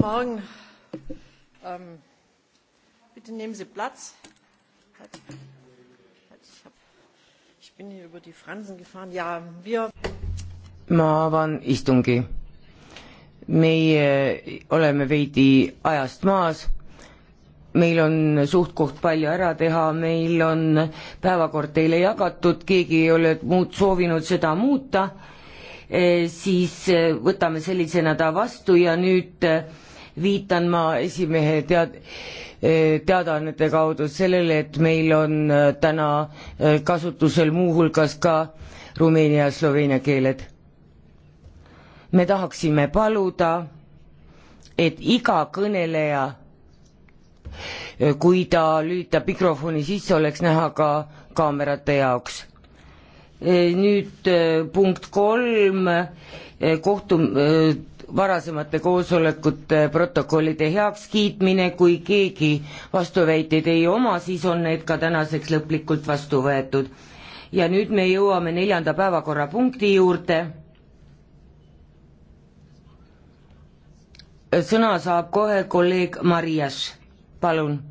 Guten Morgen. Ähm, bitte nehmen Sie Platz. Halt, halt, ich, hab, ich bin hier über die Fransen gefahren. Ja, wir. Ma avan istungi. Meie oleme veidi ajast maas. meil on suht-koht palju ära teha, meil on päevakord teile jagatud, keegi ei ole muud soovinud seda muuta eh, siis eh, võtame sellisena ta vastu ja nüüd eh, viitan ma esimehe tead-, eh, teadaannete kaudu sellele, et meil on eh, täna eh, kasutusel muuhulgas ka rumeenia ja sloveenia keeled. me tahaksime paluda, et iga kõneleja, kui ta lülitab mikrofoni sisse, oleks näha ka kaamerate jaoks nüüd punkt kolm kohtu-, varasemate koosolekute protokollide heakskiitmine, kui keegi vastuväiteid ei oma, siis on need ka tänaseks lõplikult vastu võetud. ja nüüd me jõuame neljanda päevakorrapunkti juurde. sõna saab kohe kolleeg Marias, palun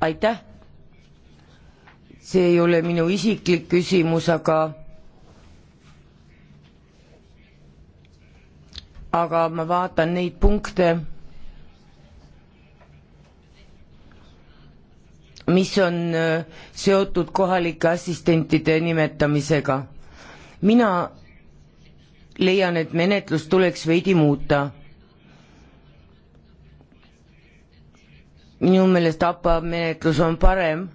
aitäh! see ei ole minu isiklik küsimus, aga aga ma vaatan neid punkte, mis on äh, seotud kohalike assistentide nimetamisega. mina leian, et menetlus tuleks veidi muuta. minu meelest APA menetlus on parem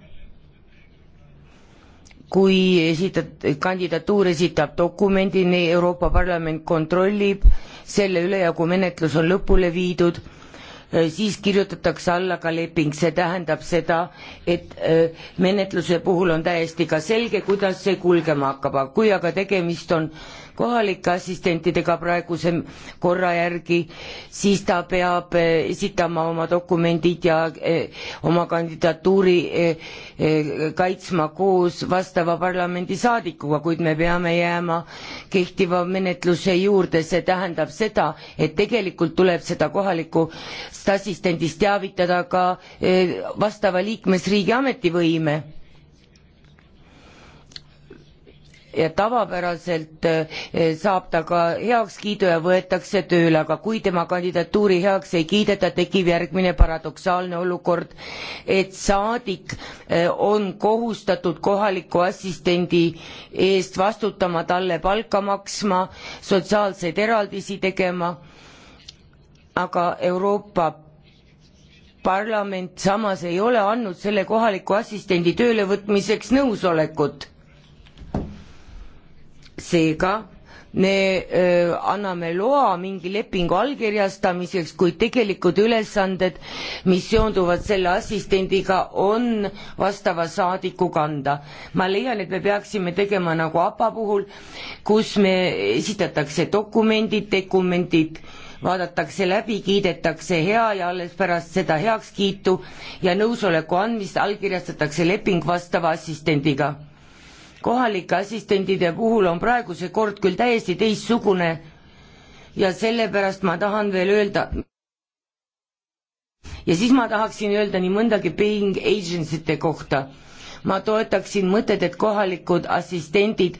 kui esitad, kandidatuur esitab dokumendi, nii Euroopa Parlament kontrollib selle üle ja kui menetlus on lõpule viidud, eh, siis kirjutatakse alla ka leping, see tähendab seda, et eh, menetluse puhul on täiesti ka selge, kuidas see kulgema hakkab, aga kui aga tegemist on kohalike assistentidega praeguse korra järgi, siis ta peab eh, esitama oma dokumendid ja eh, oma kandidatuuri eh, kaitsma koos vastava parlamendisaadikuga, kuid me peame jääma kehtiva menetluse juurde, see tähendab seda, et tegelikult tuleb seda kohalikust assistendist teavitada ka vastava liikmesriigi ametivõime ja tavapäraselt äh, saab ta ka heakskiidu ja võetakse tööle, aga kui tema kandidatuuri heaks ei kiideta, tekib järgmine paradoksaalne olukord, et saadik äh, on kohustatud kohaliku assistendi eest vastutama, talle palka maksma, sotsiaalseid eraldisi tegema, aga Euroopa parlament samas ei ole andnud selle kohaliku assistendi töölevõtmiseks nõusolekut seega me öö, anname loa mingi lepingu allkirjastamiseks, kuid tegelikud ülesanded, mis seonduvad selle assistendiga, on vastava saadiku kanda. ma leian, et me peaksime tegema nagu APA puhul, kus me esitatakse dokumendid, dokumendid vaadatakse läbi, kiidetakse hea ja alles pärast seda heakskiitu ja nõusoleku andmist allkirjastatakse leping vastava assistendiga kohalike assistentide puhul on praegu see kord küll täiesti teistsugune ja sellepärast ma tahan veel öelda, ja siis ma tahaksin öelda nii mõndagi paying agency te kohta. ma toetaksin mõtet, et kohalikud assistendid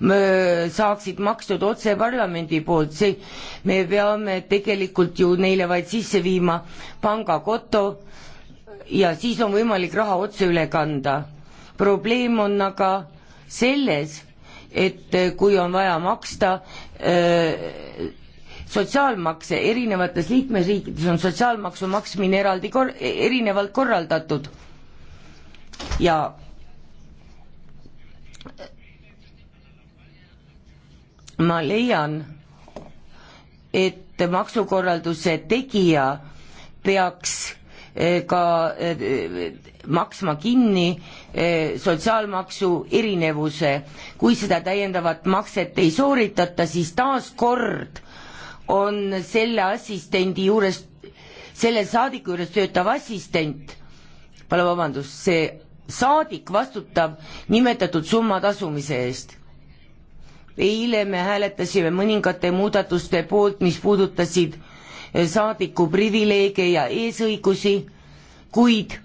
äh, saaksid makstud otse parlamendi poolt, see, me peame tegelikult ju neile vaid sisse viima pangakoto ja siis on võimalik raha otse üle kanda. probleem on aga selles, et äh, kui on vaja maksta öö, äh, sotsiaalmakse, erinevates liikmesriikides on sotsiaalmaksu maksmine eraldi kor-, erinevalt korraldatud ja ma leian, et maksukorralduse tegija peaks ka eh, maksma kinni eh, sotsiaalmaksu erinevuse. kui seda täiendavat makset ei sooritata, siis taaskord on selle assistendi juures, selle saadiku juures töötav assistent, palun vabandust, see saadik vastutab nimetatud summa tasumise eest eile me hääletasime mõningate muudatuste poolt, mis puudutasid saadiku privileege ja eesõigusi, kuid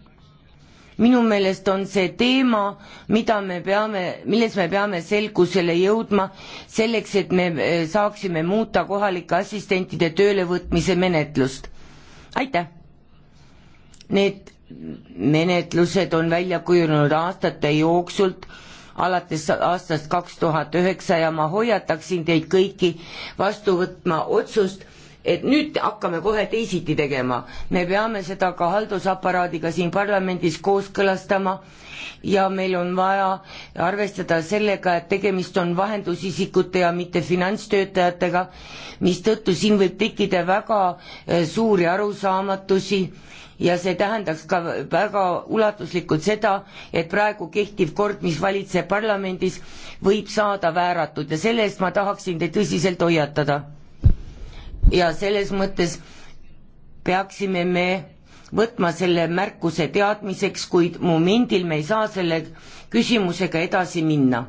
minu meelest on see teema, mida me peame, milles me peame selgusele jõudma, selleks et me eh, saaksime muuta kohalike assistentide töölevõtmise menetlust. aitäh! Need menetlused on välja kujunenud aastate jooksul, alates aastast kaks tuhat üheksa ja ma hoiataksin teid kõiki vastu võtma otsust, et nüüd hakkame kohe teisiti tegema. me peame seda ka haldusaparaadiga siin parlamendis kooskõlastama ja meil on vaja arvestada sellega, et tegemist on vahendusisikute ja mitte finantstöötajatega, mistõttu siin võib tekkida väga eh, suuri arusaamatusi ja see tähendaks ka väga ulatuslikult seda, et praegu kehtiv kord, mis valitseb parlamendis, võib saada vääratud ja selle eest ma tahaksin teid tõsiselt hoiatada ja selles mõttes peaksime me võtma selle märkuse teadmiseks, kuid momendil me ei saa selle küsimusega edasi minna.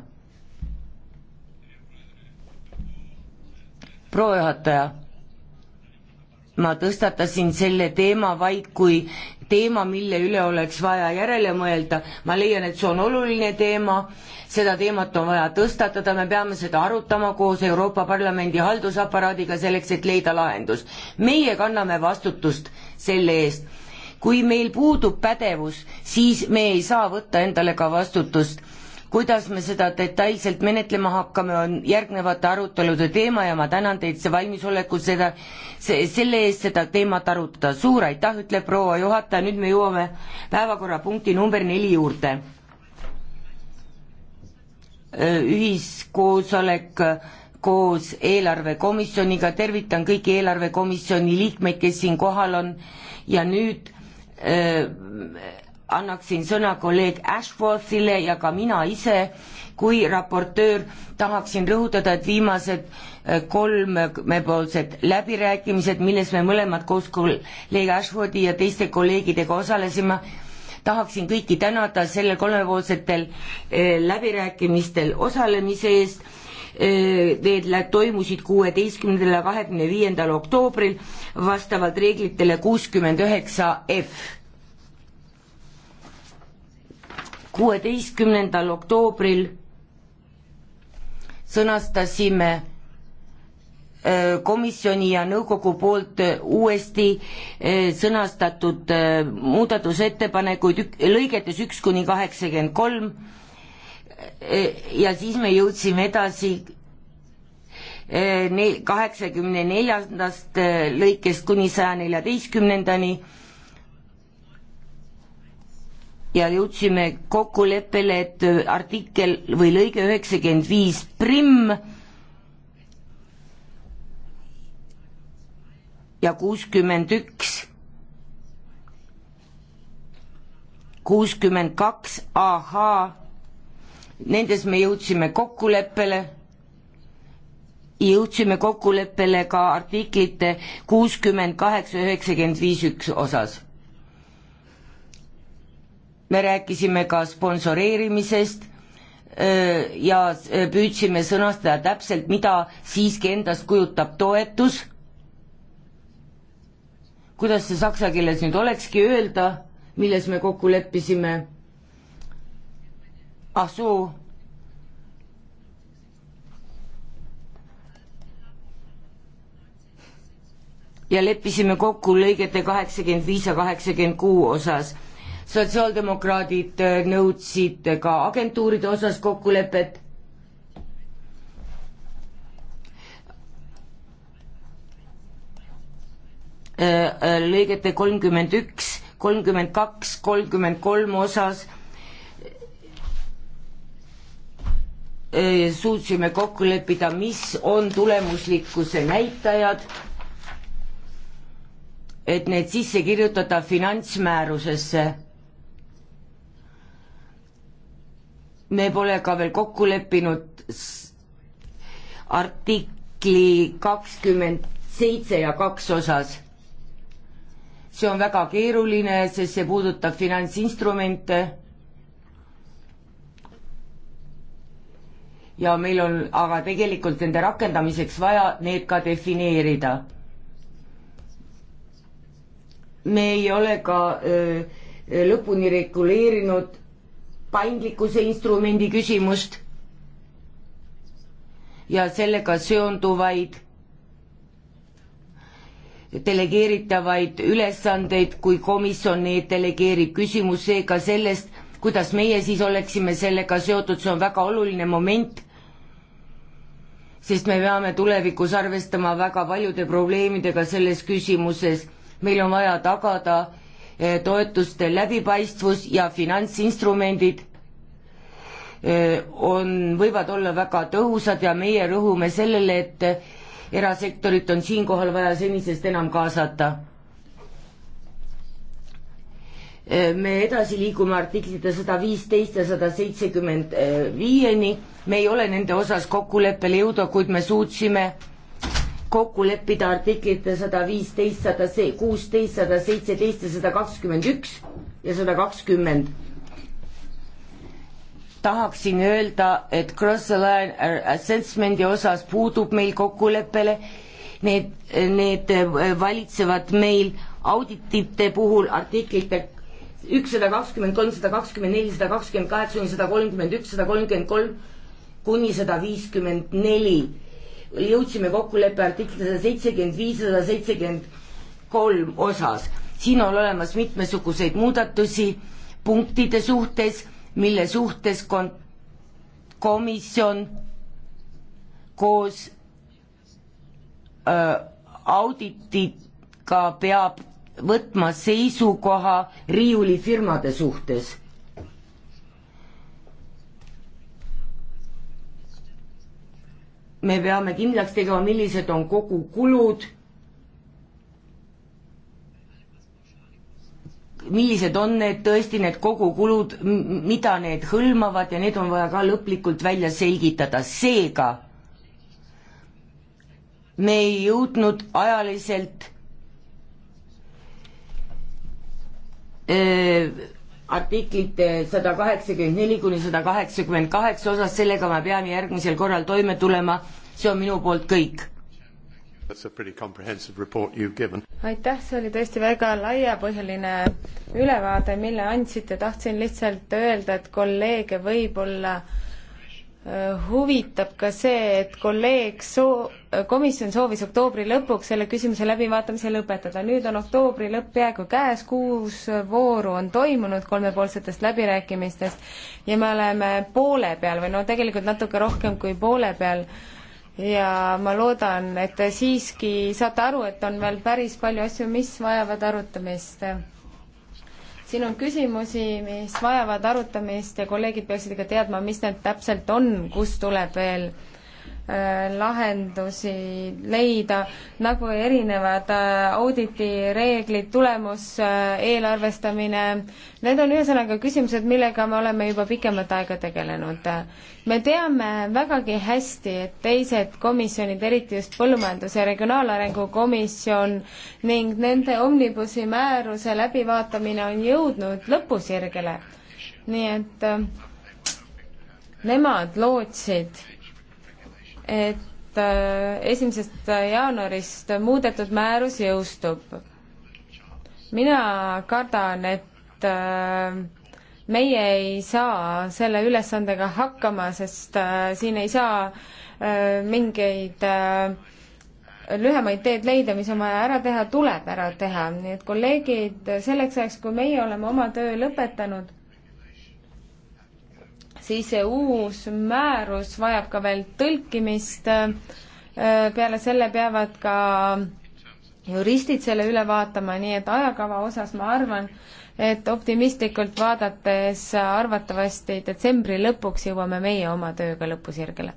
proua juhataja ma tõstatasin selle teema vaid kui teema, mille üle oleks vaja järele mõelda, ma leian, et see on oluline teema, seda teemat on vaja tõstatada, me peame seda arutama koos Euroopa Parlamendi haldusaparaadiga selleks, et leida lahendus. meie kanname vastutust selle eest. kui meil puudub pädevus, siis me ei saa võtta endale ka vastutust kuidas me seda detailselt menetlema hakkame, on järgnevate arutelude teema ja ma tänan teid see valmisoleku seda, see, selle eest seda teemat arutada. suur aitäh, ütleb proua juhataja, nüüd me jõuame päevakorrapunkti number neli juurde. ühiskoosolek koos eelarvekomisjoniga, tervitan kõiki eelarvekomisjoni liikmeid, kes siin kohal on ja nüüd öö, annaksin sõna kolleeg Ashworthile ja ka mina ise kui raportöör tahaksin rõhutada, et viimased äh, kolm äh, mepoolsed läbirääkimised, milles me mõlemad koos kolleeg Ashworthi ja teiste kolleegidega osalesime, tahaksin kõiki tänada selle kolmepoolsetel äh, läbirääkimistel osalemise eest need toimusid kuueteistkümnendal ja kahekümne viiendal oktoobril vastavalt reeglitele kuuskümmend üheksa F kuueteistkümnendal oktoobril sõnastasime äh, komisjoni ja nõukogu poolt äh, uuesti äh, sõnastatud muudatusettepanekuid lõigetes üks kuni kaheksakümmend kolm ja siis me jõudsime edasi kaheksakümne neljandast lõikest kuni saja neljateistkümnendani ja jõudsime kokkuleppele, et äh, artikkel või lõige üheksakümmend viis prim ja kuuskümmend üks, kuuskümmend kaks, ahaa, nendes me jõudsime kokkuleppele jõudsime kokkuleppele ka artiklite kuuskümmend kaheksa, üheksakümmend viis, üks osas me rääkisime ka sponsoreerimisest ja püüdsime sõnastada täpselt, mida siiski endast kujutab toetus, kuidas see saksa keeles nüüd olekski öelda, milles me kokku leppisime, ah soo, ja leppisime kokku lõigete kaheksakümmend viis ja kaheksakümmend kuus osas sotsiaaldemokraadid äh, nõudsid ka agentuuride osas kokkulepet. Äh, äh, lõigete kolmkümmend üks, kolmkümmend kaks, kolmkümmend kolm osas suutsime kokku leppida, mis on tulemuslikkuse näitajad et need sisse kirjutada finantsmäärusesse. me pole ka veel kokku leppinud artikli kakskümmend seitse ja kaks osas. see on väga keeruline, sest see puudutab finantsinstrumente. ja meil on aga tegelikult nende rakendamiseks vaja need ka defineerida. me ei ole ka öö, lõpuni reguleerinud paindlikkuse instrumendi küsimust ja sellega seonduvaid delegeeritavaid ülesandeid, kui komisjon neid delegeerib. küsimus seega sellest, kuidas meie siis oleksime sellega seotud, see on väga oluline moment, sest me peame tulevikus arvestama väga paljude probleemidega selles küsimuses. meil on vaja tagada Eh, toetuste läbipaistvus ja finantsinstrumendid eh, on, võivad olla väga tõhusad ja meie rõhume sellele, et eh, erasektorit on siinkohal vaja senisest enam kaasata. me edasi liigume artiklite sada viisteist ja sada seitsekümmend viieni, me ei ole nende osas kokkuleppele jõudnud, kuid me suutsime kokku leppida artiklite sada viisteist, sada kuusteist, sada seitseteist ja sada kakskümmend üks ja sada kakskümmend. tahaksin öelda, et cross-line assessment'i osas puudub meil kokkuleppele, need, need valitsevad meil auditite puhul artiklite ükssada kakskümmend kolm, sada kakskümmend neli, sada kakskümmend kaheksa, sada kolmkümmend üks, sada kolmkümmend kolm kuni sada viiskümmend neli jõudsime kokkuleppe artikli sada seitsekümmend viis, sada seitsekümmend kolm osas. siin on olemas mitmesuguseid muudatusi punktide suhtes, mille suhtes kon-, komisjon koos äh, auditiga peab võtma seisukoha riiulifirmade suhtes me peame kindlaks tegema, millised on kogukulud, millised on need tõesti need kogukulud, mida need hõlmavad ja need on vaja ka lõplikult välja selgitada, seega me ei jõudnud ajaliselt öö, artiklite sada kaheksakümmend neli kuni sada kaheksakümmend kaheksa osas, sellega ma pean järgmisel korral toime tulema, see on minu poolt kõik. aitäh, see oli tõesti väga laiapõhjaline ülevaade, mille andsite, tahtsin lihtsalt öelda, et kolleege võib-olla äh, huvitab ka see, et kolleeg soo-, komisjon soovis oktoobri lõpuks selle küsimuse läbivaatamise lõpetada. nüüd on oktoobri lõpp peaaegu käes, kuus vooru on toimunud kolmepoolsetest läbirääkimistest ja me oleme poole peal või no tegelikult natuke rohkem kui poole peal ja ma loodan, et te siiski saate aru, et on veel päris palju asju, mis vajavad arutamist siin on küsimusi, mis vajavad arutamist ja kolleegid peaksid ikka teadma, mis need täpselt on, kust tuleb veel Äh, lahendusi leida, nagu erinevad äh, auditireeglid, tulemuseelarvestamine, äh, need on ühesõnaga küsimused, millega me oleme juba pikemat aega tegelenud. me teame vägagi hästi, et teised komisjonid, eriti just Põllumajandus- ja Regionaalarengu Komisjon ning nende omnibusi määruse läbivaatamine on jõudnud lõpusirgele. nii et nemad lootsid et äh, esimesest jaanuarist muudetud määrus jõustub. mina kardan, et äh, meie ei saa selle ülesandega hakkama, sest äh, siin ei saa mingeid lühemaid teed leida, mis on vaja ära teha, tuleb ära teha, nii et kolleegid, selleks ajaks, kui meie oleme oma töö lõpetanud siis see uus määrus vajab ka veel tõlkimist, äh, peale selle peavad ka juristid selle üle vaatama, nii et ajakava osas ma arvan, et optimistlikult vaadates arvatavasti detsembri lõpuks jõuame meie oma tööga lõpusirgele.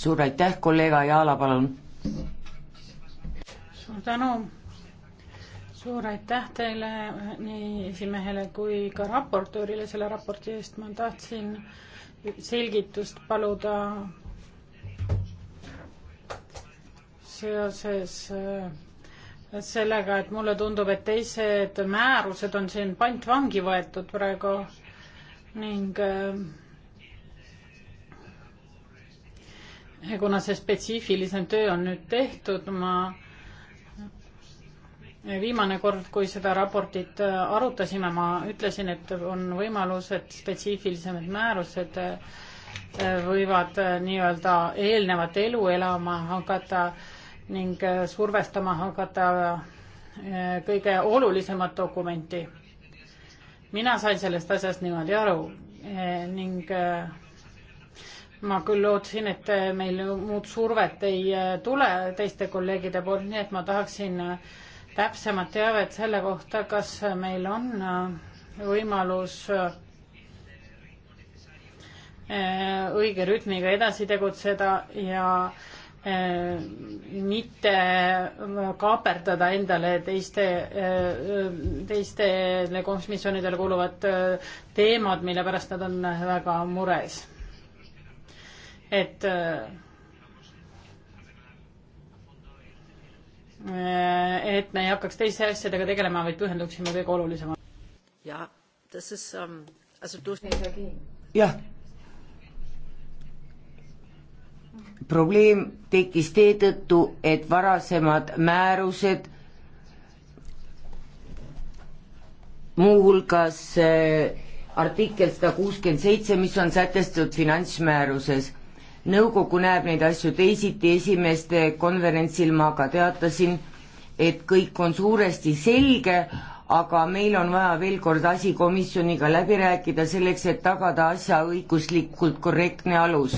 suur aitäh, kolleeg Ajala, palun! suur tänu! suur aitäh teile, eh, nii esimehele kui ka raportöörile selle raporti eest, ma tahtsin selgitust paluda seoses eh, sellega, et mulle tundub, et teised määrused on siin pantvangi võetud praegu ning eh, kuna see spetsiifilisem töö on nüüd tehtud, ma viimane kord, kui seda raportit äh, arutasime, ma ütlesin, et on võimalus, et spetsiifilisemad määrused äh, võivad äh, nii-öelda eelnevat elu elama hakata ning survestama hakata kõige olulisemat dokumenti. mina sain sellest asjast niimoodi aru ning ma küll lootsin, et meil muud survet ei tule teiste kolleegide poolt, nii et ma tahaksin äh, täpsemat teavet selle kohta, kas meil on äh, võimalus äh, äh, õige rütmiga edasi tegutseda ja mitte kaaperdada endale teiste, teistele komisjonidele kuuluvad teemad, mille pärast nad on väga mures. et Äh, et me ei hakkaks teiste asjadega tegelema, vaid pühenduksime kõige olulisemale. jah, das ist um, also durch jah. probleem tekkis seetõttu, et varasemad määrused muuhulgas äh, artikkel sada kuuskümmend seitse, mis on sätestatud finantsmääruses nõukogu näeb neid asju teisiti, esimeste konverentsil ma ka teatasin, et kõik on suuresti selge, aga meil on vaja veel kord asi komisjoniga läbi rääkida selleks, et tagada asja õiguslikult korrektne alus.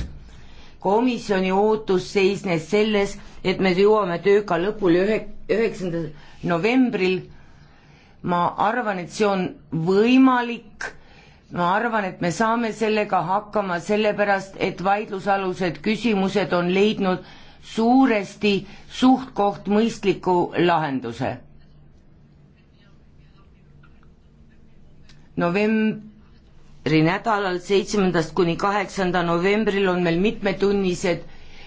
komisjoni ootus seisnes selles, et me jõuame tööga lõpule ühe, üheksandal novembril. ma arvan, et see on võimalik ma arvan, et me saame sellega hakkama, sellepärast et vaidlusalused küsimused on leidnud suuresti suht-koht mõistliku lahenduse. novembri nädalal, seitsmendast kuni kaheksanda novembril on meil mitmetunnised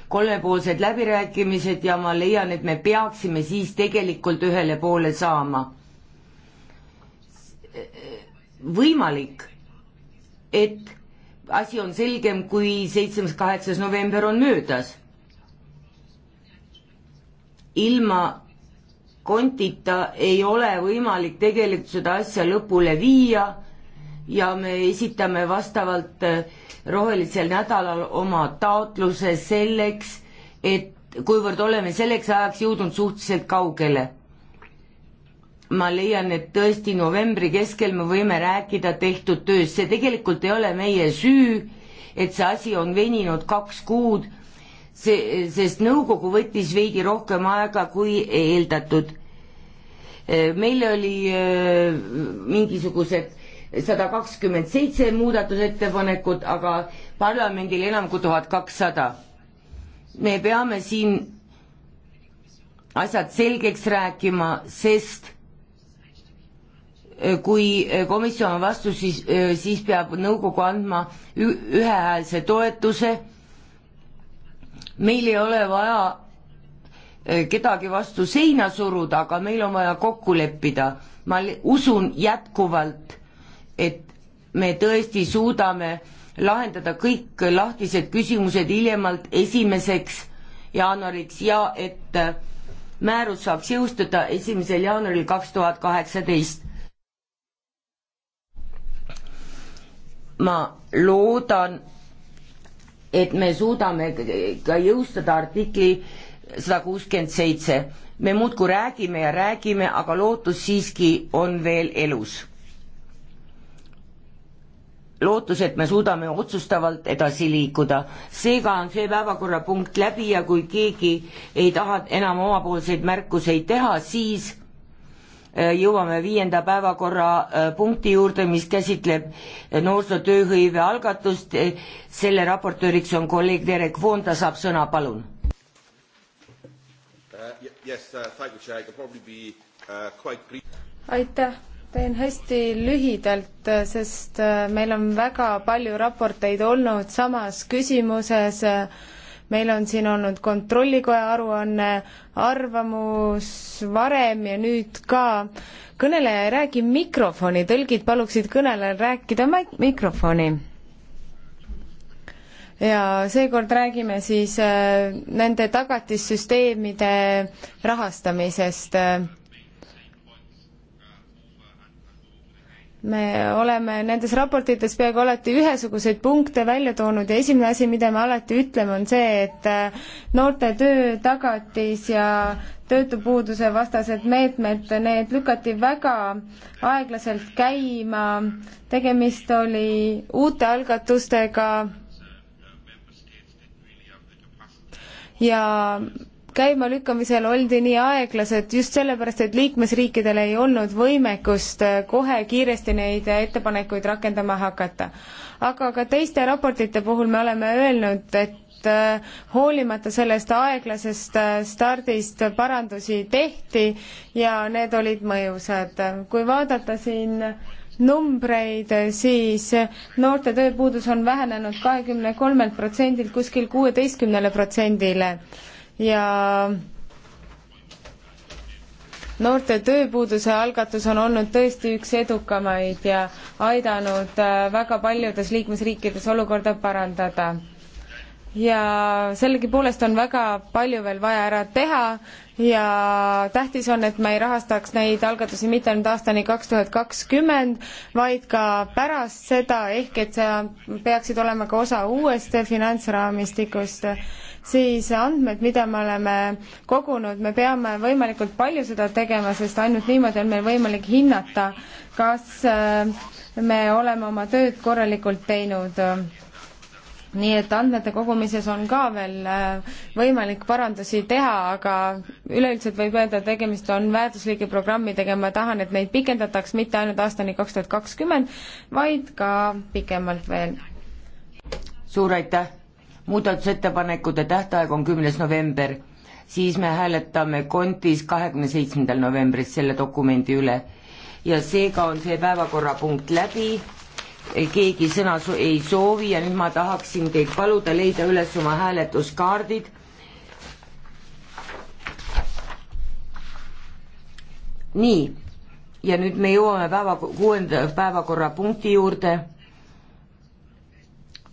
kolmepoolsed läbirääkimised ja ma leian, et me peaksime siis tegelikult ühele poole saama. võimalik et asi on selgem, kui seitsmes, kaheksas november on möödas. ilma kontita ei ole võimalik tegelikult seda asja lõpule viia ja me esitame vastavalt äh, rohelisel nädalal oma taotluse selleks, et kuivõrd oleme selleks ajaks jõudnud suhteliselt kaugele ma leian, et tõesti novembri keskel me võime rääkida tehtud tööst, see tegelikult ei ole meie süü, et see asi on veninud kaks kuud, see, sest nõukogu võttis veidi rohkem aega kui eeldatud. meil oli mingisugused sada kakskümmend seitse muudatusettepanekut, aga parlamendil enam kui tuhat kakssada. me peame siin asjad selgeks rääkima, sest kui eh, komisjon on vastu, siis, eh, siis peab nõukogu andma ühehäälse toetuse. meil ei ole vaja eh, kedagi vastu seina suruda, aga meil on vaja kokku leppida. ma usun jätkuvalt, et me tõesti suudame lahendada kõik lahtised küsimused hiljemalt esimeseks jaanuariks ja et määrus saaks jõustuda esimesel jaanuaril kaks tuhat kaheksateist ma loodan, et me suudame ka jõustada artikli sada kuuskümmend seitse. me muudkui räägime ja räägime, aga lootus siiski on veel elus. lootus, et me suudame otsustavalt edasi liikuda. seega on see päevakorrapunkt läbi ja kui keegi ei taha enam omapoolseid märkuseid teha, siis Äh, jõuame viienda päevakorrapunkti äh, juurde, mis käsitleb äh, noorsootööhõive algatust. selle raportööriks on kolleeg Derek Voon, ta saab sõna, palun uh,. Yes, uh, be, uh, aitäh, teen hästi lühidalt, sest meil on väga palju raporteid olnud samas küsimuses uh, meil on siin olnud Kontrollikoja aruanne, arvamus varem ja nüüd ka. kõneleja ei räägi mikrofoni, tõlgid paluksid kõnelejal rääkida mikrofoni. ja seekord räägime siis äh, nende tagatissüsteemide rahastamisest me oleme nendes raportites peaaegu alati ühesuguseid punkte välja toonud ja esimene asi, mida me alati ütleme, on see, et äh, noorte töötagatis ja töötupuuduse vastased meetmed, need lükati väga aeglaselt käima, tegemist oli uute algatustega ja käimalükkamisel oldi nii aeglased just sellepärast, et liikmesriikidel ei olnud võimekust äh, kohe kiiresti neid ettepanekuid rakendama hakata. aga ka teiste raportite puhul me oleme öelnud, et äh, hoolimata sellest aeglasest äh, stardist parandusi tehti ja need olid mõjusad. kui vaadata siin numbreid, siis noorte tööpuudus on vähenenud kahekümne kolmelt protsendilt kuskil kuueteistkümnele protsendile. Kuskil ja noorte tööpuuduse algatus on olnud tõesti üks edukamaid ja aidanud äh, väga paljudes liikmesriikides olukorda parandada. ja sellegipoolest on väga palju veel vaja ära teha ja tähtis on, et me ei rahastaks neid algatusi mitte ainult aastani kaks tuhat kakskümmend, vaid ka pärast seda, ehk et see peaksid olema ka osa uuest finantsraamistikust, siis andmed, mida me oleme kogunud, me peame võimalikult palju seda tegema, sest ainult niimoodi on meil võimalik hinnata, kas äh, me oleme oma tööd korralikult teinud nii et andmete kogumises on ka veel äh, võimalik parandusi teha, aga üleüldiselt võib öelda, et tegemist on väärtuslike programmidega ja ma tahan, et neid pikendataks mitte ainult aastani kaks tuhat kakskümmend, vaid ka pikemalt veel. suur aitäh! muudatusettepanekute tähtaeg on kümnes november, siis me hääletame Kontis kahekümne seitsmendal novembril selle dokumendi üle ja seega on see päevakorrapunkt läbi keegi sõna ei soovi ja nüüd ma tahaksin teid paluda leida üles oma hääletuskaardid. nii, ja nüüd me jõuame päeva, kuuenda päevakorrapunkti juurde,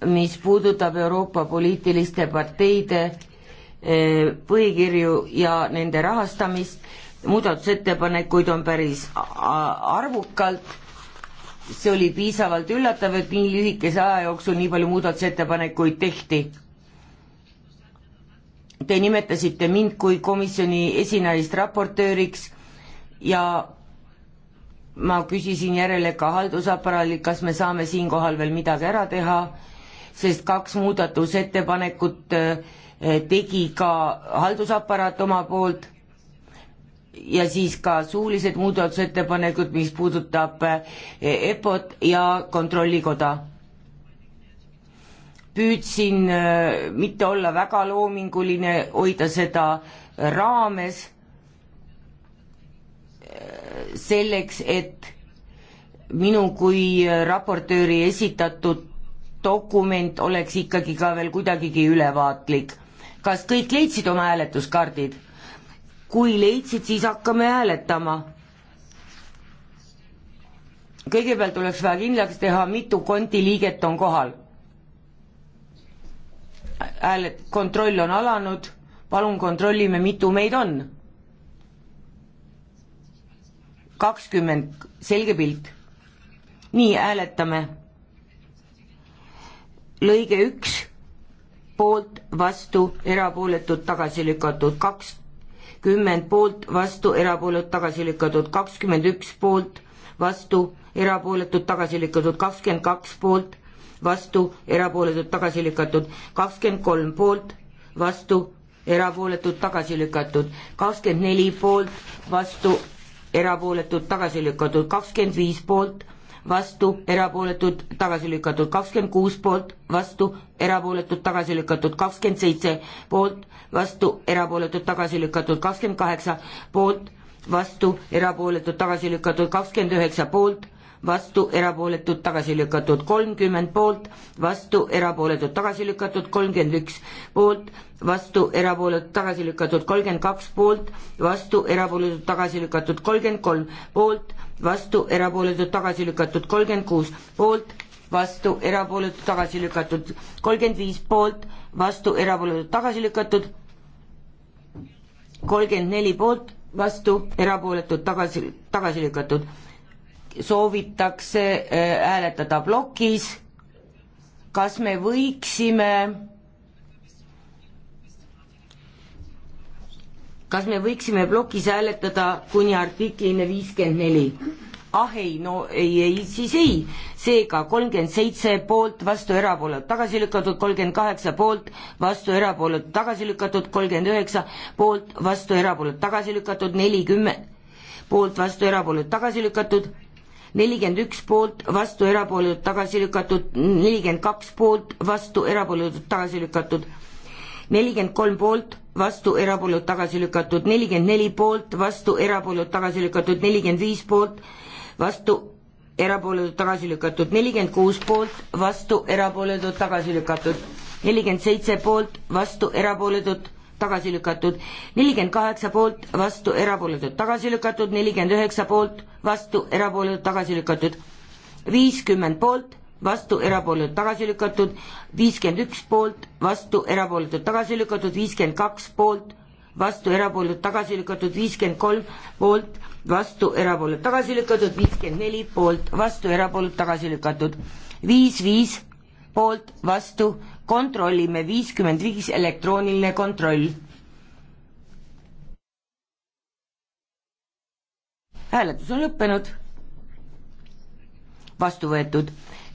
mis puudutab Euroopa poliitiliste parteide eh, põhikirju ja nende rahastamist, muudatusettepanekuid on päris arvukalt see oli piisavalt üllatav, et nii lühikese aja jooksul nii palju muudatusettepanekuid tehti. Te nimetasite mind kui komisjoni esinaist raportööriks ja ma küsisin järele ka haldusaparaadil, kas me saame siinkohal veel midagi ära teha, sest kaks muudatusettepanekut äh, tegi ka haldusaparaat oma poolt ja siis ka suulised muudatusettepanekud, mis puudutab EPO-t eh, ja Kontrollikoda. püüdsin eh, mitte olla väga loominguline, hoida seda raames eh, selleks, et minu kui raportööri esitatud dokument oleks ikkagi ka veel kuidagigi ülevaatlik. kas kõik leidsid oma hääletuskaardid? kui leidsid, siis hakkame hääletama. kõigepealt oleks vaja kindlaks teha, mitu konti liiget on kohal. hääled, kontroll on alanud, palun kontrollime, mitu meid on. kakskümmend, selge pilt. nii, hääletame. lõige üks, poolt, vastu, erapooletud, tagasi lükatud, kaks kümmend poolt, vastu, erapooletud, tagasi lükatud, kakskümmend üks poolt, vastu, erapooletud, tagasi lükatud, kakskümmend kaks poolt, vastu, erapooletud, tagasi lükatud, kakskümmend kolm poolt, vastu, erapooletud, tagasi lükatud, kakskümmend neli poolt, vastu, erapooletud, tagasi lükatud, kakskümmend viis poolt, vastu, erapooletud, tagasi lükatud, kakskümmend kuus poolt, vastu, erapooletud, tagasi lükatud, kakskümmend seitse poolt, vastu, erapooletud, tagasi lükatud, kakskümmend kaheksa poolt, vastu, erapooletud, tagasi lükatud, kakskümmend üheksa poolt, vastu, erapooletud, tagasi lükatud, kolmkümmend poolt, vastu, erapooletud, tagasi lükatud, kolmkümmend üks poolt, vastu, erapooletud, tagasi lükatud, kolmkümmend kaks poolt, vastu, erapooletud, tagasi lükatud, kolmkümmend kolm poolt, vastu, erapooletud, tagasi lükatud, kolmkümmend kuus poolt, vastu, erapooletud, tagasi lükatud, kolmkümmend viis poolt, vastu, erapooletud, tagasi lükatud kolmkümmend neli poolt, vastu, erapooletud, tagasi, tagasi lükatud. soovitakse äh, hääletada plokis. kas me võiksime kas me võiksime plokis hääletada kuni artiklini viiskümmend neli? ah ei, no ei, ei, siis ei. seega kolmkümmend seitse poolt, vastu erapooletud, tagasi lükatud kolmkümmend kaheksa poolt, vastu erapooletud, tagasi lükatud kolmkümmend üheksa poolt, vastu erapooletud, tagasi lükatud nelikümmend poolt, vastu erapooletud, tagasi lükatud nelikümmend üks poolt, vastu erapooletud, tagasi lükatud nelikümmend kaks poolt, vastu erapooletud, tagasi lükatud nelikümmend kolm poolt, vastu erapooletud, tagasi lükatud nelikümmend neli poolt, vastu erapooletud, tagasi lükatud nelikümmend viis poolt vastu, erapooletud tagasi lükatud, nelikümmend kuus poolt, vastu, erapooletud tagasi lükatud, nelikümmend seitse poolt, vastu, erapooletud tagasi lükatud, nelikümmend kaheksa poolt, vastu, erapooletud tagasi lükatud, nelikümmend üheksa poolt, vastu, erapooletud tagasi lükatud, viiskümmend poolt, vastu, erapooletud tagasi lükatud, viiskümmend üks poolt, vastu, erapooletud tagasi lükatud, viiskümmend kaks poolt, vastu, erapooletud tagasi lükatud, viiskümmend kolm poolt, vastu, erapooletud tagasi lükatud, viiskümmend neli poolt, vastu, erapooletud tagasi lükatud, viis, viis poolt, vastu, kontrollime, viiskümmend viis, elektrooniline kontroll. hääletus on lõppenud, vastu võetud,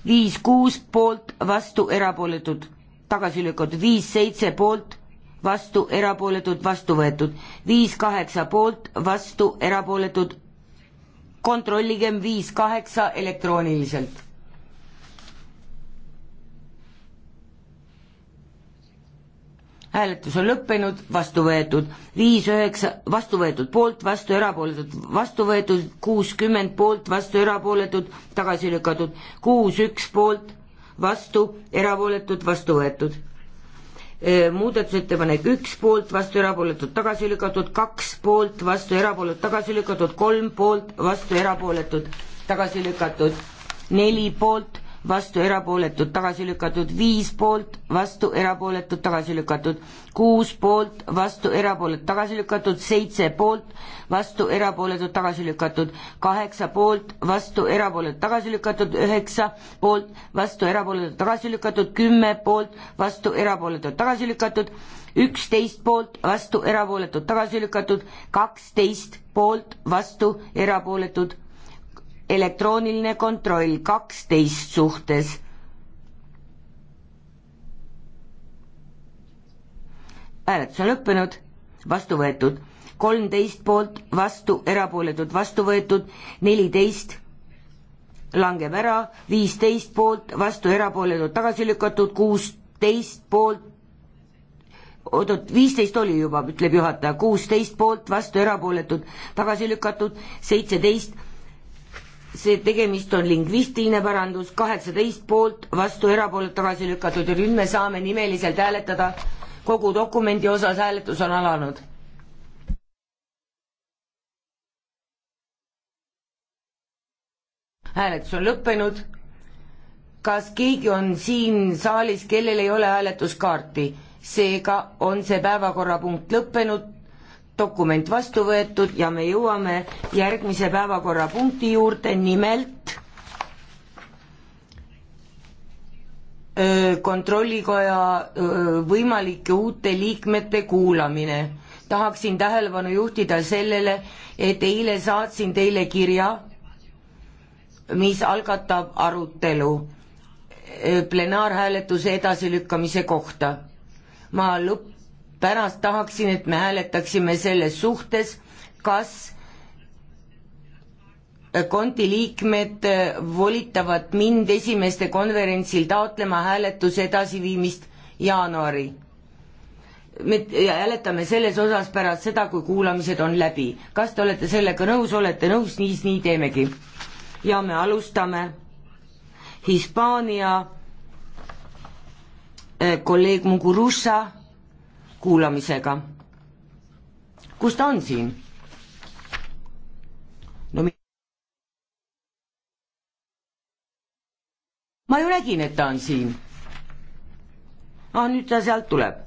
viis, kuus poolt, vastu, erapooletud, tagasi lükatud, viis, seitse poolt vastu, erapooletud, vastu võetud. viis kaheksa poolt, vastu, erapooletud. kontrolligem viis kaheksa elektrooniliselt. hääletus on lõppenud, vastu võetud viis üheksa, vastu võetud poolt, vastu erapooletud, vastu võetud kuuskümmend poolt, vastu erapooletud, tagasi lükatud kuus üks poolt, vastu erapooletud, vastu võetud muudatusettepanek üks poolt, vastu erapooletud, tagasi lükatud, kaks poolt, vastu erapooletud, tagasi lükatud, kolm poolt, vastu erapooletud, tagasi lükatud, neli poolt, vastu erapooletud, tagasi lükatud, viis poolt, vastu erapooletud, tagasi lükatud, kuus poolt, vastu erapooletud, tagasi lükatud, seitse poolt, vastu erapooletud, tagasi lükatud, kaheksa poolt, vastu erapooletud, tagasi lükatud, üheksa poolt, vastu erapooletud, tagasi lükatud, kümme poolt, vastu erapooletud, tagasi lükatud, üksteist poolt, vastu erapooletud, tagasi lükatud, kaksteist poolt, vastu erapooletud elektrooniline kontroll kaksteist suhtes. hääletus on lõppenud, vastu võetud kolmteist poolt, vastu, erapooletud, vastu võetud neliteist langeb ära, viisteist poolt, vastu erapooletud, tagasi lükatud, kuusteist poolt, oot-oot, viisteist oli juba, ütleb juhataja, kuusteist poolt, vastu erapooletud, tagasi lükatud, seitseteist see tegemist on lingvistiline parandus, kaheksateist poolt, vastu erapoolt tagasi lükatud ja nüüd me saame nimeliselt hääletada kogu dokumendi osas, hääletus on alanud. hääletus on lõppenud. kas keegi on siin saalis, kellel ei ole hääletuskaarti? seega on see päevakorrapunkt lõppenud dokument vastu võetud ja me jõuame järgmise päevakorrapunkti juurde, nimelt kontrollikoja võimalike uute liikmete kuulamine. tahaksin tähelepanu juhtida sellele, et eile saatsin teile kirja, mis algatab arutelu plenaarhääletuse edasilükkamise kohta. ma lõpp, pärast tahaksin, et me hääletaksime selles suhtes, kas konti liikmed volitavad mind esimeste konverentsil taotlema hääletuse edasiviimist jaanuari. me hääletame selles osas pärast seda, kui kuulamised on läbi. kas te olete sellega nõus, olete nõus, siis nii teemegi. ja me alustame Hispaania eh, kolleeg Mugurusa kuulamisega. kus ta on siin? no mi-. ma ju nägin, et ta on siin. aa, ah, nüüd ta sealt tuleb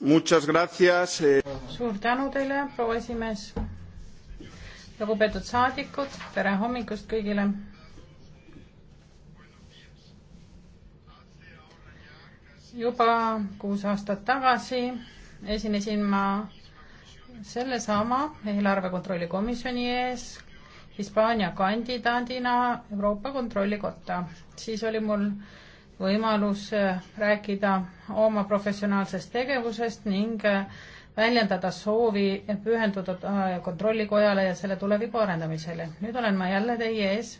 Muchas gracias. Eh. suur tänu teile, proua esimees. lugupeetud saadikud, tere hommikust kõigile. juba kuus aastat tagasi esinesin ma sellesama eelarve kontrolli komisjoni ees Hispaania kandidaadina Euroopa Kontrollikotta. siis oli mul äh, võimalus äh, rääkida oma professionaalsest tegevusest ning äh, väljendada soovi pühenduda äh, kontrollikojale ja selle tuleviku arendamisele. nüüd olen ma jälle teie ees,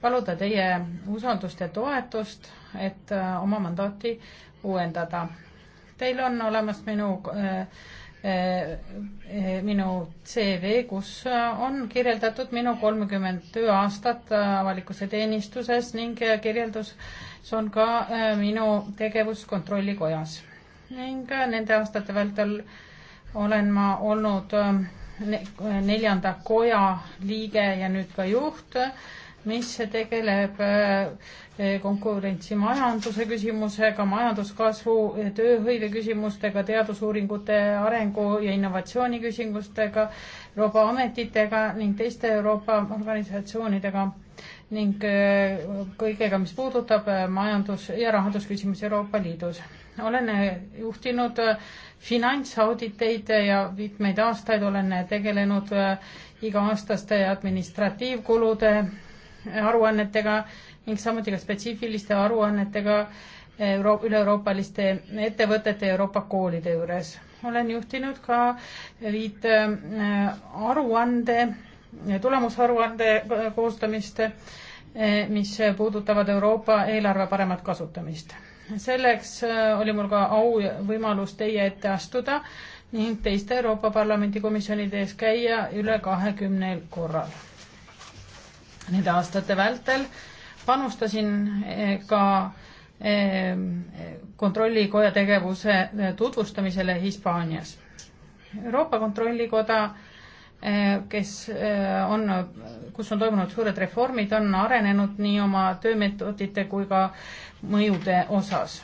paluda teie usaldust ja toetust, et oma mandaati uuendada. Teil on olemas minu minu CV, kus on kirjeldatud minu kolmkümmend tööaastat avalikus teenistuses ning kirjeldus äh, see on ka äh, minu tegevus Kontrollikojas ning äh, nende aastate vältel olen ma olnud äh, neljanda koja liige ja nüüd ka juht, mis tegeleb konkurentsimajanduse küsimusega, majanduskasvu, tööhõive küsimustega, teadusuuringute arengu ja innovatsiooni küsimustega, Euroopa ametitega ning teiste Euroopa organisatsioonidega ning äh, kõigega, mis puudutab äh, majandus- ja rahandusküsimusi Euroopa Liidus. olen äh, juhtinud finantsauditeid ja mitmeid aastaid olen tegelenud iga-aastaste administratiivkulude aruannetega ning samuti ka spetsiifiliste aruannetega Euro-, üle-euroopaliste ettevõtete ja Euroopa koolide juures. olen juhtinud ka viit aruande tulemusaruande äh, koostamist, äh, mis puudutavad Euroopa eelarve paremat kasutamist. selleks äh, oli mul ka au ja võimalus teie ette astuda ning teiste Euroopa Parlamendi komisjonide ees käia üle kahekümnel korral. Nende aastate vältel panustasin ka ähm, kontrollikoja tegevuse tutvustamisele Hispaanias. Euroopa Kontrollikoda Eh, kes eh, on, kus on toimunud suured reformid, on arenenud nii oma töömeetodite kui ka mõjude osas.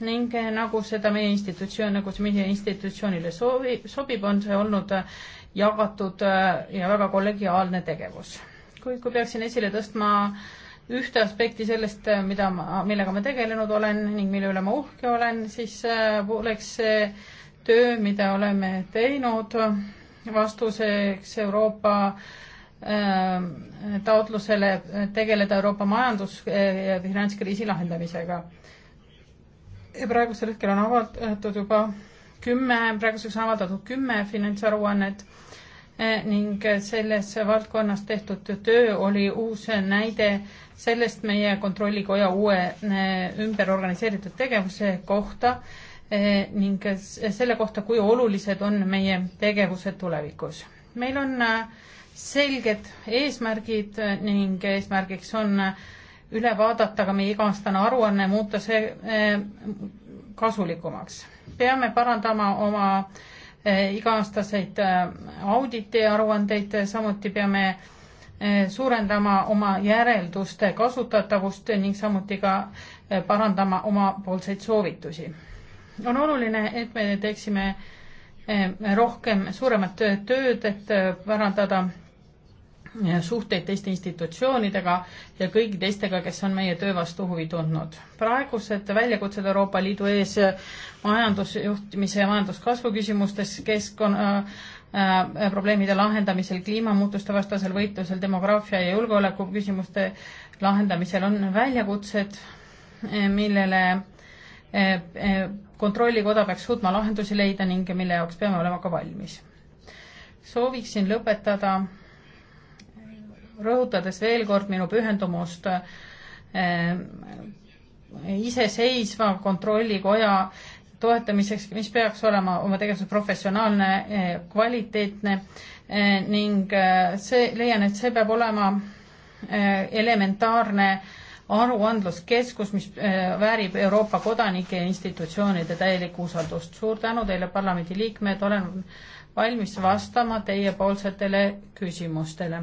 ning eh, nagu seda meie institutsioon, nagu see meie institutsioonile soovi, sobib, on see olnud jagatud ja väga kollegiaalne tegevus. kui, kui peaksin esile tõstma ühte aspekti sellest, mida ma, millega ma tegelenud olen ning mille üle ma uhke olen, siis oleks see töö, mida oleme teinud vastuseks Euroopa ähm, taotlusele tegeleda Euroopa majandus- ja finantskriisi lahendamisega. praegusel hetkel on avaldatud juba kümme, praeguseks on avaldatud kümme finantsaruannet äh, ning selles valdkonnas tehtud töö oli uus näide sellest meie kontrollikoja uue äh, ümberorganiseeritud tegevuse kohta Eh, ning selle kohta, kui olulised on meie tegevused tulevikus. meil on äh, selged eesmärgid äh, ning eesmärgiks on äh, üle vaadata ka meie iga-aastane aruanne, muuta see kasulikumaks. peame parandama oma iga-aastaseid auditi aruandeid, samuti peame suurendama oma järelduste kasutatavust ning samuti ka parandama omapoolseid soovitusi on oluline, et me teeksime eh, rohkem, suuremat tööd, et eh, parandada eh, suhteid teiste institutsioonidega ja kõigi teistega, kes on meie töö vastu huvi tundnud. praegused väljakutsed Euroopa Liidu ees majandusjuhtimise ja majanduskasvu küsimustes, keskkonna äh, probleemide lahendamisel, kliimamuutuste vastasel võitlusel, demograafia ja julgeoleku küsimuste lahendamisel on väljakutsed, millele äh, äh, kontrollikoda peaks suutma lahendusi leida ning mille jaoks peame olema ka valmis. sooviksin lõpetada rõhutades veel kord minu pühendumust eh, iseseisva kontrollikoja toetamiseks, mis peaks olema oma tegevuses professionaalne, eh, kvaliteetne eh, ning see, leian, et see peab olema elementaarne aruandluskeskus, mis äh, väärib Euroopa kodanike ja institutsioonide täielikku usaldust. suur tänu teile, parlamendi liikmed, olen valmis vastama teiepoolsetele küsimustele.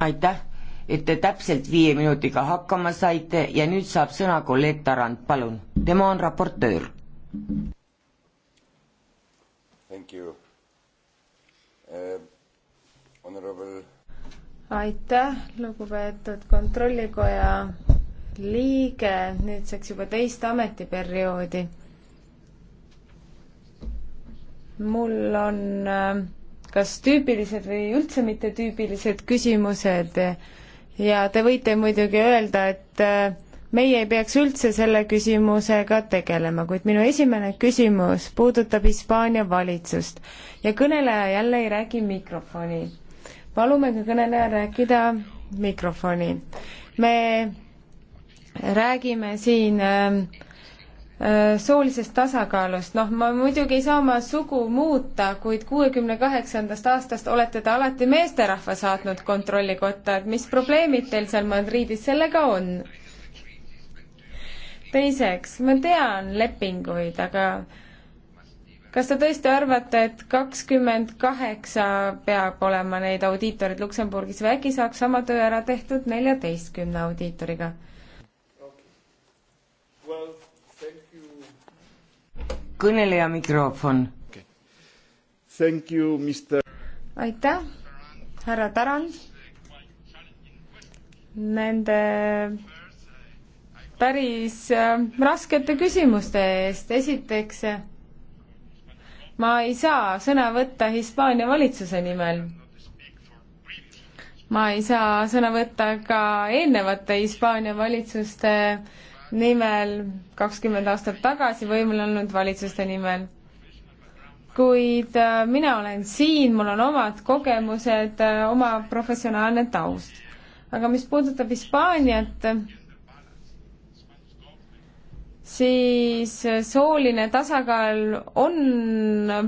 aitäh, et te täpselt viie minutiga hakkama saite ja nüüd saab sõna kolleeg Tarand, palun, tema on raportöör. Thank you. Honorable. aitäh, lugupeetud kontrollikoja liige, nüüdseks juba teist ametiperioodi. mul on äh, kas tüüpilised või üldse mitte tüüpilised küsimused ja te võite muidugi öelda, et äh, meie ei peaks üldse selle küsimusega tegelema, kuid minu esimene küsimus puudutab Hispaania valitsust ja kõneleja jälle ei räägi mikrofoni. palume ka kõnelejal rääkida mikrofoni. me räägime siin ähm, äh, soolisest tasakaalust, noh, ma muidugi ei saa oma sugu muuta, kuid kuuekümne kaheksandast aastast olete te alati meesterahva saatnud kontrollikotta, et mis probleemid teil seal Madridis sellega on? teiseks, ma tean lepinguid, aga kas te tõesti arvate, et kakskümmend kaheksa peab olema neid audiitoreid Luksemburgis või äkki saaks sama töö ära tehtud neljateistkümne audiitoriga okay.? Well, kõneleja mikrofon okay.. aitäh, härra Tarand, nende päris äh, raskete küsimuste eest. esiteks, ma ei saa sõna võtta Hispaania valitsuse nimel. ma ei saa sõna võtta ka eelnevate Hispaania valitsuste nimel, kakskümmend aastat tagasi võimul olnud valitsuste nimel. kuid äh, mina olen siin, mul on omad kogemused, äh, oma professionaalne taust. aga mis puudutab Hispaaniat, siis sooline tasakaal on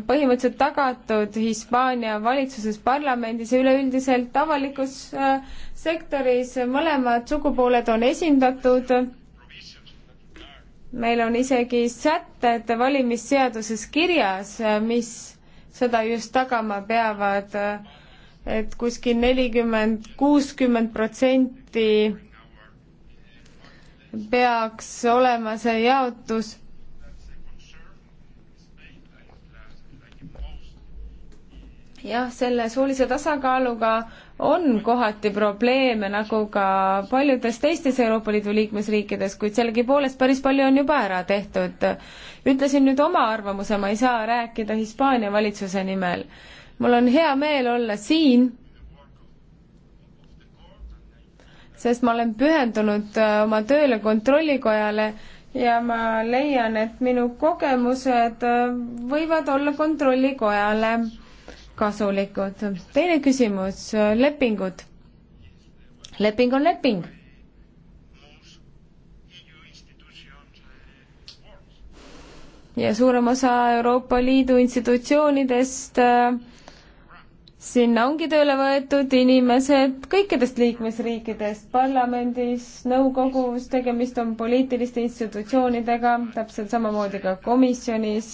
põhimõtteliselt tagatud Hispaania valitsuses, parlamendis ja üleüldiselt avalikus äh, sektoris, mõlemad sugupooled on esindatud. meil on isegi sätted valimisseaduses kirjas, äh, mis seda just tagama peavad, äh, et kuskil nelikümmend, kuuskümmend protsenti peaks olema see jaotus. jah, selle soolise tasakaaluga on kohati probleeme, nagu ka paljudes teistes Euroopa Liidu liikmesriikides, kuid sellegipoolest päris palju on juba ära tehtud. ütlesin nüüd oma arvamuse, ma ei saa rääkida Hispaania valitsuse nimel. mul on hea meel olla siin sest ma olen pühendunud äh, oma tööle kontrollikojale ja ma leian, et minu kogemused äh, võivad olla kontrollikojale kasulikud. teine küsimus, äh, lepingud. leping on leping. ja suurem osa Euroopa Liidu institutsioonidest äh, sinna ongi tööle võetud inimesed kõikidest liikmesriikidest, parlamendis, nõukogus, tegemist on poliitiliste institutsioonidega, täpselt samamoodi ka komisjonis.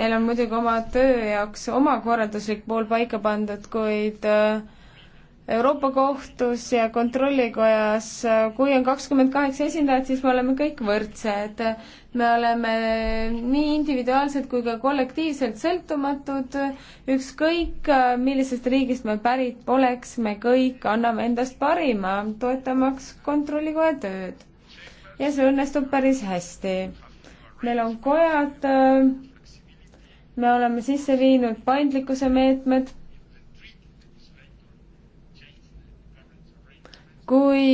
Neil on muidugi oma töö jaoks oma korralduslik pool paika pandud, kuid äh, Euroopa Kohtus ja Kontrollikojas, kui on kakskümmend kaheksa esindajat, siis me oleme kõik võrdsed. me oleme nii individuaalselt kui ka kollektiivselt sõltumatud, ükskõik millisest riigist me pärit poleks, me kõik anname endast parima, toetamaks Kontrollikoja tööd. ja see õnnestub päris hästi. meil on kojad, me oleme sisse viinud paindlikkuse meetmed kui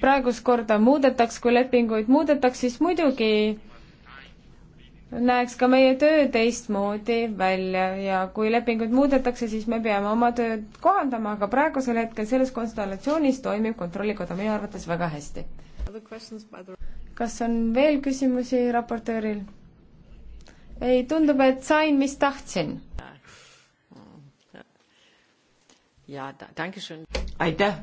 praegust korda muudetaks, kui lepinguid muudetaks, siis muidugi näeks ka meie töö teistmoodi välja ja kui lepinguid muudetakse, siis me peame oma tööd kohandama, aga praegusel hetkel selles konstellatsioonis toimib Kontrollikoda meie arvates väga hästi. kas on veel küsimusi raportööril? ei, tundub, et sain, mis tahtsin. aitäh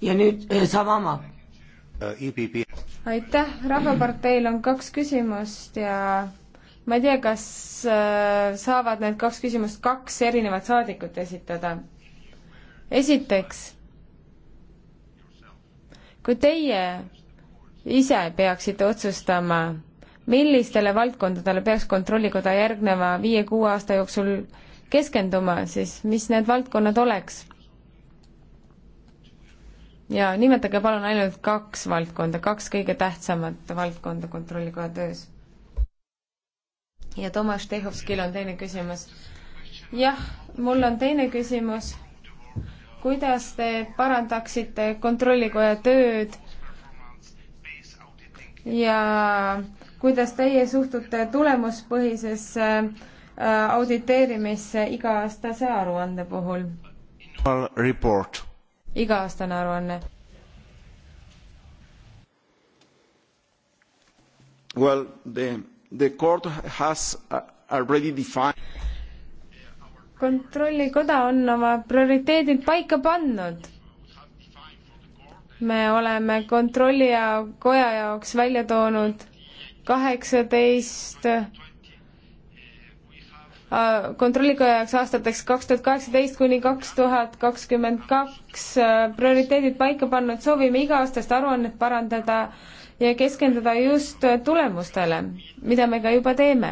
ja nüüd äh, Savamaa. aitäh, Rahvaparteil on kaks küsimust ja ma ei tea, kas äh, saavad need kaks küsimust kaks erinevat saadikut esitada. esiteks, kui teie ise peaksite otsustama, millistele valdkondadele peaks Kontrollikoda järgneva viie-kuue aasta jooksul keskenduma, siis mis need valdkonnad oleks? ja nimetage palun ainult kaks valdkonda, kaks kõige tähtsamat valdkonda Kontrollikoja töös. ja Tomas Tehovskil on teine küsimus. jah, mul on teine küsimus. kuidas te parandaksite Kontrollikoja tööd ja kuidas teie suhtute tulemuspõhisesse äh, auditeerimisse iga-aastase aruande puhul? report iga-aastane aruanne? Well, the, the court has uh, already defined kontrollikoda on oma prioriteedid paika pannud. me oleme kontrolli ja koja jaoks välja toonud kaheksateist 18 kontrollikoja jaoks aastateks kaks tuhat kaheksateist kuni kaks tuhat kakskümmend kaks äh, prioriteedid paika pannud, soovime iga-aastast aruannet parandada ja keskenduda just tulemustele, mida me ka juba teeme.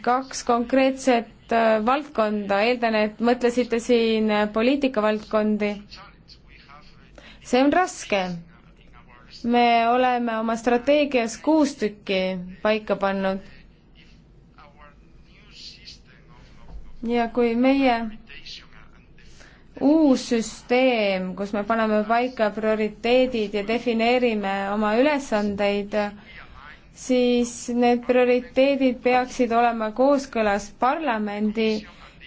kaks konkreetset äh, valdkonda, eeldan, et mõtlesite siin poliitikavaldkondi. see on raske. me oleme oma strateegias kuus tükki paika pannud ja kui meie uus süsteem, kus me paneme paika prioriteedid ja defineerime oma ülesandeid, siis need prioriteedid peaksid olema kooskõlas parlamendi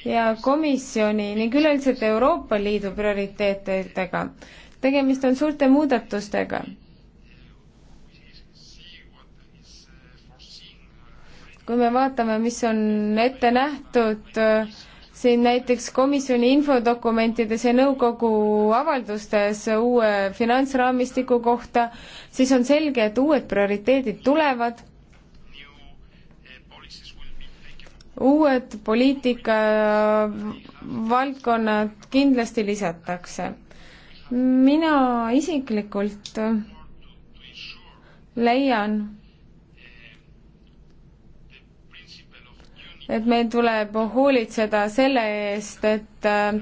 ja komisjoni ning üleüldiselt Euroopa Liidu prioriteetidega. tegemist on suurte muudatustega kui me vaatame, mis on ette nähtud äh, siin näiteks komisjoni infodokumentides ja nõukogu avaldustes uue finantsraamistiku kohta, siis on selge, et uued prioriteedid tulevad, uued poliitika valdkonnad kindlasti lisatakse. mina isiklikult leian, et meil tuleb hoolitseda selle eest, et äh,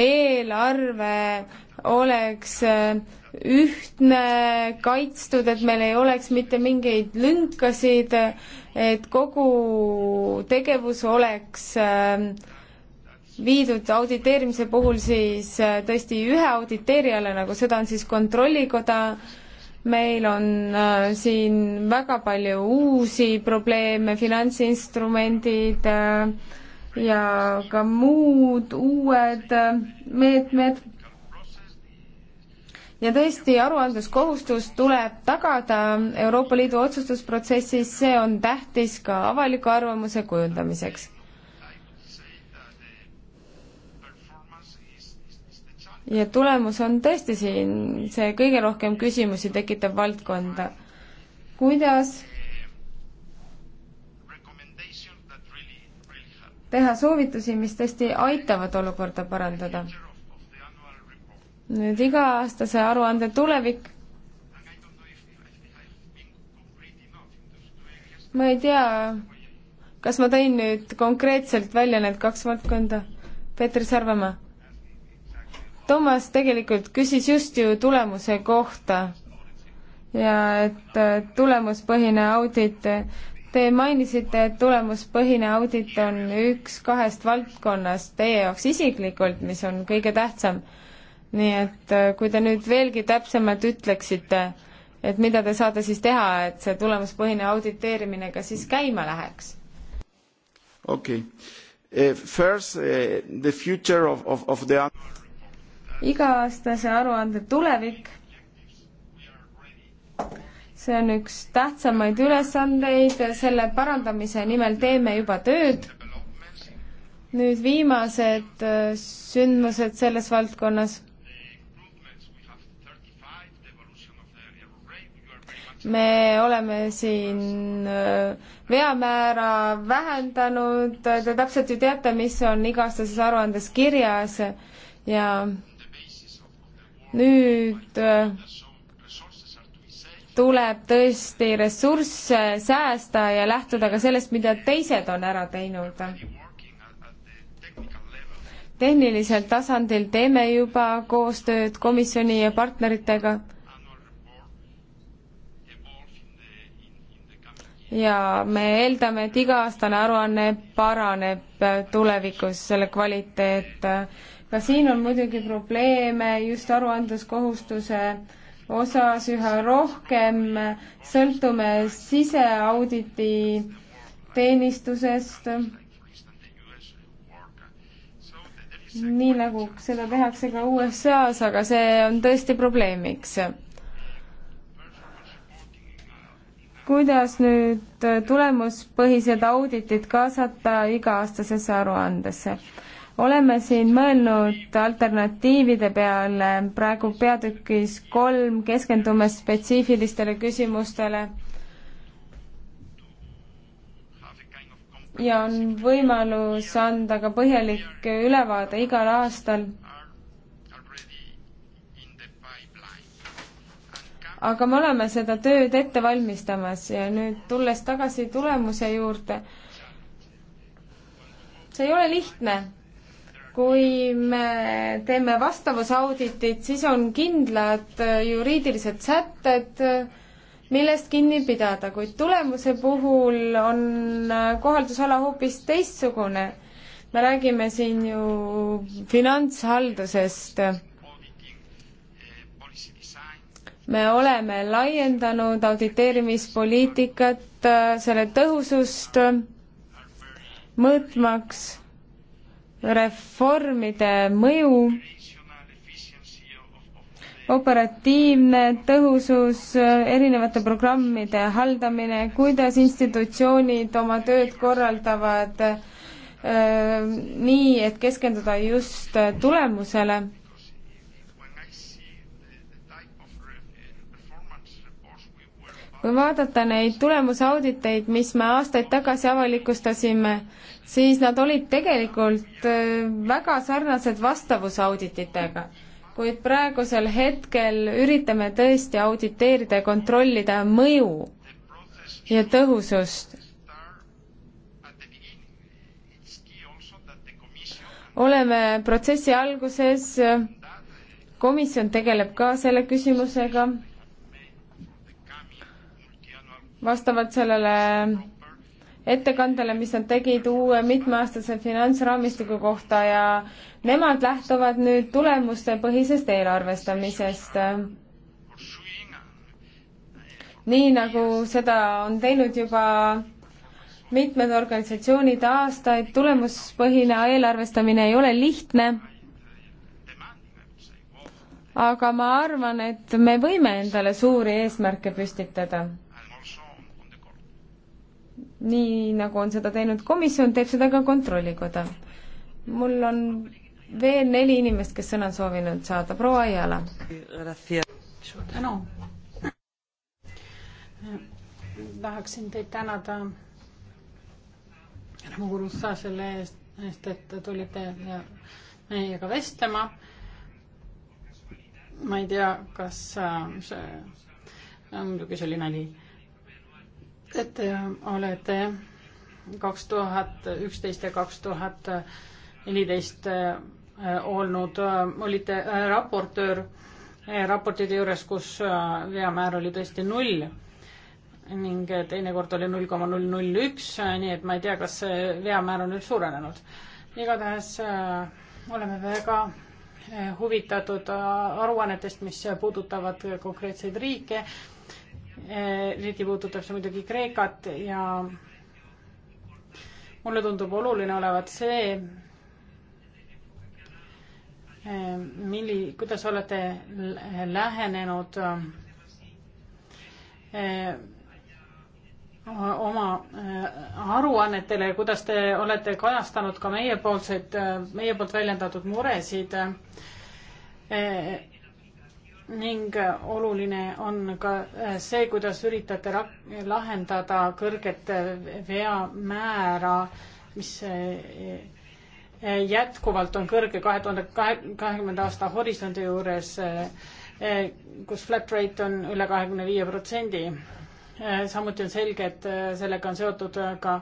eelarve oleks äh, ühtne, kaitstud, et meil ei oleks mitte mingeid lünkasid, et kogu tegevus oleks äh, viidud auditeerimise puhul siis tõesti ühe auditeerijale, nagu seda on siis Kontrollikoda, meil on äh, siin väga palju uusi probleeme, finantsinstrumendid äh, ja ka muud uued äh, meetmed. ja tõesti, aruandluskohustus tuleb tagada Euroopa Liidu otsustusprotsessis, see on tähtis ka avaliku arvamuse kujundamiseks ja tulemus on tõesti siin see kõige rohkem küsimusi tekitav valdkond. kuidas teha soovitusi, mis tõesti aitavad olukorda parandada? nüüd iga-aastase aruande tulevik. ma ei tea, kas ma tõin nüüd konkreetselt välja need kaks valdkonda. Peeter Sarvemaa Toomas tegelikult küsis just ju tulemuse kohta ja et äh, tulemuspõhine audit, te mainisite, et tulemuspõhine audit on üks kahest valdkonnast teie jaoks isiklikult, mis on kõige tähtsam. nii et äh, kui te nüüd veelgi täpsemalt ütleksite, et mida te saate siis teha, et see tulemuspõhine auditeerimine ka siis käima läheks? okei okay. uh,, eh, first uh, the future of, of, of the iga-aastase aruande tulevik. see on üks tähtsamaid ülesandeid, selle parandamise nimel teeme juba tööd. nüüd viimased äh, sündmused selles valdkonnas. me oleme siin äh, veamäära vähendanud, te täpselt ju teate, mis on iga-aastases aruandes kirjas ja nüüd äh, tuleb tõesti ressursse säästa ja lähtuda ka sellest, mida teised on ära teinud. tehnilisel tasandil teeme juba koostööd komisjoni ja partneritega. ja me eeldame, et iga-aastane aruanne paraneb tulevikus, selle kvaliteet äh, ka siin on muidugi probleeme just aruandluskohustuse osas üha rohkem sõltume siseauditi teenistusest. nii nagu seda tehakse ka USA-s, aga see on tõesti probleemiks. kuidas nüüd tulemuspõhised auditid kaasata iga-aastasesse aruandesse? oleme siin mõelnud alternatiivide peale, praegu peatükis kolm keskendume spetsiifilistele küsimustele ja on võimalus anda ka põhjalik ülevaade igal aastal. aga me oleme seda tööd ette valmistamas ja nüüd tulles tagasi tulemuse juurde, see ei ole lihtne kui me teeme vastavusauditit, siis on kindlad äh, juriidilised sätted, äh, millest kinni pidada, kuid tulemuse puhul on äh, kohaldusala hoopis teistsugune. me räägime siin ju finantshaldusest. me oleme laiendanud auditeerimispoliitikat, selle tõhusust, mõõtmaks reformide mõju, operatiivne tõhusus, erinevate programmide haldamine, kuidas institutsioonid oma tööd korraldavad äh, nii, et keskenduda just tulemusele kui vaadata neid tulemusauditeid, mis me aastaid tagasi avalikustasime, siis nad olid tegelikult äh, väga sarnased vastavusaudititega. kuid praegusel hetkel üritame tõesti auditeerida ja kontrollida mõju ja tõhusust. oleme protsessi alguses, komisjon tegeleb ka selle küsimusega vastavalt sellele ettekandele, mis nad tegid uue mitmeaastase finantsraamistiku kohta ja nemad lähtuvad nüüd tulemustepõhisest eelarvestamisest. nii nagu seda on teinud juba mitmed organisatsioonid aastaid, tulemuspõhine eelarvestamine ei ole lihtne aga ma arvan, et me võime endale suuri eesmärke püstitada nii nagu on seda teinud komisjon, teeb seda ka Kontrollikoda. mul on veel neli inimest, kes sõna soovinud saada, proua Aiala. suur tänu. tahaksin teid tänada härra Mugurusa selle eest, eest, et te tulite meiega vestlema. ma ei tea, kas äh, see, muidugi see oli nali et äh, olete kaks tuhat üksteist ja kaks tuhat neliteist äh, olnud, äh, olite raportöör raportide juures, kus veamäär oli tõesti null ning teinekord oli null koma null null üks, nii et ma ei tea, kas see veamäär on nüüd suurenenud. igatahes oleme väga huvitatud aruannetest, mis puudutavad konkreetseid riike Eh, eriti puudutab see muidugi Kreekat ja mulle tundub oluline olevat see, eh, milli-, kuidas olete lähenenud eh, oma aruannetele ja kuidas te olete kajastanud ka meiepoolseid, meie poolt väljendatud muresid ning äh, oluline on ka äh, see, kuidas üritate lahendada kõrget äh, veamäära, mis jätkuvalt on kõrge kahe tuhande kahekümnenda aasta horisondi juures, kus flat rate on üle kahekümne viie protsendi. samuti on selge, et sellega on seotud ka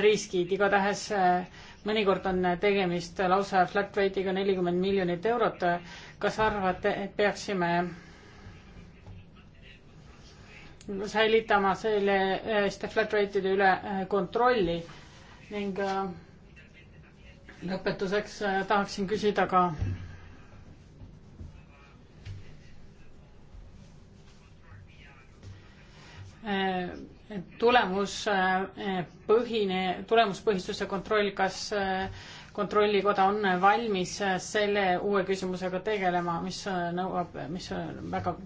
riskid, igatahes mõnikord on tegemist lausa flat rate'iga nelikümmend miljonit eurot. kas arvate, et peaksime säilitama selle, äh, selle flat rate'ide üle äh, kontrolli ning äh, lõpetuseks tahaksin küsida ka äh, tulemuspõhine, eh, tulemuspõhisuse kontroll, kas eh, kontrollikoda on valmis eh, selle uue küsimusega tegelema, mis nõuab, mis on väga,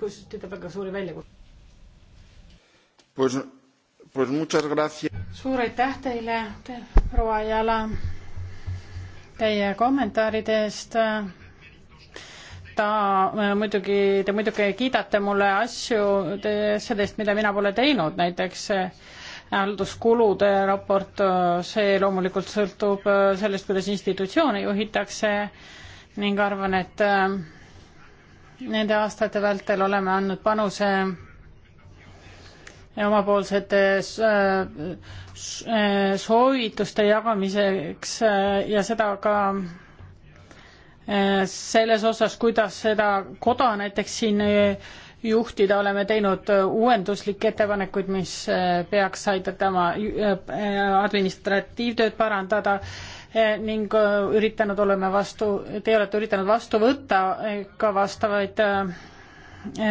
püstitab väga suuri väljakutseid pues,? Pues suur aitäh teile te,, proua Jala, teie kommentaaride eest ta äh, muidugi, te muidugi kiidate mulle asju asjadest, mida mina pole teinud, näiteks äh, halduskulude raport, äh, see loomulikult sõltub sellest, kuidas institutsioone juhitakse ning arvan, et nende aastate vältel oleme andnud panuse omapoolsete soovituste jagamiseks ja seda ka Äh, selles osas, kuidas seda koda näiteks siin äh, juhtida, oleme teinud äh, uuenduslikke ettepanekuid, mis peaks aidatama administratiivtööd parandada ning üritanud oleme vastu, te olete üritanud vastu võtta ka vastavaid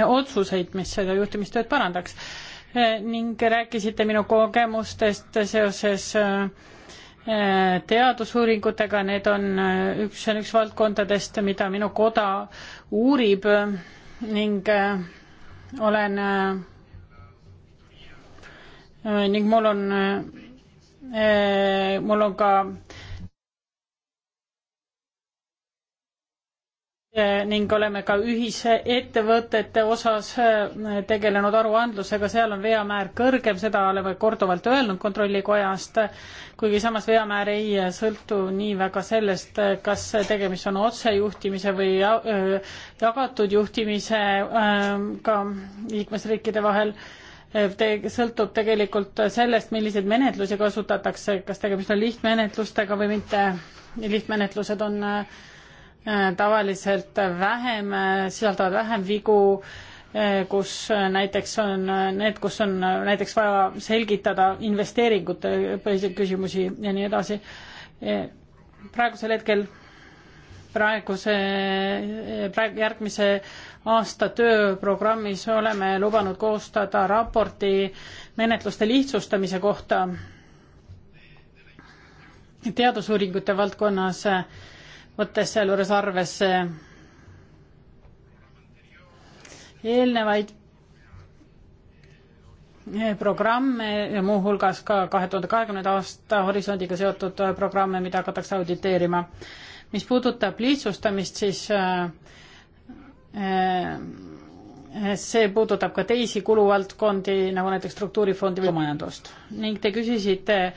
otsuseid, mis seda juhtimistööd parandaks. ning rääkisite minu kogemustest seoses äh, Äh, teadusuuringutega, need on äh, üks, see on üks valdkondadest, mida minu koda uurib äh, ning olen ning mul on, mul on ka Eh, ning oleme ka ühisettevõtete osas eh, tegelenud aruandlusega, seal on veamäär kõrgem, seda oleme korduvalt öelnud Kontrollikojast, kuigi samas veamäär ei eh, sõltu nii väga sellest, kas tegemist on otsejuhtimise või jagatud juhtimisega liikmesriikide vahel te-, sõltub tegelikult sellest, milliseid menetlusi kasutatakse, kas tegemist on lihtmenetlustega või mitte. lihtmenetlused on äh, Äh, tavaliselt vähem, äh, sisaldavad vähem vigu, äh, kus näiteks on need, kus on näiteks vaja selgitada investeeringute põhiseid küsimusi ja nii edasi. praegusel hetkel praeguse, praegu järgmise aasta tööprogrammis oleme lubanud koostada raporti menetluste lihtsustamise kohta teadusuuringute valdkonnas võttes sealjuures arvesse eelnevaid programme ja muuhulgas ka kahe tuhande kahekümnenda aasta horisondiga seotud programme, mida hakatakse auditeerima. mis puudutab lihtsustamist, siis äh, äh, see puudutab ka teisi kuluvaldkondi, nagu näiteks struktuurifondi või majandust. ning te küsisite äh,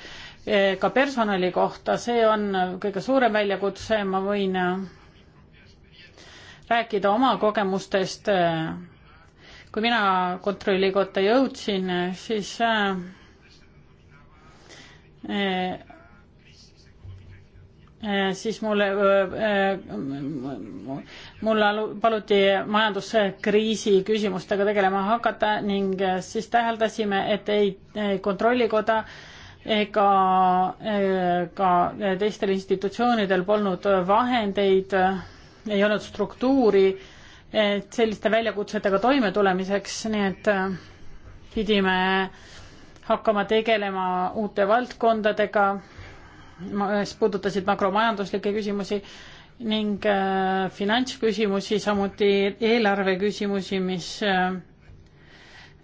Eh, ka personali kohta, see on kõige suurem väljakutse, ma võin eh, rääkida oma kogemustest. Eh, kui mina kontrollikotta jõudsin, siis siis mulle, mulle paluti majanduskriisi küsimustega tegelema hakata ning siis täheldasime, et ei, kontrollikoda ega eh, ka eh, teistel institutsioonidel polnud eh, vahendeid, ei olnud struktuuri, et selliste väljakutsetega toimetulemiseks, nii et pidime hakkama tegelema uute valdkondadega, mis puudutasid makromajanduslikke küsimusi ning finantsküsimusi, samuti eelarve küsimusi, mis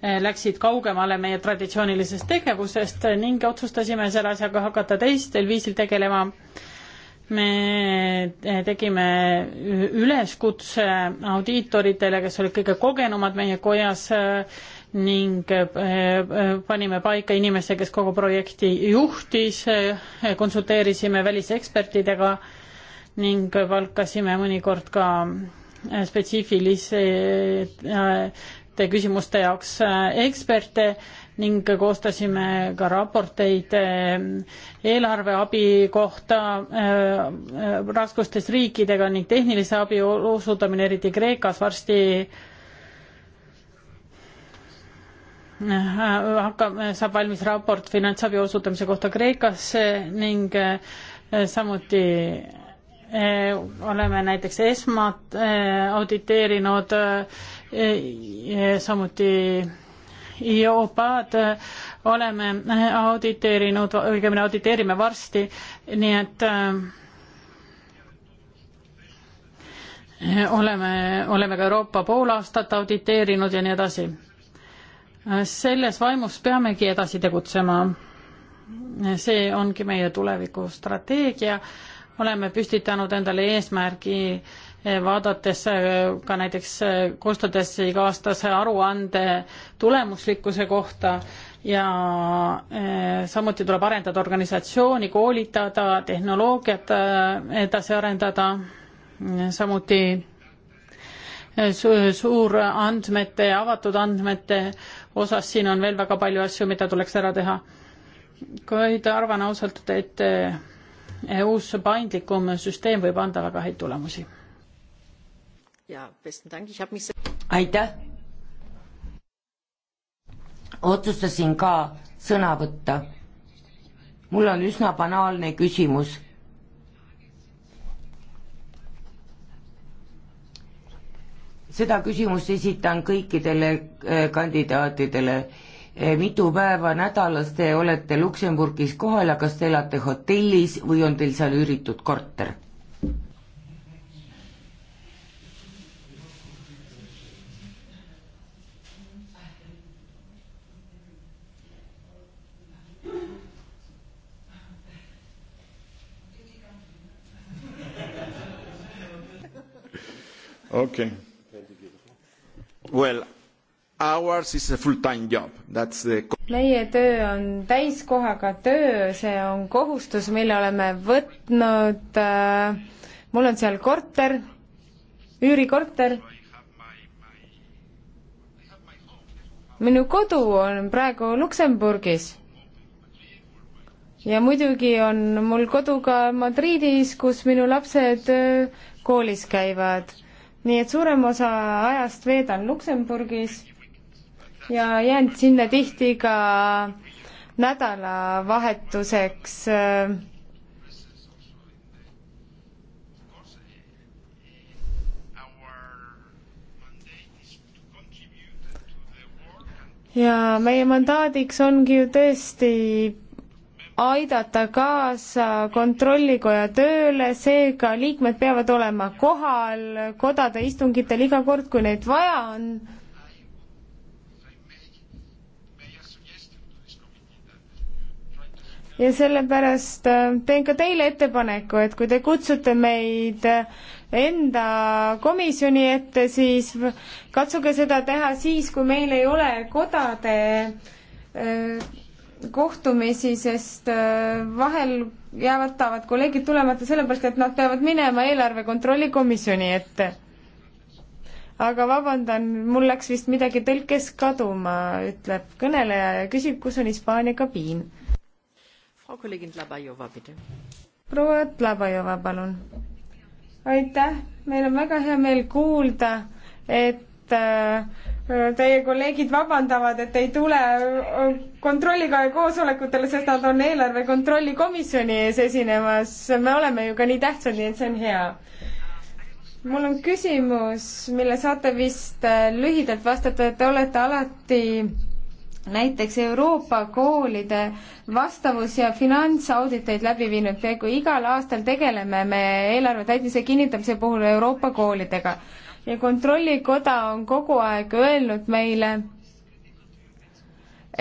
läksid kaugemale meie traditsioonilisest tegevusest ning otsustasime selle asjaga hakata teistel viisil tegelema. me tegime üleskutse audiitoritele, kes olid kõige kogenumad meie kojas ning eh, panime paika inimese, kes kogu projekti juhtis, konsulteerisime välisekspertidega ning palkasime mõnikord ka spetsiifilisi erinevate küsimuste jaoks äh, eksperte ning koostasime ka raporteid äh, eelarveabi kohta äh, raskustes riikidega ning tehnilise abi osutamine, eriti Kreekas varsti hakkab, saab valmis raport finantsabi osutamise kohta Kreekasse ning samuti oleme näiteks esmat auditeerinud samuti IOPA-d oleme auditeerinud, õigemini auditeerime varsti, nii et äh, oleme, oleme ka Euroopa pool aastat auditeerinud ja nii edasi. selles vaimus peamegi edasi tegutsema. see ongi meie tulevikustrateegia, oleme püstitanud endale eesmärgi äh, vaadates äh, ka näiteks äh, koostades iga-aastase aruande tulemuslikkuse kohta ja äh, samuti tuleb arendada organisatsiooni, koolitada, tehnoloogiat edasi arendada, samuti suurandmete ja avatud andmete osas siin on veel väga palju asju, mida tuleks ära teha. kuid arvan ausalt, et uus paindlikum süsteem võib anda väga häid tulemusi aitäh! otsustasin ka sõna võtta. mul on üsna banaalne küsimus. seda küsimust esitan kõikidele eh, kandidaatidele. Eh, mitu päeva nädalas te olete Luksemburgis kohal ja kas te elate hotellis või on teil seal üüritud korter? Okay. Well, ours is a full-time job, that's the meie töö on täiskohaga töö, see on kohustus, mille oleme võtnud, äh, mul on seal korter, üürikorter, minu kodu on praegu Luksemburgis. ja muidugi on mul kodu ka Madridis, kus minu lapsed äh, koolis käivad nii et suurem osa ajast veedan Luksemburgis ja jään sinna tihti ka nädalavahetuseks äh, ja meie mandaadiks ongi ju tõesti aidata kaasa kontrollikoja tööle, seega liikmed peavad olema kohal kodade istungitel iga kord, kui neid vaja on. ja sellepärast äh, teen ka teile ettepaneku, et kui te kutsute meid äh, enda komisjoni ette, siis katsuge seda teha siis, kui meil ei ole kodade öö, äh, kohtumisi, sest äh, vahel jäävad, tahavad kolleegid tulemata sellepärast, et nad peavad minema eelarve kontrolli komisjoni ette. aga vabandan, mul läks vist midagi tõlkes kaduma, ütleb kõneleja ja küsib, kus on Hispaania kabiin. proua Tlabajova, palun. aitäh, meil on väga hea meel kuulda, et et äh, äh, teie kolleegid vabandavad, et ei tule äh, kontrollikoja koosolekutele, sest nad on eelarve kontrolli komisjoni ees esinemas. me oleme ju ka nii tähtsad, nii et see on hea. mul on küsimus, mille saate vist lühidalt vastata, et te olete alati näiteks Euroopa koolide vastavus- ja finantsauditeid läbi viinud, peaaegu igal aastal tegeleme me eelarve täitmise kinnitamise puhul Euroopa koolidega ja Kontrollikoda on kogu aeg öelnud meile,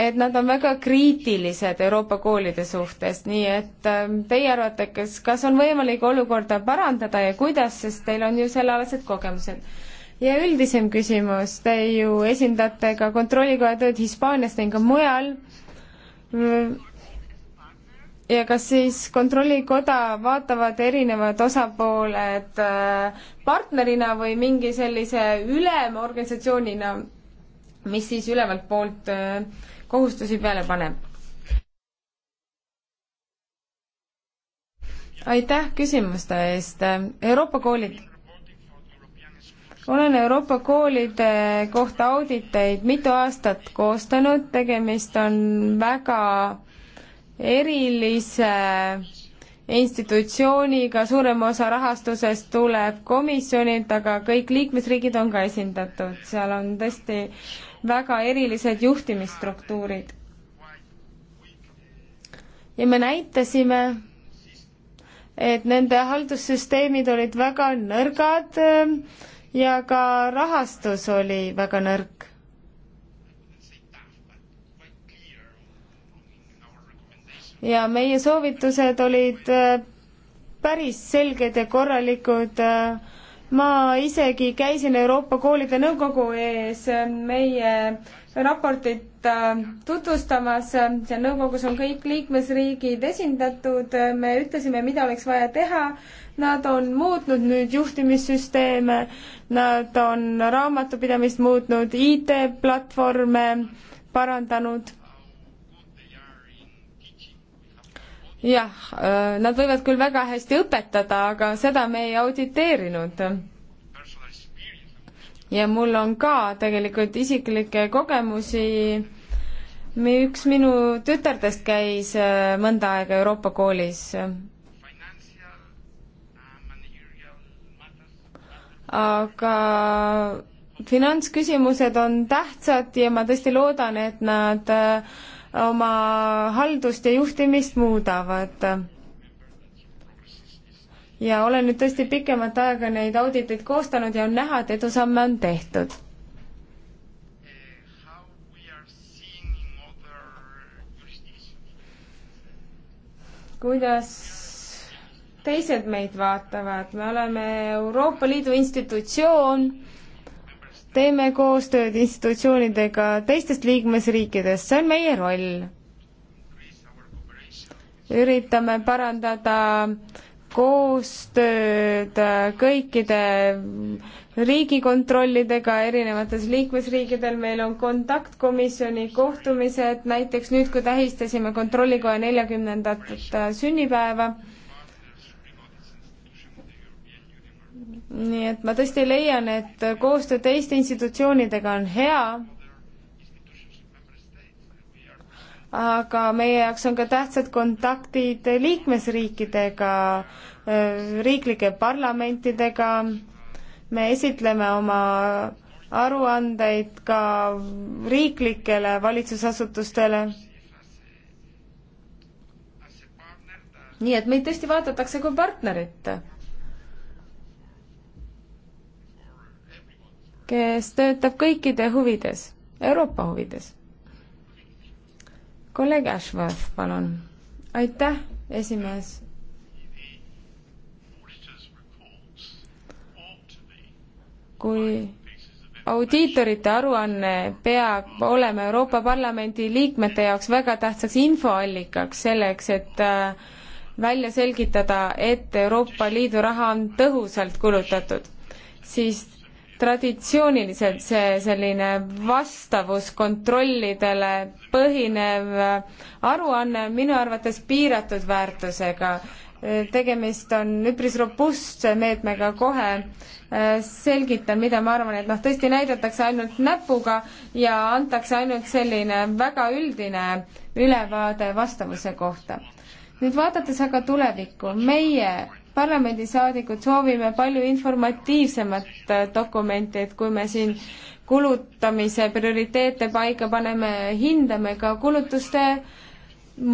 et nad on väga kriitilised Euroopa koolide suhtes, nii et ähm, teie arvate, kas, kas on võimalik olukorda parandada ja kuidas, sest teil on ju sellealased kogemused. ja üldisem küsimus, te ju esindate ka kontrollikoja tööd Hispaanias ning ka mujal ja kas siis Kontrollikoda vaatavad erinevad osapooled äh, partnerina või mingi sellise ülemorganisatsioonina, mis siis ülevalt poolt äh, kohustusi peale paneb? aitäh küsimuste eest, Euroopa koolid olen Euroopa koolide kohta auditeid mitu aastat koostanud, tegemist on väga erilise institutsiooniga, suurem osa rahastusest tuleb komisjonilt, aga kõik liikmesriigid on ka esindatud, seal on tõesti väga erilised juhtimisstruktuurid. ja me näitasime, et nende haldussüsteemid olid väga nõrgad ehm, ja ka rahastus oli väga nõrk ja meie soovitused olid äh, päris selged ja korralikud. Äh, ma isegi käisin Euroopa koolide nõukogu ees äh, meie raportit tutvustamas, seal nõukogus on kõik liikmesriigid esindatud, me ütlesime, mida oleks vaja teha, nad on muutnud nüüd juhtimissüsteeme, nad on raamatupidamist muutnud, IT-platvorme parandanud jah, äh, nad võivad küll väga hästi õpetada, aga seda me ei auditeerinud. ja mul on ka tegelikult isiklikke kogemusi. üks minu tütardest käis äh, mõnda aega Euroopa koolis. aga finantsküsimused on tähtsad ja ma tõesti loodan, et nad äh, oma haldust ja juhtimist muudavad. ja olen nüüd tõesti pikemat aega neid auditeid koostanud ja on näha, et edusamme on tehtud. kuidas teised meid vaatavad, me oleme Euroopa Liidu institutsioon teeme koostööd institutsioonidega teistest liikmesriikidest, see on meie roll. üritame parandada koostööd kõikide riigikontrollidega erinevates liikmesriikidel, meil on kontaktkomisjoni kohtumised, näiteks nüüd, kui tähistasime Kontrollikoja neljakümnendat sünnipäeva nii et ma tõesti leian, et koostöö teiste institutsioonidega on hea, aga meie jaoks on ka tähtsad kontaktid liikmesriikidega, riiklike parlamentidega, me esitleme oma aruandeid ka riiklikele valitsusasutustele. nii et meid tõesti vaadatakse kui partnerit kes töötab kõikide huvides, Euroopa huvides. kolleeg Ashworth, palun. aitäh, esimees. kui audiitorite aruanne peab olema Euroopa Parlamendi liikmete jaoks väga tähtsaks infoallikaks selleks, et äh, välja selgitada, et Euroopa Liidu raha on tõhusalt kulutatud, siis traditsiooniliselt see selline vastavus kontrollidele põhinev aruanne on minu arvates piiratud väärtusega. tegemist on üpris robustse meetmega, kohe selgitan, mida ma arvan, et noh, tõesti näidatakse ainult näpuga ja antakse ainult selline väga üldine ülevaade vastavuse kohta. nüüd vaadates aga tulevikku, meie parlamendisaadikud soovime palju informatiivsemat äh, dokumenti, et kui me siin kulutamise prioriteete paika paneme, hindame ka kulutuste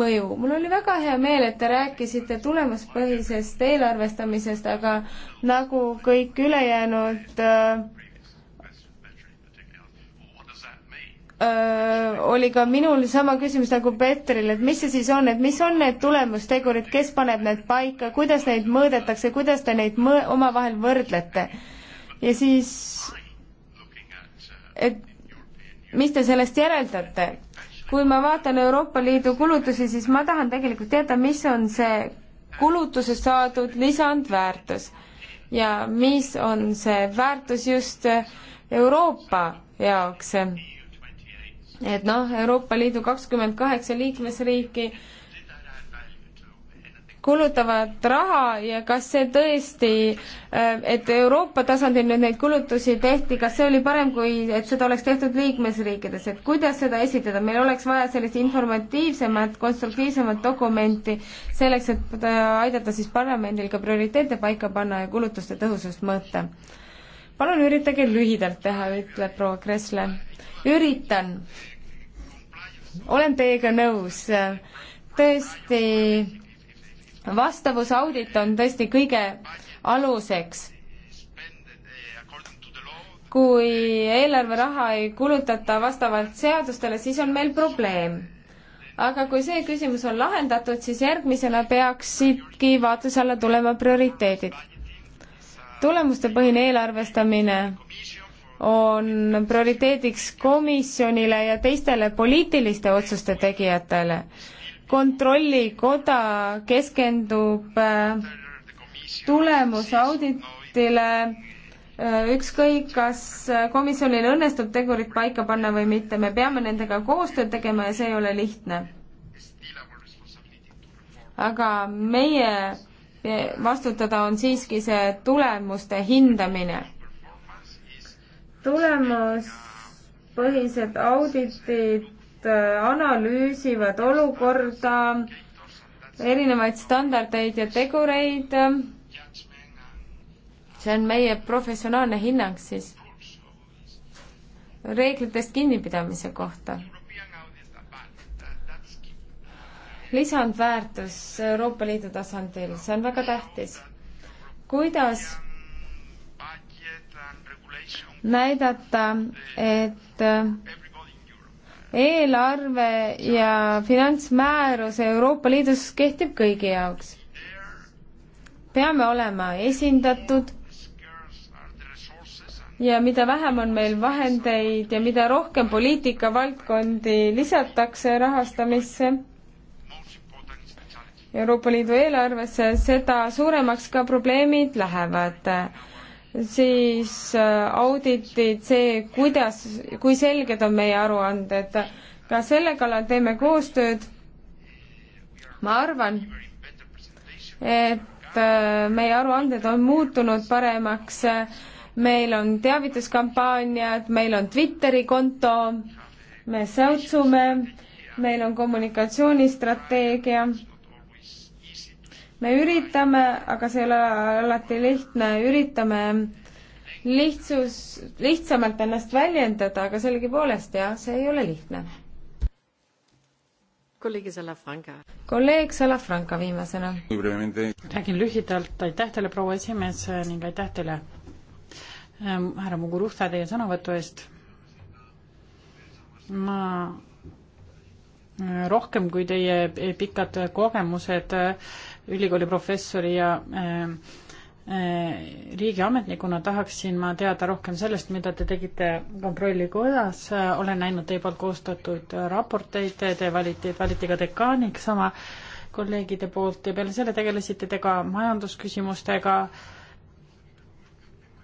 mõju. mul oli väga hea meel, et te rääkisite tulemuspõhisest eelarvestamisest, aga nagu kõik ülejäänud äh, öö, oli ka minul sama küsimus nagu Petril, et mis see siis on, et mis on need tulemustegurid, kes paneb need paika, kuidas neid mõõdetakse, kuidas te neid mõ-, omavahel võrdlete? ja siis, et mis te sellest järeldate? kui ma vaatan Euroopa Liidu kulutusi, siis ma tahan tegelikult teada, mis on see kulutusest saadud lisandväärtus ja mis on see väärtus just Euroopa jaoks et noh, Euroopa Liidu kakskümmend kaheksa liikmesriiki kulutavad raha ja kas see tõesti, äh, et Euroopa tasandil nüüd neid kulutusi tehti, kas see oli parem, kui et seda oleks tehtud liikmesriikides, et kuidas seda esitada, meil oleks vaja sellist informatiivsemat, konstruktiivsemat dokumenti selleks, et äh, aidata siis parlamendil ka prioriteete paika panna ja kulutuste tõhusust mõõta palun üritage lühidalt teha, ütleb proua Kressle. üritan. olen teiega nõus. tõesti, vastavusaudit on tõesti kõige aluseks. kui eelarveraha ei kulutata vastavalt seadustele, siis on meil probleem aga kui see küsimus on lahendatud, siis järgmisena peaksidki vaatluse alla tulema prioriteedid tulemustepõhine eelarvestamine on prioriteediks komisjonile ja teistele poliitiliste otsuste tegijatele. kontrollikoda keskendub äh, tulemusauditile, äh, ükskõik, kas äh, komisjonil õnnestub tegurid paika panna või mitte, me peame nendega koostööd tegema ja see ei ole lihtne. aga meie vastutada, on siiski see tulemuste hindamine. tulemuspõhised auditid äh, analüüsivad olukorda, erinevaid standardeid ja tegureid. see on meie professionaalne hinnang siis reeglitest kinnipidamise kohta lisandväärtus Euroopa Liidu tasandil, see on väga tähtis. kuidas näidata, et eelarve ja finantsmäärus Euroopa Liidus kehtib kõigi jaoks. peame olema esindatud ja mida vähem on meil vahendeid ja mida rohkem poliitikavaldkondi lisatakse rahastamisse, Euroopa Liidu eelarvesse, seda suuremaks ka probleemid lähevad. siis äh, auditid, see, kuidas, kui selged on meie aruanded, ka selle kallal teeme koostööd. ma arvan, et äh, meie aruanded on muutunud paremaks, meil on teavituskampaaniad, meil on Twitteri konto, me säutsume, meil on kommunikatsioonistrateegia me üritame, aga see ei ole alati lihtne, üritame lihtsus, lihtsamalt ennast väljendada, aga sellegipoolest jah, see ei ole lihtne. kolleeg Salafranca. kolleeg Salafranca viimasena. räägin lühidalt, aitäh teile, proua esimees ning aitäh teile, ähm, härra Muguruhta, teie sõnavõtu eest. ma äh, rohkem kui teie pikad kogemused äh, ülikooli professori ja ähm, äh, riigiametnikuna tahaksin ma teada rohkem sellest, mida te tegite kontrollikojas, olen näinud teie poolt koostatud raporteid, te valiti, valiti ka dekaaniks oma kolleegide poolt ja peale selle tegelesite te ka majandusküsimustega,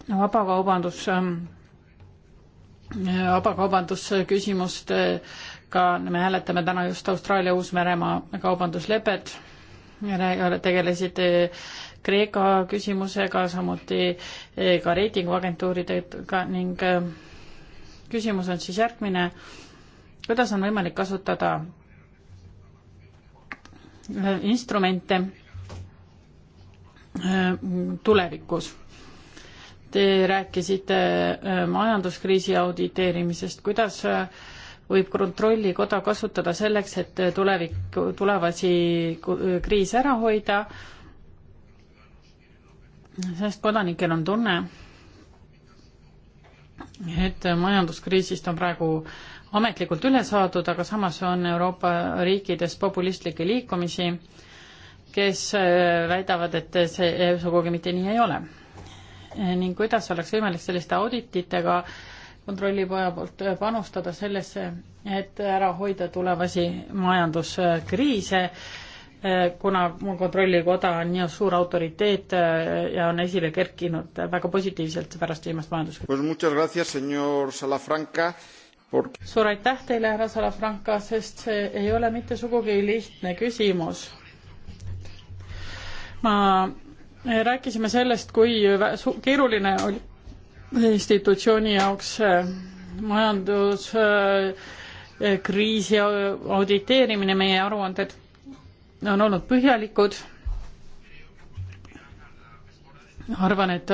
vabakaubandus, ähm, vabakaubandusküsimustega, äh, me hääletame täna just Austraalia-Uus-Meremaa kaubanduslepet tegelesid eh, Kreeka küsimusega, samuti eh, ka reitinguagentuuridega ning eh, küsimus on siis järgmine. kuidas on võimalik kasutada instrumente tulevikus? Te rääkisite majanduskriisi auditeerimisest, kuidas äh, võib kontrollikoda kasutada selleks, et tulevik, tulevasi kriise ära hoida, sest kodanikel on tunne, et majanduskriisist on praegu ametlikult üle saadud, aga samas on Euroopa riikides populistlikke liikumisi, kes äh, väidavad, et see sugugi mitte nii ei ole. ning kuidas oleks võimalik selliste audititega äh, kontrollipoja poolt äh, panustada sellesse, et ära hoida tulevasi majanduskriise, äh, kuna kontrollikoda on nii suur autoriteet äh, ja on esile kerkinud väga positiivselt pärast viimast majanduskriisi suur aitäh teile, härra Salafranca, sest see ei ole mitte sugugi lihtne küsimus. ma, rääkisime sellest, kui keeruline oli institutsiooni jaoks eh, majanduskriisi eh, eh, auditeerimine, meie aruanded on olnud põhjalikud. arvan, et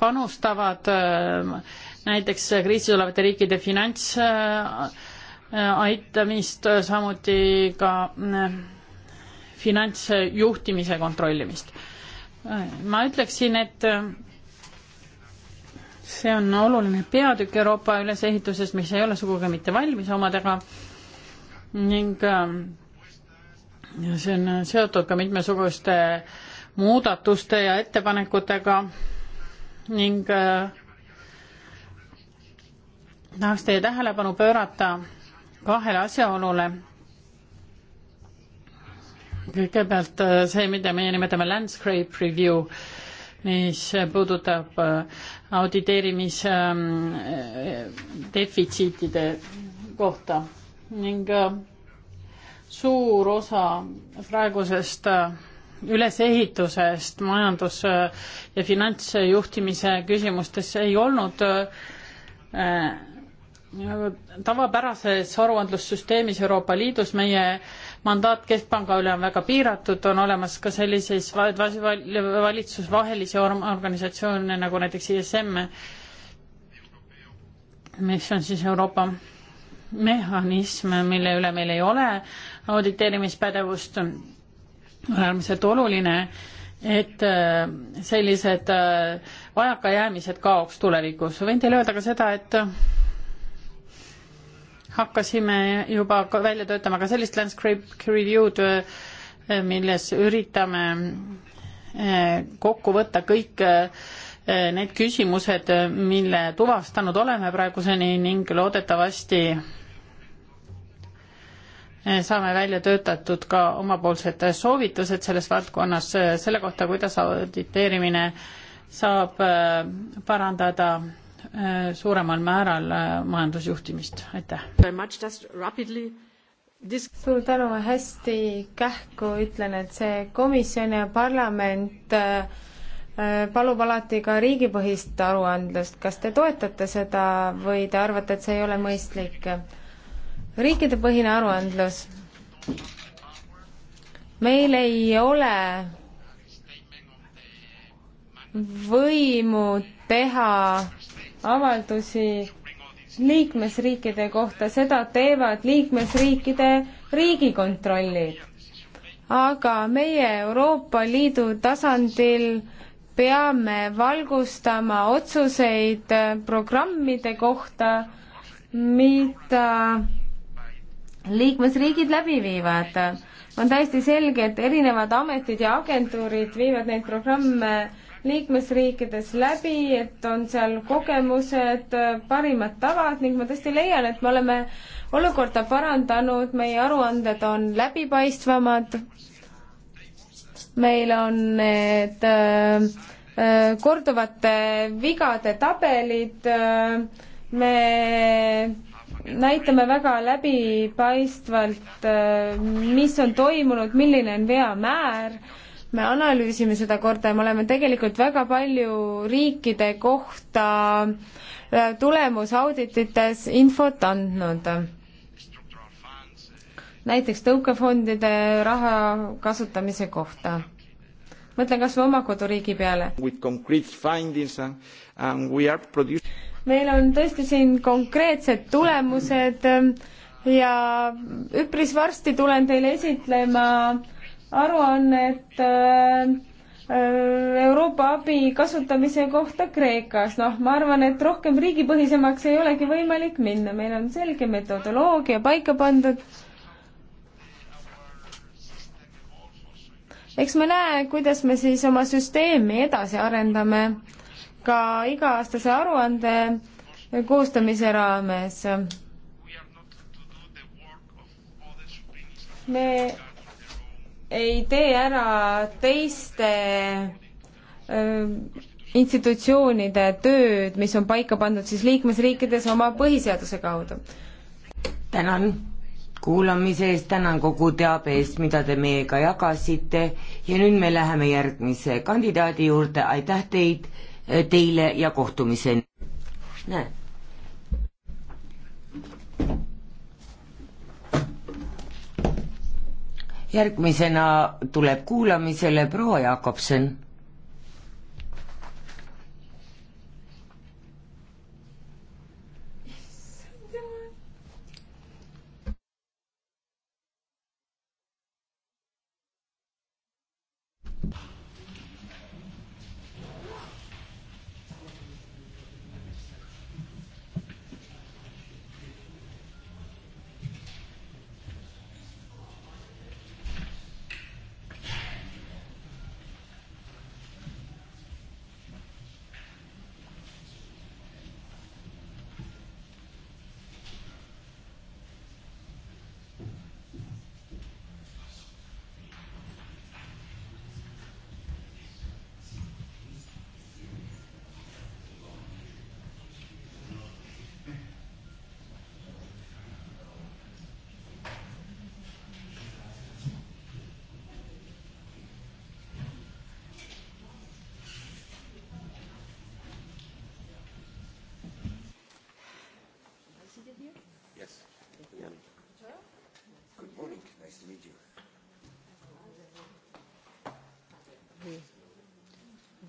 panustavad näiteks kriisis olevate riikide finants aitamist, samuti ka finantsjuhtimise kontrollimist. ma ütleksin, et see on oluline peatükk Euroopa ülesehituses, mis ei ole sugugi mitte valmis omadega ning ähm, see on seotud ka mitmesuguste muudatuste ja ettepanekutega ning äh, tahaks teie tähelepanu pöörata kahele asjaolule. kõigepealt äh, see, mida meie nimetame landscape review mis puudutab äh, auditeerimise ähm, äh, defitsiitide kohta ning äh, suur osa praegusest ülesehitusest majandus- ja finantsjuhtimise küsimustes ei olnud tavapärases aruandlussüsteemis Euroopa Liidus meie mandaat keskpanga üle on väga piiratud, on olemas ka selliseid valitsusvahelisi organisatsioone nagu näiteks ISM, mis on siis Euroopa mehhanism, mille üle meil ei ole auditeerimispädevust, on äärmiselt oluline, et äh, sellised äh, vajakajäämised kaoks tulevikus. võin teile öelda ka seda, et hakkasime juba välja töötama ka sellist landscape review'd, äh, milles üritame äh, kokku võtta kõik äh, need küsimused, mille tuvastanud oleme praeguseni ning loodetavasti saame välja töötatud ka omapoolsed soovitused selles valdkonnas selle kohta, kuidas auditeerimine saab parandada Äh, suuremal määral äh, majandusjuhtimist, aitäh! suur tänu, hästi kähku ütlen, et see komisjon ja parlament äh, palub alati ka riigipõhist aruandlust, kas te toetate seda või te arvate, et see ei ole mõistlik? riikidepõhine aruandlus. meil ei ole võimu teha avaldusi liikmesriikide kohta, seda teevad liikmesriikide riigikontrollid. aga meie Euroopa Liidu tasandil peame valgustama otsuseid programmide kohta, mida liikmesriigid läbi viivad. on täiesti selge, et erinevad ametid ja agentuurid viivad neid programme liikmesriikides läbi, et on seal kogemused, parimad tavad ning ma tõesti leian, et me oleme olukorda parandanud, meie aruanded on läbipaistvamad, meil on need äh, äh korduvate vigade tabelid äh,, me näitame väga läbipaistvalt äh,, mis on toimunud, milline on veamäär äh,, me analüüsime seda korda ja me oleme tegelikult väga palju riikide kohta äh, tulemusauditites infot andnud. näiteks tõukefondide raha kasutamise kohta. mõtlen kas või oma koduriigi peale. Uh, um, meil on tõesti siin konkreetsed tulemused ja üpris varsti tulen teile esitlema äh, aruannet äh, Euroopa abi kasutamise kohta Kreekas. noh, ma arvan, et rohkem riigipõhisemaks ei olegi võimalik minna, meil on selge metodoloogia paika pandud. eks me näe, kuidas me siis oma süsteemi edasi arendame ka iga-aastase aruande koostamise raames. me ei tee ära teiste öö, institutsioonide tööd, mis on paika pandud siis liikmesriikides oma põhiseaduse kaudu. tänan kuulamise eest, tänan kogu teabe eest, mida te meiega jagasite ja nüüd me läheme järgmise kandidaadi juurde, aitäh teid, teile ja kohtumiseni. näed. järgmisena tuleb kuulamisele proua Jakobson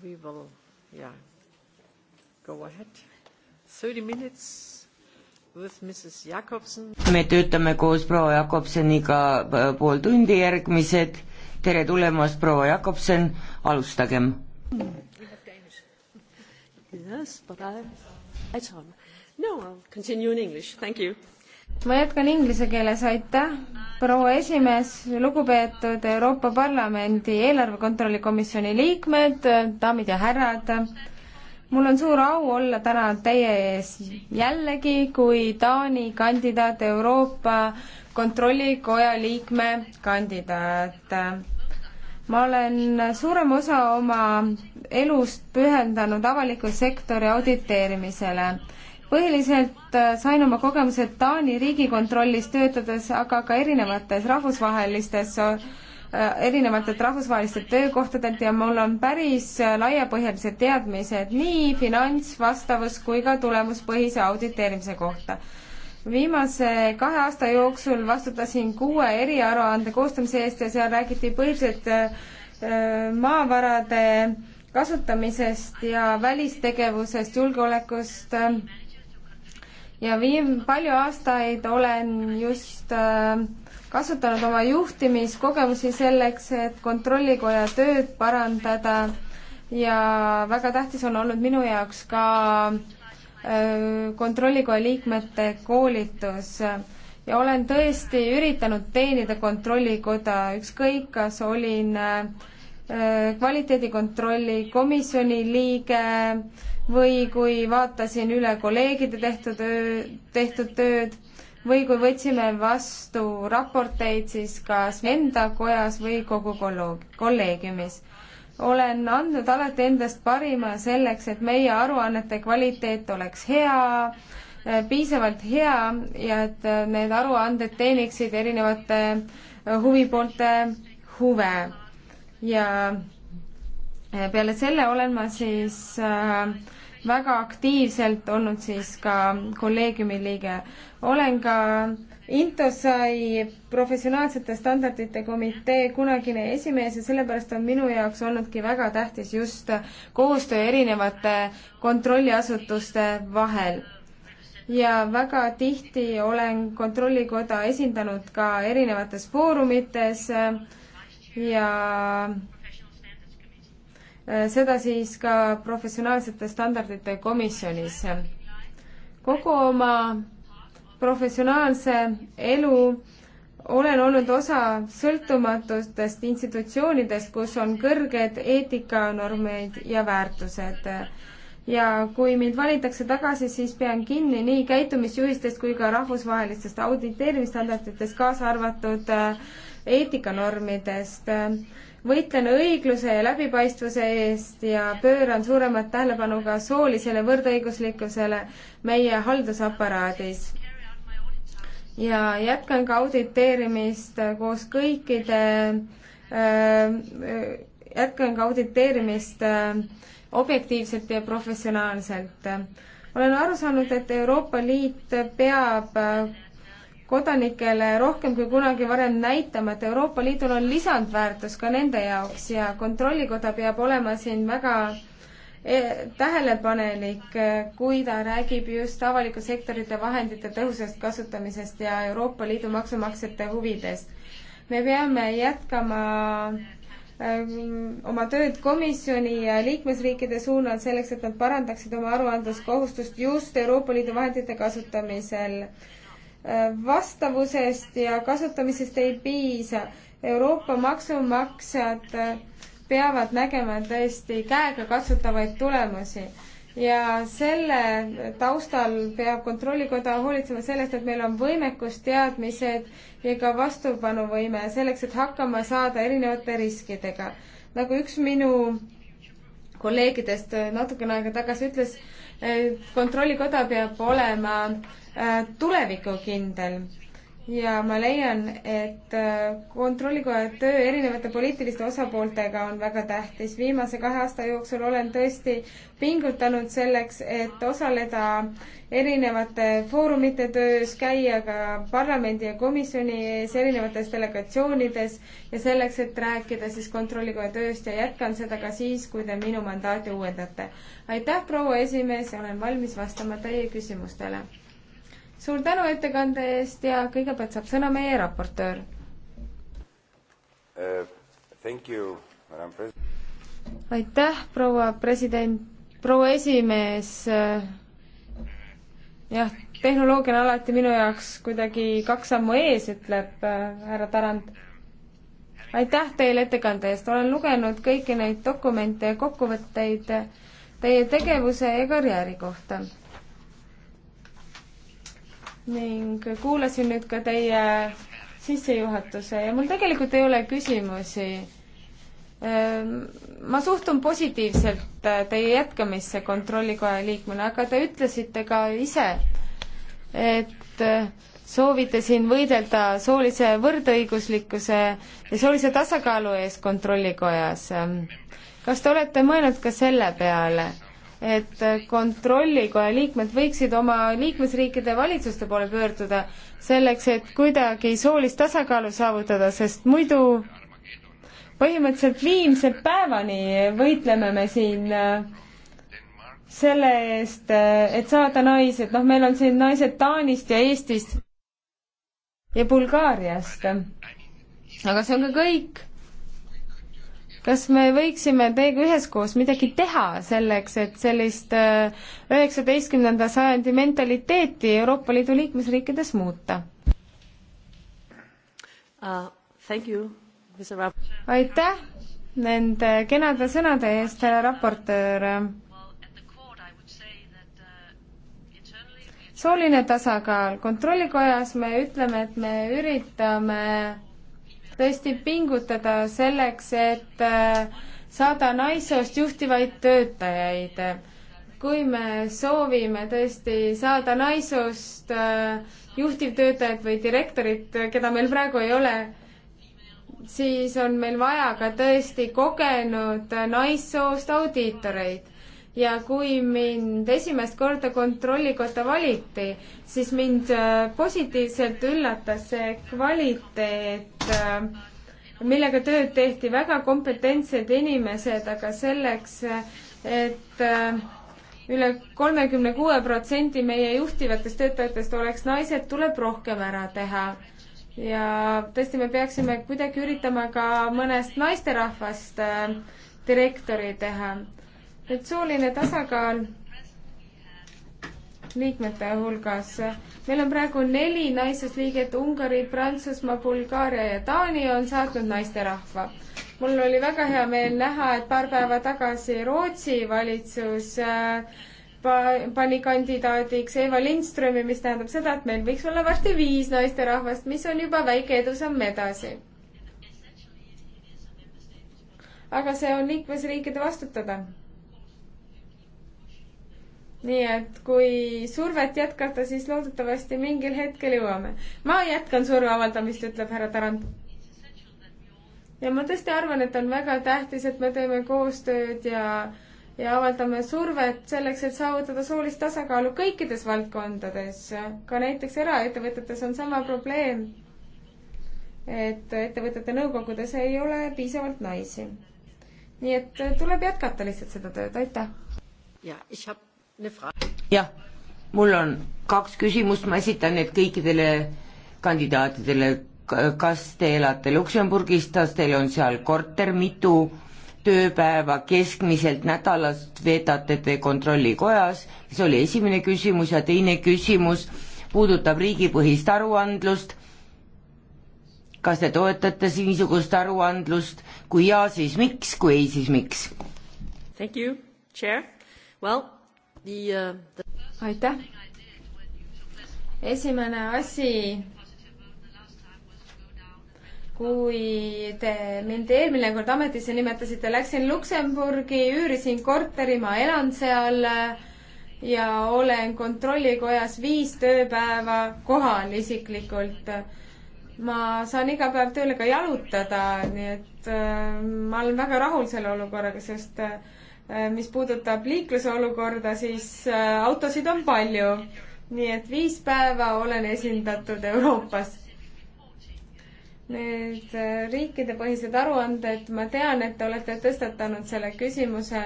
we will yeah, go ahead. 30 minutes with Mrs. Jakobsen. me töötame koos proua Jakobseniga äh, pool tundi, järgmised, tere tulemast, proua Jakobsen, alustagem. Yes, but I, it's on. No, I'll continue in English, thank you ma jätkan inglise keeles, aitäh, proua esimees, lugupeetud Euroopa Parlamendi eelarve kontrolli komisjoni liikmed, daamid ja härrad mul on suur au olla täna teie ees jällegi kui Taani kandidaat Euroopa Kontrollikoja liikme kandidaat. ma olen suurema osa oma elust pühendanud avaliku sektori auditeerimisele põhiliselt äh, sain oma kogemused Taani riigikontrollis töötades, aga ka erinevates rahvusvahelistes äh, erinevatelt rahvusvahelistelt töökohtadelt ja mul on päris äh, laiapõhjalised teadmised nii finantsvastavus kui ka tulemuspõhise auditeerimise kohta. viimase kahe aasta jooksul vastutasin kuue eriaruande koostamise eest ja seal räägiti põhiliselt maavarade kasutamisest ja välistegevusest, julgeolekust ja viim-, palju aastaid olen just äh, kasutanud oma juhtimiskogemusi selleks, et kontrollikoja tööd parandada ja väga tähtis on olnud minu jaoks ka äh, kontrollikoja liikmete koolitus ja olen tõesti üritanud teenida kontrollikoda, ükskõik kas olin äh, kvaliteedikontrolli komisjoni liige, või kui vaatasin üle kolleegide tehtud, tehtud tööd või kui võtsime vastu raporteid siis kas enda kojas või kogu kolleegiumis. olen andnud alati endast parima selleks, et meie aruannete kvaliteet oleks hea, eh, piisavalt hea ja et eh, need aruanded teeniksid erinevate eh, huvipoolte huve ja peale selle olen ma siis äh, väga aktiivselt olnud siis ka kolleegiumi liige. olen ka Intosai professionaalsete standardite komitee kunagine esimees ja sellepärast on minu jaoks olnudki väga tähtis just koostöö erinevate kontrolliasutuste vahel. ja väga tihti olen Kontrollikoda esindanud ka erinevates foorumites ja Äh, seda siis ka professionaalsete standardite komisjonis. kogu oma professionaalse elu olen olnud osa sõltumatutest institutsioonidest, kus on kõrged eetikanormid ja väärtused. ja kui mind valitakse tagasi, siis pean kinni nii käitumisjuhistest kui ka rahvusvahelistest auditeerimisstandarditest, kaasa arvatud äh, eetikanormidest äh, võitlen õigluse ja läbipaistvuse eest ja pööran suuremat tähelepanu ka soolisele võrdõiguslikkusele meie haldusaparaadis. ja jätkan ka auditeerimist koos kõikide ähm, äh,, jätkan ka auditeerimist äh, objektiivselt ja professionaalselt. olen aru saanud, et Euroopa Liit peab äh, kodanikele rohkem kui kunagi varem näitama, et Euroopa Liidul on lisandväärtus ka nende jaoks ja Kontrollikoda peab olema siin väga e, tähelepanelik, kui ta räägib just avaliku sektorite vahendite tõhusast kasutamisest ja Euroopa Liidu maksumaksjate huvidest. me peame jätkama ähm, oma tööd komisjoni ja liikmesriikide suunal selleks, et nad parandaksid oma aruandluskohustust just Euroopa Liidu vahendite kasutamisel vastavusest ja kasutamisest ei piisa. Euroopa maksumaksjad peavad nägema tõesti käegakatsutavaid tulemusi ja selle taustal peab Kontrollikoda hoolitsema sellest, et meil on võimekus, teadmised ja ka vastupanuvõime selleks, et hakkama saada erinevate riskidega. nagu üks minu kolleegidest natukene aega tagasi ütles, kontrollikoda peab olema Äh, tulevikukindel ja ma leian, et äh, kontrollikoja töö erinevate poliitiliste osapooltega on väga tähtis. viimase kahe aasta jooksul olen tõesti pingutanud selleks, et osaleda erinevate foorumite töös, käia ka parlamendi ja komisjoni ees erinevates delegatsioonides ja selleks, et rääkida siis kontrollikoja tööst ja jätkan seda ka siis, kui te minu mandaati uuendate. aitäh, proua esimees ja olen valmis vastama teie küsimustele suur tänu ettekande eest ja kõigepealt saab sõna meie raportöör uh,. aitäh, proua president, proua esimees. jah, tehnoloogia on alati minu jaoks kuidagi kaks sammu ees, ütleb äh, härra Tarand. aitäh teile ettekande eest, olen lugenud kõiki neid dokumente ja kokkuvõtteid teie tegevuse ja karjääri kohta ning kuulasin nüüd ka teie sissejuhatuse ja mul tegelikult ei ole küsimusi. Ehm, ma suhtun positiivselt äh, teie jätkamisse kontrollikoja liikmena, aga te ütlesite ka ise, et äh, soovite siin võidelda soolise võrdõiguslikkuse ja soolise tasakaalu eest kontrollikojas. Ehm, kas te olete mõelnud ka selle peale? et kontrollikoja liikmed võiksid oma liikmesriikide valitsuste poole pöörduda selleks, et kuidagi soolist tasakaalu saavutada, sest muidu põhimõtteliselt viimse päevani võitleme me siin äh, selle eest, äh, et saada naised, noh, meil on siin naised Taanist ja Eestist ja Bulgaariast. aga see on ka kõik kas me võiksime teiega üheskoos midagi teha selleks, et sellist äh, üheksateistkümnenda sajandi mentaliteeti Euroopa Liidu liikmesriikides muuta uh,? aitäh nende kenade sõnade eest, härra raportöör sooline tasakaal. kontrollikojas me ütleme, et me üritame tõesti pingutada selleks, et äh, saada naissoost juhtivaid töötajaid. kui me soovime tõesti saada naissoost äh, juhtivtöötajat või direktorit, keda meil praegu ei ole, siis on meil vaja ka tõesti kogenud naissoost audiitoreid ja kui mind esimest korda kontrollikotta valiti, siis mind äh, positiivselt üllatas see kvaliteet, äh, millega tööd tehti, väga kompetentsed inimesed, aga selleks, et äh, üle kolmekümne kuue protsendi meie juhtivatest töötajatest oleks naised, tuleb rohkem ära teha ja tõesti, me peaksime kuidagi üritama ka mõnest naisterahvast direktori teha et sooline tasakaal liikmete hulgas. meil on praegu neli naisest liiget, Ungari, Prantsusmaa, Bulgaaria ja Taani on saatnud naisterahva. mul oli väga hea meel näha, et paar päeva tagasi Rootsi valitsus äh, pani kandidaadiks Eva Lindströmi, mis tähendab seda, et meil võiks olla varsti viis naisterahvast, mis on juba väike edusamm edasi. aga see on liikmesriikide vastutada nii et kui survet jätkata, siis loodetavasti mingil hetkel jõuame. ma jätkan surve avaldamist, ütleb härra Tarand. ja ma tõesti arvan, et on väga tähtis, et me teeme koostööd ja, ja avaldame survet selleks, et saavutada soolist tasakaalu kõikides valdkondades. ka näiteks eraettevõtetes on sama probleem. et ettevõtete nõukogudes ei ole piisavalt naisi. nii et tuleb jätkata lihtsalt seda tööd, aitäh. ja, ich hab jah, mul on kaks küsimust, ma esitan need kõikidele kandidaatidele. kas te elate Luksemburgis, kas teil on seal korter, mitu tööpäeva keskmiselt nädalast veedate te kontrollikojas, see oli esimene küsimus ja teine küsimus puudutab riigipõhist aruandlust. kas te toetate niisugust aruandlust, kui jaa, siis miks, kui ei, siis miks? Thank you, chair. Well Uh, aitäh! esimene asi, kui te mind eelmine kord ametisse nimetasite, läksin Luksemburgi, üürisin korteri, ma elan seal ja olen kontrollikojas viis tööpäeva kohal isiklikult ma saan iga päev tööle ka jalutada, nii et äh, ma olen väga rahul selle olukorraga, sest äh, Äh, mis puudutab liikluse olukorda, siis äh, autosid on palju. nii et viis päeva olen esindatud Euroopas. Need äh, riikidepõhised aruanded, ma tean, et te olete tõstatanud selle küsimuse,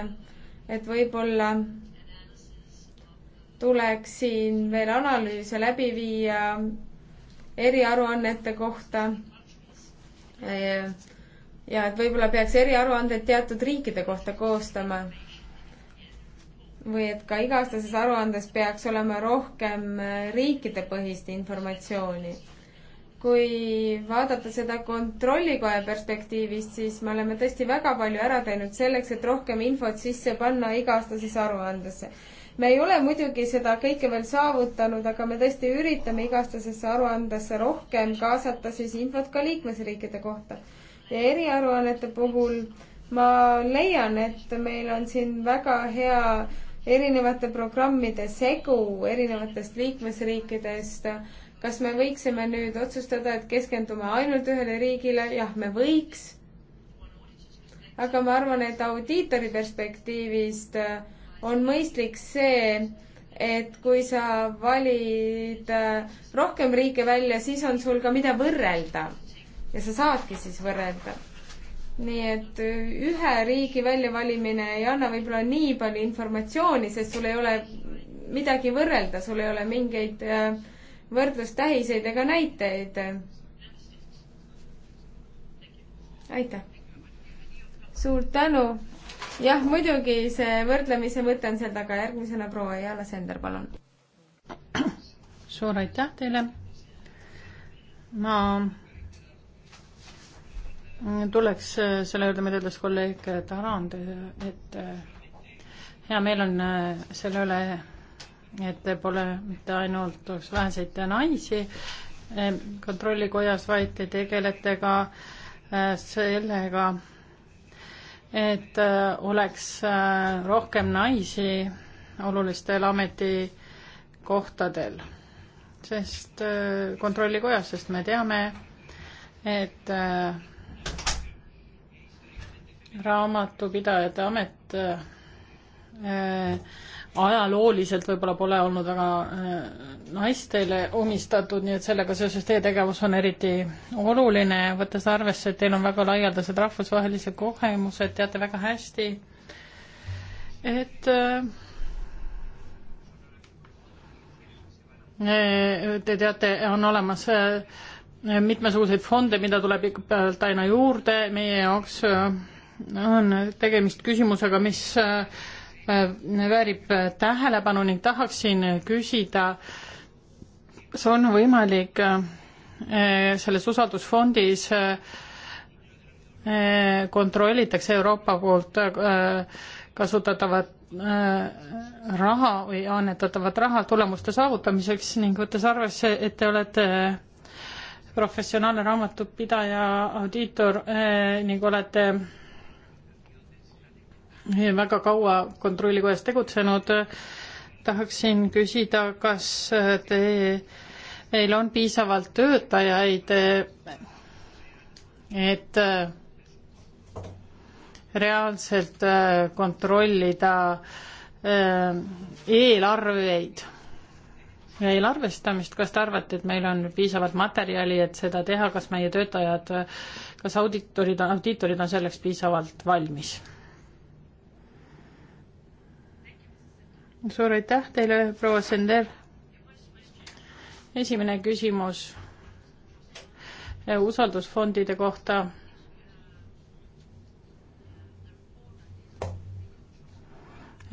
et võib-olla tuleks siin veel analüüse läbi viia eriaruannete kohta ja et võib-olla peaks eriaruandeid teatud riikide kohta koostama. või et ka iga-aastases aruandes peaks olema rohkem äh, riikidepõhist informatsiooni. kui vaadata seda kontrollikoja perspektiivist, siis me oleme tõesti väga palju ära teinud selleks, et rohkem infot sisse panna iga-aastasesse aruandesse me ei ole muidugi seda kõike veel saavutanud, aga me tõesti üritame igastasesse aruandesse rohkem kaasata siis infot ka liikmesriikide kohta ja eriaruannete puhul ma leian, et meil on siin väga hea erinevate programmide segu erinevatest liikmesriikidest. kas me võiksime nüüd otsustada, et keskendume ainult ühele riigile? jah, me võiks. aga ma arvan, et audiitori perspektiivist on mõistlik see, et kui sa valid rohkem riike välja, siis on sul ka mida võrrelda ja sa saadki siis võrrelda. nii et äh, ühe riigi väljavalimine ei anna võib-olla nii palju informatsiooni, sest sul ei ole midagi võrrelda, sul ei ole mingeid äh, võrdlustähiseid ega näiteid. aitäh! suur tänu! jah, muidugi see võrdlemise mõte on seal taga, järgmisena proua Jana Sender, palun. suur aitäh teile! ma Mm, tuleks äh, selle juurde, mida ütles kolleeg Tarand, äh, et äh, hea meel on selle üle, et pole mitte ainult üks väheseid naisi kontrollikojas, vaid te tegelete ka sellega, et oleks rohkem naisi olulistel ametikohtadel, sest kontrollikojas, sest me teame, et äh, raamatupidajate amet äh, ajalooliselt võib-olla pole olnud väga äh, naistele omistatud, nii et sellega seoses teie tegevus on eriti oluline, võttes arvesse, et teil on väga laialdased rahvusvahelised kogemused, teate väga hästi, et äh, te teate, on olemas mitmesuguseid fonde, mida tuleb aina juurde meie jaoks on tegemist küsimusega, mis äh, väärib äh, tähelepanu ning tahaksin küsida, kas on võimalik äh, selles usaldusfondis kontrollitakse Euroopa poolt kasutatavat raha või annetatavat raha tulemuste saavutamiseks ning võttes arvesse, et te olete professionaalne raamatupidaja, audiitor ning olete väga kaua kontrollikojas tegutsenud. tahaksin küsida, kas te, teil on piisavalt töötajaid, et reaalselt äh, kontrollida äh, eelarveid ja eelarvestamist, kas te arvate, et meil on piisavalt materjali, et seda teha, kas meie töötajad, kas auditorid, audiitorid on selleks piisavalt valmis? suur aitäh teile, proua Sender. esimene küsimus eh, usaldusfondide kohta.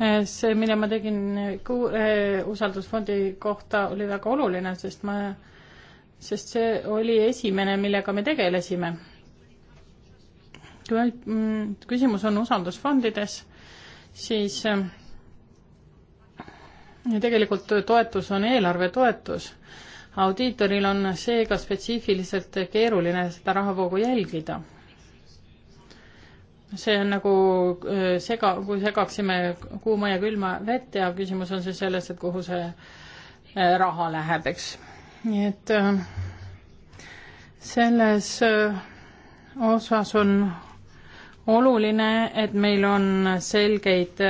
Eh, see, mille ma tegin ku-, eh, usaldusfondi kohta, oli väga oluline, sest ma, sest see oli esimene, millega me tegelesime. kui mm, küsimus on usaldusfondides, siis äh, tegelikult toetus on eelarvetoetus. audiitoril on seega spetsiifiliselt keeruline seda rahavoogu jälgida. see on nagu äh, sega, kui segaksime kuuma ja külma vett ja küsimus on siis selles, et kuhu see äh, raha läheb, eks. nii et äh, selles osas on oluline, et meil on selgeid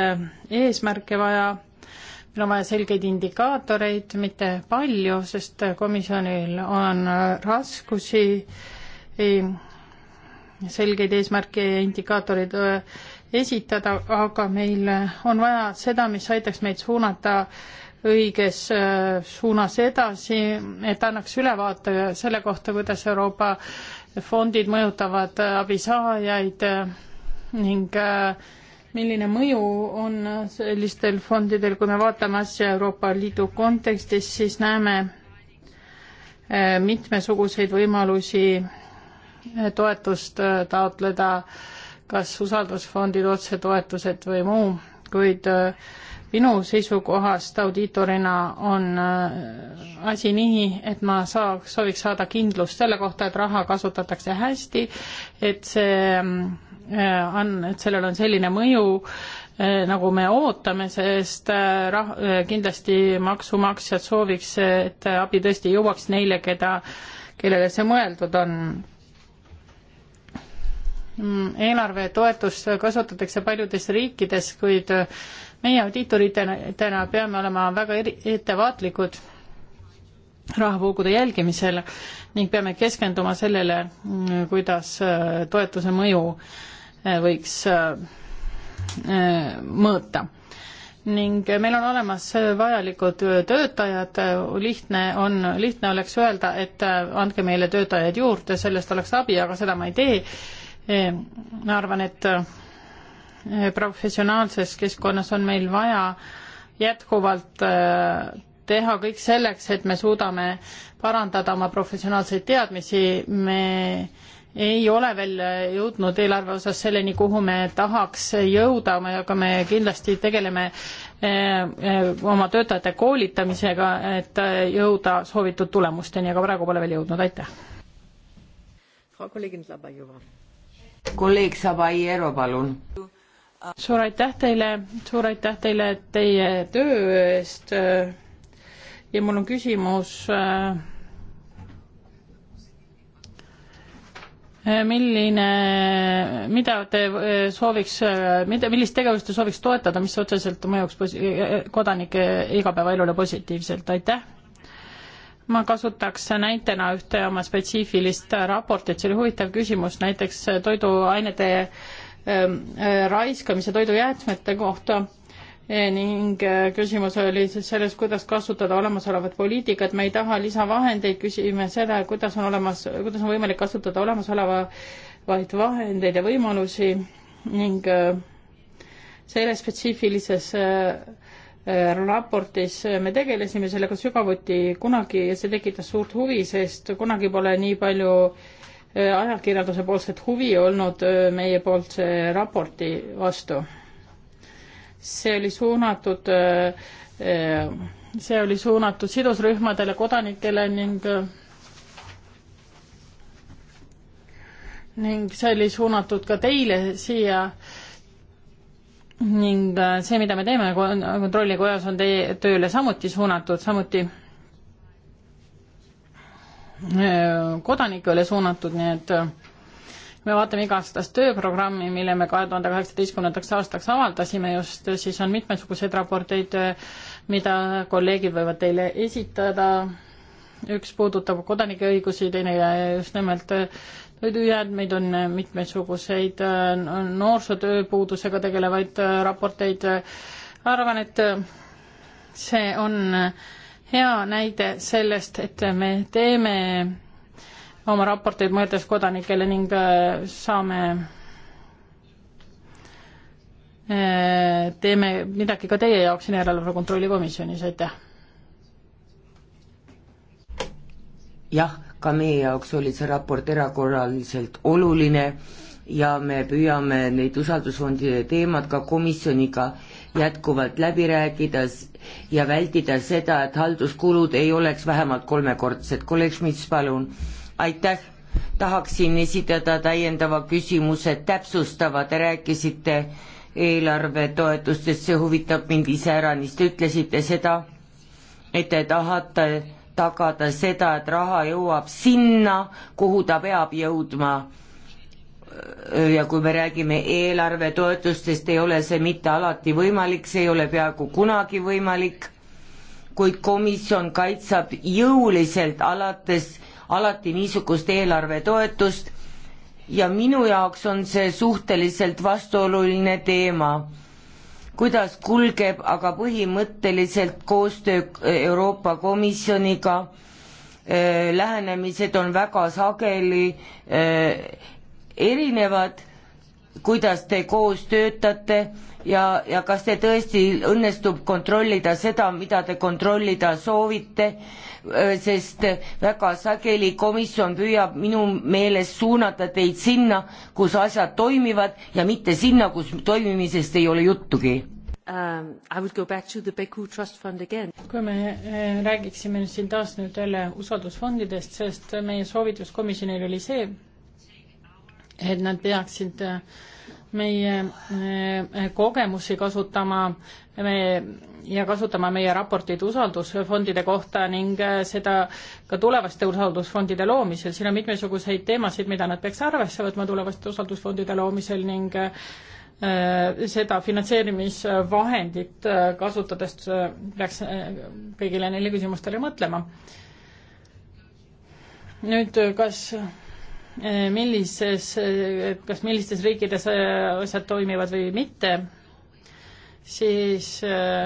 eesmärke vaja meil on vaja selgeid indikaatoreid, mitte palju, sest komisjonil on raskusi selgeid eesmärke ja indikaatoreid äh, esitada, aga meil on vaja seda, mis aitaks meid suunata õiges äh, suunas edasi, et annaks ülevaate selle kohta, kuidas Euroopa fondid mõjutavad äh, abisaajaid ning äh, milline mõju on sellistel fondidel, kui me vaatame asja Euroopa Liidu kontekstis, siis näeme eh, mitmesuguseid võimalusi eh, toetust eh, taotleda, kas usaldusfondid, otsetoetused või muu, kuid minu seisukohast audiitorina on asi nii, et ma saaks, sooviks saada kindlust selle kohta, et raha kasutatakse hästi, et see mm, Äh, on, et sellel on selline mõju, äh, nagu me ootame, sest äh, rah-, kindlasti maksumaksjad sooviks, et abi tõesti jõuaks neile, keda, kellele see mõeldud on. Mm, eelarve toetust kasutatakse paljudes riikides, kuid meie audiitoritena peame olema väga eri-, ettevaatlikud rahavoogude jälgimisel ning peame keskenduma sellele, mm, kuidas toetuse mõju äh, Äh, võiks äh, äh, mõõta. ning meil on olemas vajalikud töötajad, lihtne on, lihtne oleks öelda, et andke meile töötajaid juurde, sellest oleks abi, aga seda ma ei tee. Ehm, ma arvan, et professionaalses keskkonnas on meil vaja jätkuvalt teha kõik selleks, et me suudame parandada oma professionaalseid teadmisi, me ei ole veel jõudnud eelarve osas selleni, kuhu me tahaks jõuda, aga me kindlasti tegeleme eh, eh, oma töötajate koolitamisega, et eh, jõuda soovitud tulemusteni, aga praegu pole veel jõudnud, aitäh. kolleeg Zabajeva, palun. suur aitäh teile, suur aitäh teile teie töö eest ja mul on küsimus äh, milline, mida te eh, sooviks, eh, mida, millist tegevust te sooviks toetada, mis otseselt mõjuks posi-, eh, kodanike igapäevaelule positiivselt, aitäh! ma kasutaks näitena ühte oma spetsiifilist raportit, see oli huvitav küsimus, näiteks toiduainete ähm, äh, raiskamise toidujäätmete kohta Eh, ning eh, küsimus oli siis selles, kuidas kasutada olemasolevat poliitikat, me ei taha lisavahendeid, küsime seda, kuidas on olemas, kuidas on võimalik kasutada olemasolevaid vahendeid ja võimalusi ning eh, selles spetsiifilises raportis me tegelesime sellega sügavuti kunagi ja see tekitas suurt huvi, sest kunagi pole nii palju ajakirjanduse poolset huvi olnud meiepoolse raporti vastu see oli suunatud, see oli suunatud sidusrühmadele, kodanikele ning ning see oli suunatud ka teile siia ning see, mida me teeme kontrollikojas, on teie tööle samuti suunatud, samuti eh, kodanikele suunatud, nii et me vaatame iga-aastast tööprogrammi, mille me kahe tuhande kaheksateistkümnendaks aastaks avaldasime just, siis on mitmesuguseid raporteid, mida kolleegid võivad teile esitada. üks puudutab kodanike õigusi, teine just nimelt toidujäätmeid, on mitmesuguseid äh, noorsootööpuudusega tegelevaid äh, raporteid. arvan, et see on hea näide sellest, et me teeme oma raporteid mõeldes kodanikele ning äh, saame äh, teeme midagi ka teie jaoks siin järelevalve kontrollikomisjonis, aitäh. jah, ka meie jaoks oli see raport erakorraliselt oluline ja me püüame neid usaldusfondide teemad ka komisjoniga jätkuvalt läbi rääkida ja vältida seda, et halduskulud ei oleks vähemalt kolmekordsed. kolleeg Schmidt, palun aitäh, tahaksin esitada täiendava küsimuse, täpsustava, te rääkisite eelarvetoetustest, see huvitab mind iseäranis, te ütlesite seda, et te tahate tagada seda, et raha jõuab sinna, kuhu ta peab jõudma. ja kui me räägime eelarvetoetustest, ei ole see mitte alati võimalik, see ei ole peaaegu kunagi võimalik, kuid komisjon kaitseb jõuliselt alates alati niisugust eelarvetoetust ja minu jaoks on see suhteliselt vastuoluline teema. kuidas kulgeb aga põhimõtteliselt koostöö äh, Euroopa Komisjoniga, äh, lähenemised on väga sageli äh, erinevad kuidas te koos töötate ja, ja kas te tõesti õnnestub kontrollida seda, mida te kontrollida soovite, äh, sest väga sageli komisjon püüab minu meelest suunata teid sinna, kus asjad toimivad ja mitte sinna, kus toimimisest ei ole juttugi. Um, I would go back to the Beku Trust Fund again. kui me äh, räägiksime siin taas nüüd jälle usaldusfondidest, sest meie soovitus komisjonile oli see, et nad peaksid äh, meie äh, kogemusi kasutama me, ja kasutama meie raportit usaldusfondide kohta ning äh, seda ka tulevaste usaldusfondide loomisel. siin on mitmesuguseid teemasid, mida nad peaks arvesse võtma tulevaste usaldusfondide loomisel ning seda finantseerimisvahendit kasutades peaks kõigile neile küsimustele mõtlema. nüüd, kas Äh, millises, äh, kas millistes riikides äh, asjad toimivad või mitte, siis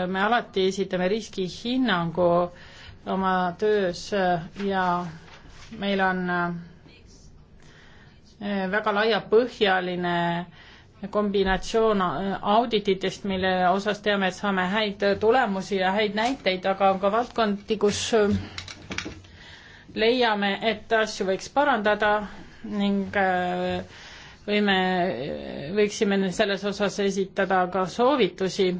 me alati esitame riskihinnangu oma töös ja meil on väga laiapõhjaline kombinatsioon audititest, mille osas teame, et saame häid tulemusi ja häid näiteid, aga on ka valdkondi, kus leiame, et asju võiks parandada ning äh, võime, võiksime selles osas esitada ka soovitusi.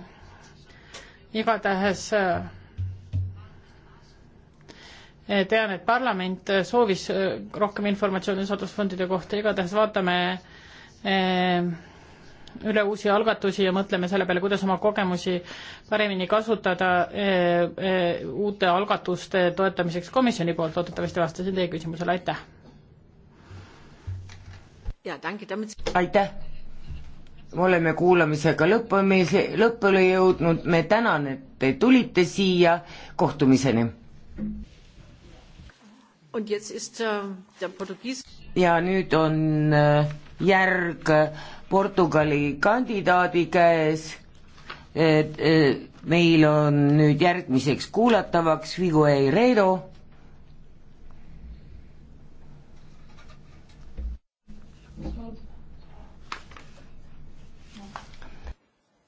igatahes äh, tean, et parlament soovis äh, rohkem informatsiooni usaldusfondide kohta, igatahes vaatame üle uusi algatusi ja mõtleme selle peale, kuidas oma kogemusi paremini kasutada uute algatuste toetamiseks komisjoni poolt, loodetavasti vastasin teie küsimusele, aitäh! aitäh! me oleme kuulamisega lõppemise, lõpule jõudnud, me tänan, et te tulite siia, kohtumiseni! Äh, ja nüüd on äh, järg Portugali kandidaadi käes. Äh, meil on nüüd järgmiseks kuulatavaks Figueiredo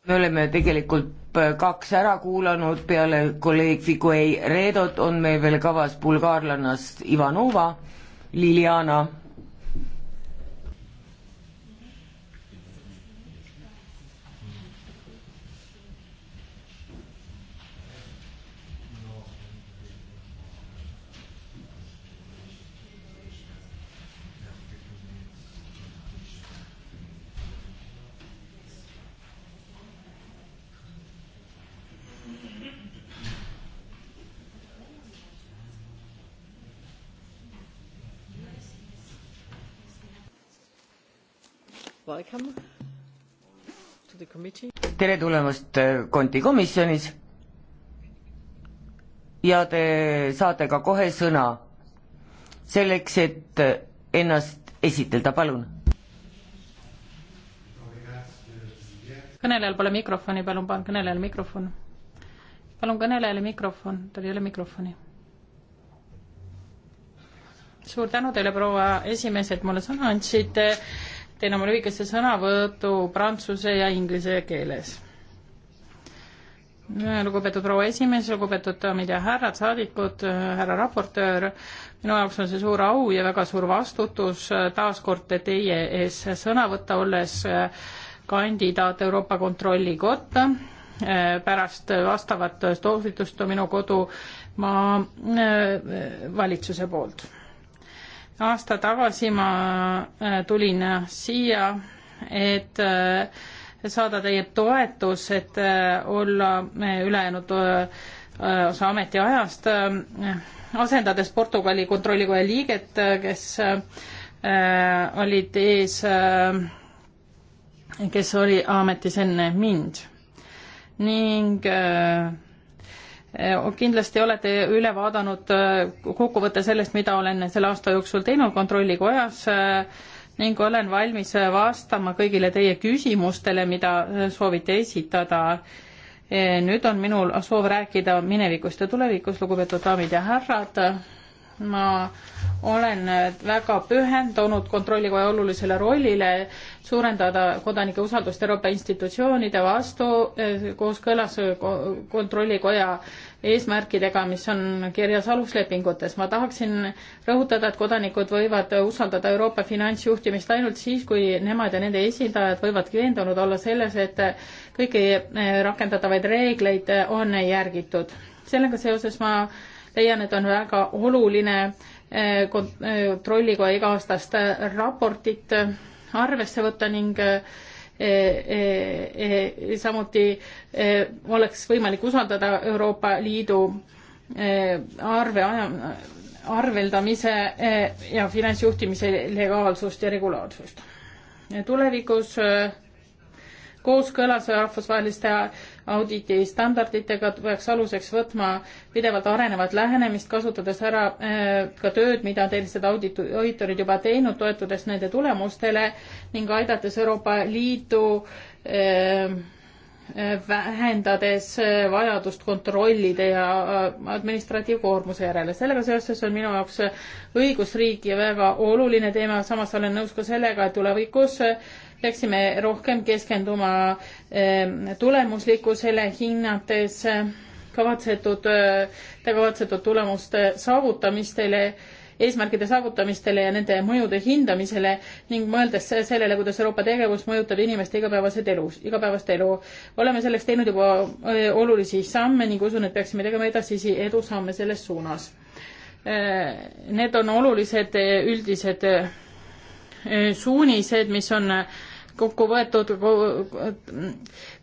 me oleme tegelikult äh, kaks ära kuulanud, peale kolleeg Figuei Redot on meil veel kavas bulgaarlannast Ivanova, Liliana tere tulemast äh, Konti komisjonis ja te saate ka kohe sõna selleks, et äh, ennast esitleda, palun. kõnelejal pole mikrofoni, palun pange kõnelejale mikrofon. palun kõnelejale mikrofon, tal ei ole mikrofoni. suur tänu teile, proua esimees, et mulle sõna andsite teen oma lühikese sõnavõtu prantsuse ja inglise keeles. lugupeetud proua esimees, lugupeetud daamid ja härrad, saadikud, härra raportöör, minu jaoks on see suur au ja väga suur vastutus taas kord teie ees sõna võtta, olles kandidaat Euroopa Kontrollikotta pärast vastavat soovitust minu kodumaa äh, valitsuse poolt aasta tagasi ma äh, tulin siia, et äh, saada teie toetus, et äh, olla ülejäänud osa ametiajast, asendades Portugali kontrollikoja liiget, kes olid ees, kes oli ametis enne mind ning äh, Äh, kindlasti olete üle vaadanud äh, kokkuvõtte sellest, mida olen selle aasta jooksul teinud Kontrollikojas äh, ning olen valmis vastama kõigile teie küsimustele, mida soovite esitada. nüüd on minul soov rääkida minevikust ja tulevikust, lugupeetud daamid ja härrad. ma olen väga pühendunud Kontrollikoja olulisele rollile suurendada kodanike usaldust Euroopa institutsioonide vastu kooskõlas Kontrollikoja eesmärkidega, mis on kirjas aluslepingutes. ma tahaksin rõhutada, et kodanikud võivad usaldada Euroopa finantsjuhtimist ainult siis, kui nemad ja nende esindajad võivad veendunud olla selles, et kõiki rakendatavaid reegleid on järgitud. sellega seoses ma leian, et on väga oluline eh, eh, kontrollikoja iga-aastast raportit arvesse võtta ning eh, E, e, e, samuti oleks võimalik usaldada Euroopa Liidu arve, arveldamise ja finantsjuhtimise legaalsust ja regulaarsust. tulevikus kooskõlas rahvusvaheliste auditi standarditega peaks aluseks võtma pidevalt arenevat lähenemist, kasutades ära äh, ka tööd, mida on sellised auditorid juba teinud, toetudes nende tulemustele ning aidates Euroopa Liidu äh, vähendades äh, vajadust kontrollide ja administratiivkoormuse järele. sellega seoses on minu jaoks õigusriigi väga oluline teema, samas olen nõus ka sellega, et tulevikus peaksime rohkem keskenduma ehm, tulemuslikkusele, hinnates eh, kavatsetud, eh, kavatsetud tulemuste saavutamistele, eesmärkide saavutamistele ja nende mõjude hindamisele ning mõeldes sellele, kuidas Euroopa tegevus mõjutab inimeste igapäevaseid elu, igapäevast elu. oleme selleks teinud juba eh, olulisi samme ning usun, et peaksime tegema edasisi edusamme selles suunas. Need on olulised üldised suunised, mis on kokku võetud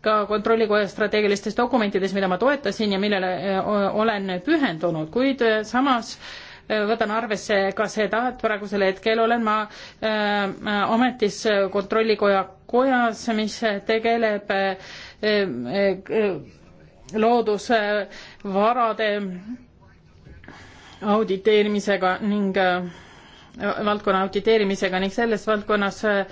ka kontrollikoja strateegilistes dokumentides, mida ma toetasin ja millele eh, olen pühendunud, kuid eh, samas eh, võtan arvesse ka seda, et praegusel hetkel olen ma äh, ametis kontrollikoja kojas, mis tegeleb äh, äh, loodusvarade auditeerimisega ning valdkonna auditeerimisega ning selles valdkonnas äh,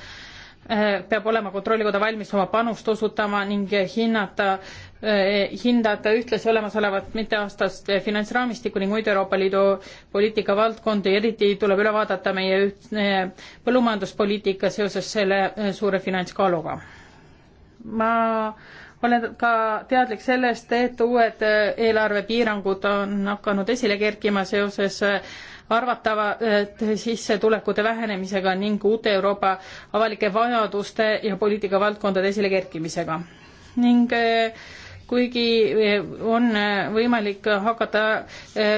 Eh, peab olema Kontrollikoda valmis oma panust osutama ning hinnata, eh, hindata ühtlasi olemasolevat mitteaastast eh, finantsraamistikku ning muid Euroopa Liidu poliitikavaldkondi, eriti tuleb üle vaadata meie ühtne põllumajanduspoliitika seoses selle suure finantskaaluga. ma olen ka teadlik sellest, et uued eelarvepiirangud on hakanud esile kerkima seoses arvatavate äh, sissetulekute vähenemisega ning uute Euroopa avalike vajaduste ja poliitikavaldkondade esile kerkimisega. ning äh, kuigi äh, on võimalik hakata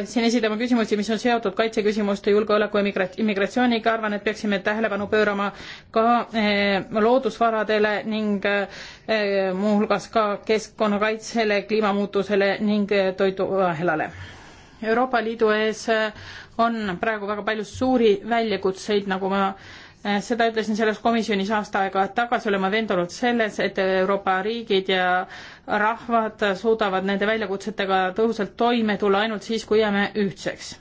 siin esitama küsimusi, mis on seotud kaitseküsimuste, julgeoleku ja immigratsiooniga, arvan, et peaksime tähelepanu pöörama ka loodusvaradele ning muuhulgas ka keskkonnakaitsele, kliimamuutusele ning toiduahelale. Euroopa Liidu ees on praegu väga palju suuri väljakutseid, nagu ma eh, seda ütlesin selles komisjonis aasta aega tagasi, olema veendunud selles, et Euroopa riigid ja rahvad suudavad nende väljakutsetega tõhusalt toime tulla ainult siis, kui jääme ühtseks.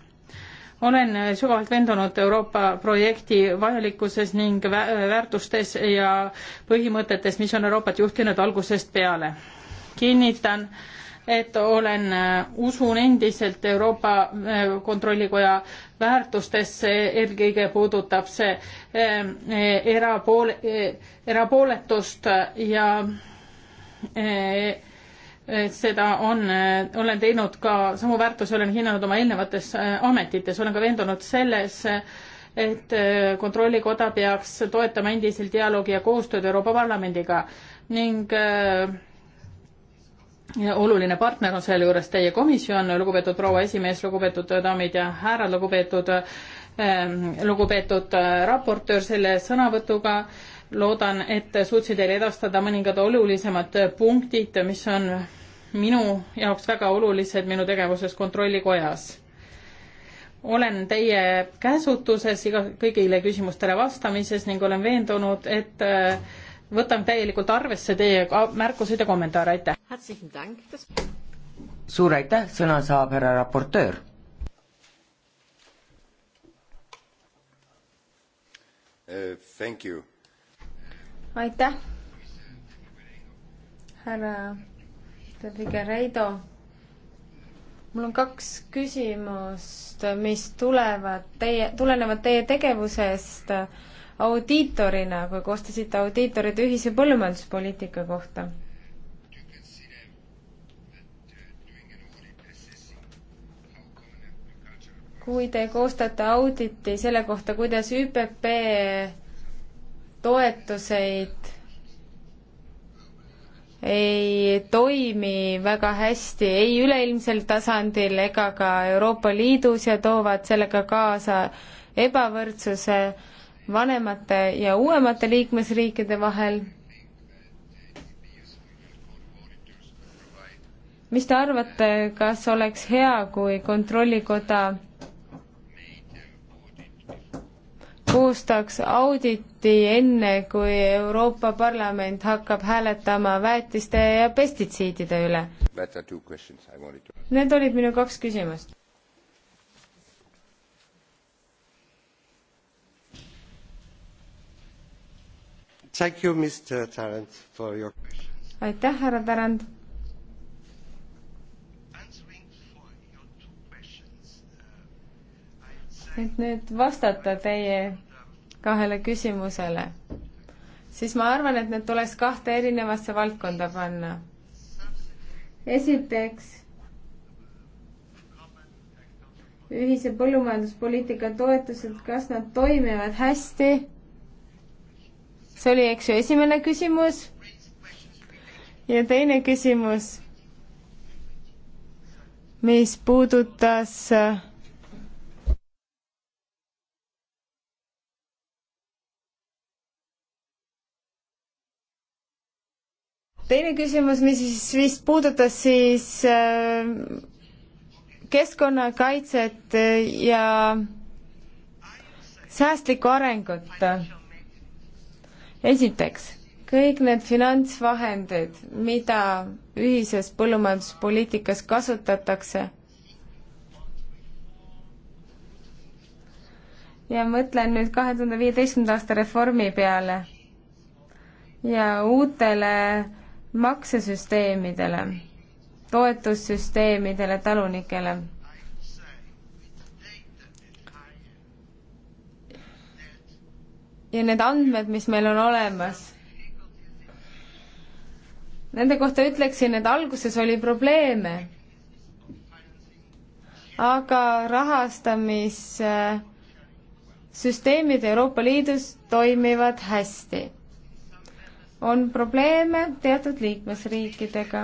olen sügavalt veendunud Euroopa projekti vajalikkuses ning väärtustes ja põhimõtetes, mis on Euroopat juhtinud algusest peale. kinnitan äh, et olen, äh, usun endiselt Euroopa äh, Kontrollikoja väärtustesse, eelkõige puudutab see äh, erapool-, erapooletust ja seda on, olen teinud ka, samu väärtusi olen hinnanud oma eelnevates ametites, olen ka veendunud selles, et Kontrollikoda peaks toetama endiselt dialoogi ja koostööd Euroopa Parlamendiga ning äh, oluline partner on sealjuures teie komisjon, lugupeetud proua esimees, lugupeetud daamid ja härrad, lugupeetud ähm, lugupeetud äh, raportöör selle sõnavõtuga. loodan, et suutsin teile edastada mõningad olulisemad punktid, mis on minu jaoks väga olulised minu tegevuses Kontrollikojas. olen teie käsutuses iga, kõigile küsimustele vastamises ning olen veendunud, et äh, võtame täielikult arvesse teie märkuseid ja kommentaare, aitäh! suur aitäh, sõna saab härra raportöör. Uh, aitäh, härra Figueiredo. mul on kaks küsimust, mis tulevad teie, tulenevad teie tegevusest äh, audiitorina, kui koostasite audiitoride ühise põllumajanduspoliitika kohta. kui te koostate auditi selle kohta, kuidas ÜPP toetuseid ei toimi väga hästi ei üleilmsel tasandil ega ka Euroopa Liidus ja toovad sellega kaasa ebavõrdsuse vanemate ja uuemate liikmesriikide vahel. mis te arvate, kas oleks hea, kui Kontrollikoda koostaks auditi enne, kui Euroopa Parlament hakkab hääletama väetiste ja pestitsiidide üle? Need olid minu kaks küsimust Thank you, Mr Tarand, for your aitäh, härra Tarand. et nüüd vastata teie kahele küsimusele, siis ma arvan, et need tuleks kahte erinevasse valdkonda panna. esiteks ühise põllumajanduspoliitika toetused, kas nad toimivad hästi? see oli, eks ju, esimene küsimus. ja teine küsimus, mis puudutas teine küsimus, mis siis vist puudutas siis äh, keskkonnakaitset ja säästlikku arengut esiteks, kõik need finantsvahendid, mida ühises põllumajanduspoliitikas kasutatakse, ja mõtlen nüüd kahe tuhande viieteistkümnenda aasta reformi peale ja uutele maksesüsteemidele, toetussüsteemidele talunikele ja need andmed, mis meil on olemas. Nende kohta ütleksin, et alguses oli probleeme, aga rahastamissüsteemid Euroopa Liidus toimivad hästi. on probleeme teatud liikmesriikidega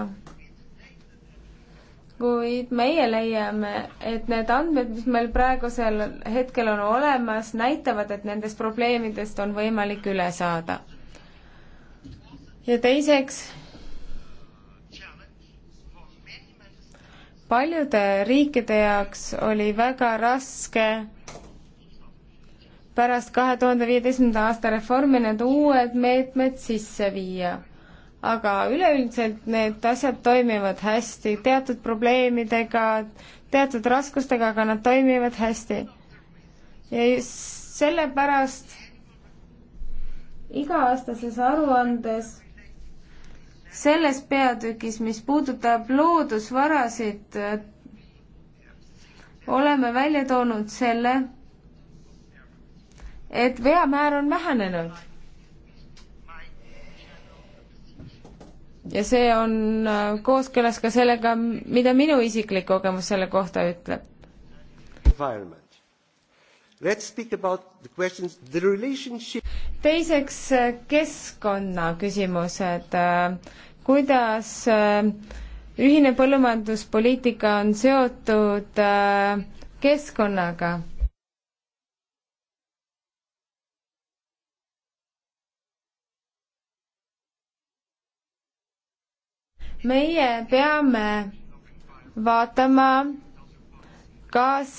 kuid meie leiame, et need andmed, mis meil praegusel hetkel on olemas, näitavad, et nendest probleemidest on võimalik üle saada. ja teiseks, paljude riikide jaoks oli väga raske pärast kahe tuhande viieteistkümnenda aasta reformi need uued meetmed sisse viia aga üleüldiselt need asjad toimivad hästi, teatud probleemidega, teatud raskustega, aga nad toimivad hästi. ja just sellepärast iga-aastases aruandes selles peatükis, mis puudutab loodusvarasid, oleme välja toonud selle, et veamäär on vähenenud ja see on äh, kooskõlas ka sellega, mida minu isiklik kogemus selle kohta ütleb. teiseks, äh, keskkonna küsimused. Äh, kuidas ühine põllumajanduspoliitika on seotud keskkonnaga? meie peame vaatama, kas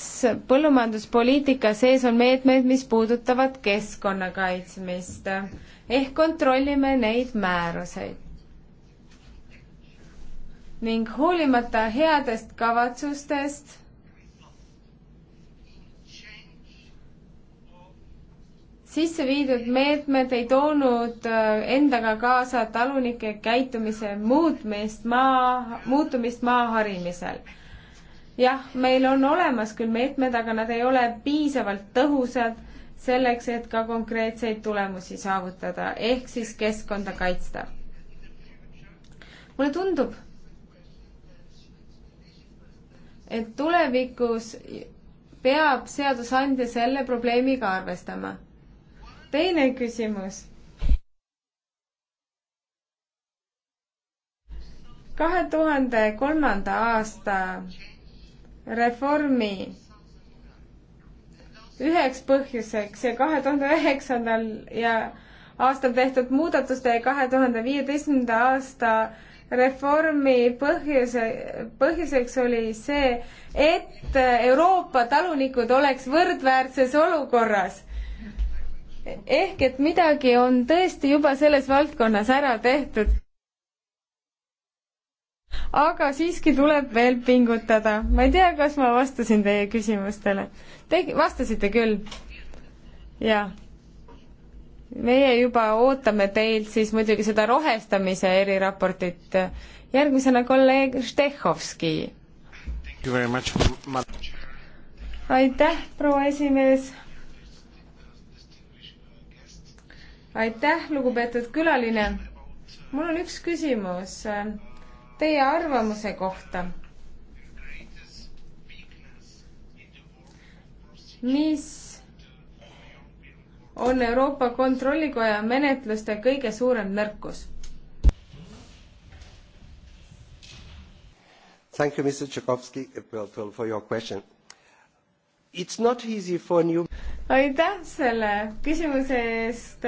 põllumajanduspoliitika sees on meetmeid, mis puudutavad keskkonna kaitsmist ehk kontrollime neid määruseid. ning hoolimata headest kavatsustest sisse viidud meetmed ei toonud äh, endaga kaasa talunike käitumise muutmist maa, muutumist maa harimisel. jah, meil on olemas küll meetmed, aga nad ei ole piisavalt tõhusad selleks, et ka konkreetseid tulemusi saavutada, ehk siis keskkonda kaitsta. mulle tundub, et tulevikus peab seadusandja selle probleemiga arvestama teine küsimus. kahe tuhande kolmanda aasta reformi üheks põhjuseks ja kahe tuhande üheksandal ja aastal tehtud muudatuste ja kahe tuhande viieteistkümnenda aasta reformi põhjuse, põhjuseks oli see, et Euroopa talunikud oleks võrdväärses olukorras ehk et midagi on tõesti juba selles valdkonnas ära tehtud. aga siiski tuleb veel pingutada. ma ei tea, kas ma vastasin teie küsimustele. Te vastasite küll. jah. meie juba ootame teilt siis muidugi seda rohestamise eriraportit. järgmisena kolleeg Štehhovski. aitäh, proua esimees aitäh, lugupeetud külaline. mul on üks küsimus äh, teie arvamuse kohta. mis on Euroopa Kontrollikoja menetluste kõige suurem nõrkus? Thank you, Mr Tšekovski, for your question aitäh selle küsimuse eest.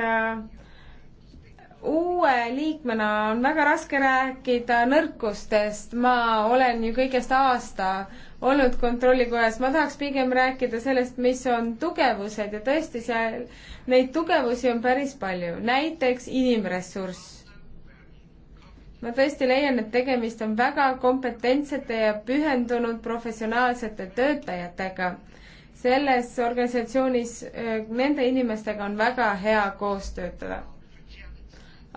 uue liikmena on väga raske rääkida nõrkustest, ma olen ju kõigest aasta olnud kontrollikojas, ma tahaks pigem rääkida sellest, mis on tugevused ja tõesti seal neid tugevusi on päris palju, näiteks inimressurss ma tõesti leian, et tegemist on väga kompetentsete ja pühendunud professionaalsete töötajatega selles organisatsioonis äh, nende inimestega on väga hea koos töötada.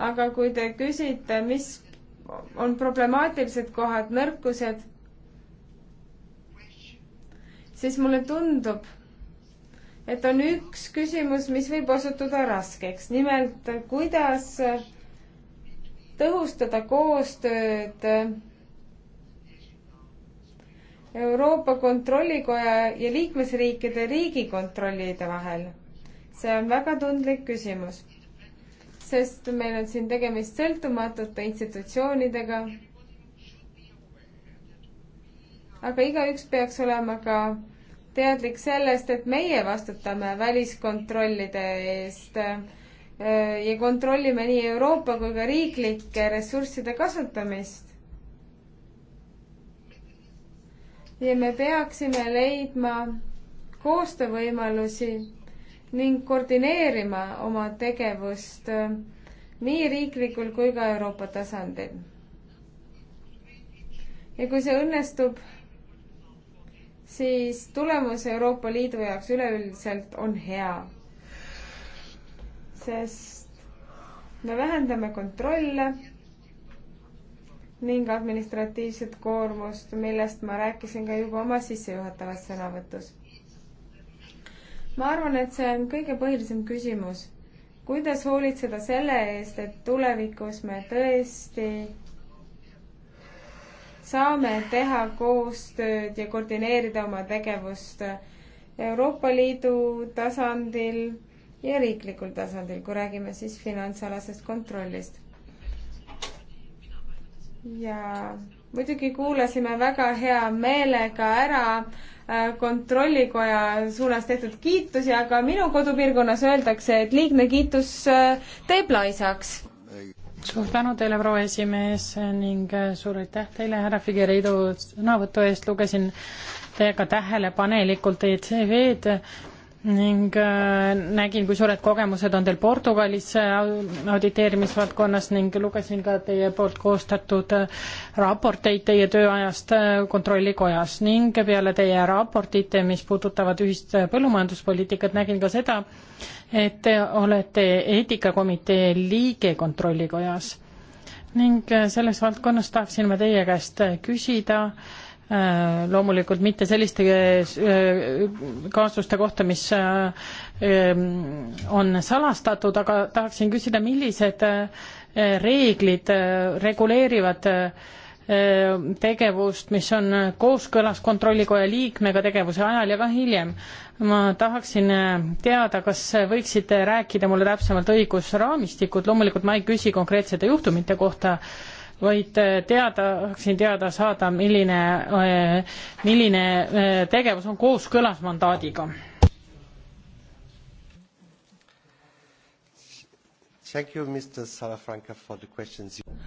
aga kui te küsite, mis on problemaatilised kohad, nõrkused, siis mulle tundub, et on üks küsimus, mis võib osutuda raskeks, nimelt kuidas tõhustada koostööd Euroopa Kontrollikoja ja liikmesriikide riigikontrollide vahel? see on väga tundlik küsimus, sest meil on siin tegemist sõltumatute institutsioonidega. aga igaüks peaks olema ka teadlik sellest, et meie vastutame väliskontrollide eest eh, ja kontrollime nii Euroopa kui ka riiklike ressursside kasutamist. ja me peaksime leidma koostöövõimalusi ning koordineerima oma tegevust äh, nii riiklikul kui ka Euroopa tasandil. ja kui see õnnestub, siis tulemus Euroopa Liidu jaoks üleüldiselt on hea. sest me vähendame kontrolle ning administratiivset koormust, millest ma rääkisin ka juba oma sissejuhatavas sõnavõtus. ma arvan, et see on kõige põhilisem küsimus. kuidas hoolitseda selle eest, et tulevikus me tõesti saame teha koostööd ja koordineerida oma tegevust Euroopa Liidu tasandil ja riiklikul tasandil, kui räägime siis finantsalasest kontrollist ja muidugi kuulasime väga hea meelega ära äh, kontrollikoja suunas tehtud kiitusi, aga minu kodupiirkonnas öeldakse, et liigne kiitus äh, teeb laisaks. suur tänu teile, proua esimees ning äh, suur aitäh teile, härra Figueiredo sõnavõtu eest, lugesin teiega tähelepanelikult ECV-d ning äh, nägin, kui suured kogemused on teil Portugalis äh, auditeerimisvaldkonnas ning lugesin ka teie poolt koostatud äh, raporteid teie tööajast Kontrollikojas ning peale teie raportite, mis puudutavad ühist põllumajanduspoliitikat, nägin ka seda, et te olete eetikakomitee liige Kontrollikojas. ning selles valdkonnas tahaksin ma teie käest küsida äh, Äh, loomulikult mitte selliste äh, kaasuste kohta, mis äh, ähm, on salastatud, aga tahaksin küsida, millised reeglid reguleerivad tegevust, mis on kooskõlas Kontrollikoja liikmega tegevuse ajal ja ka hiljem. ma tahaksin teada, kas võiksite rääkida mulle täpsemalt õigusraamistikud, loomulikult ma ei küsi konkreetsete juhtumite kohta, vaid teada, tahaksin teada saada, milline, milline eh, tegevus on kooskõlas mandaadiga.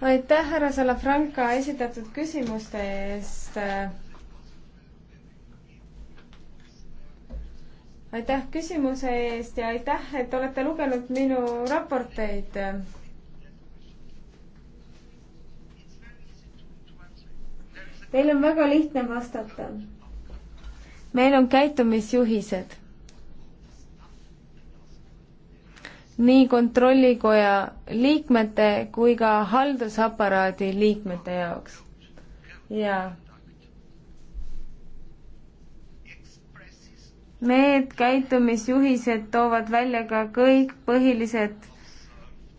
aitäh, härra Salafranca esitatud küsimuste eest. aitäh küsimuse eest ja aitäh, et olete lugenud minu raporteid Neil on väga lihtne vastata. meil on käitumisjuhised. nii kontrollikoja liikmete kui ka haldusaparaadi liikmete jaoks. jaa Need käitumisjuhised toovad välja ka kõik põhilised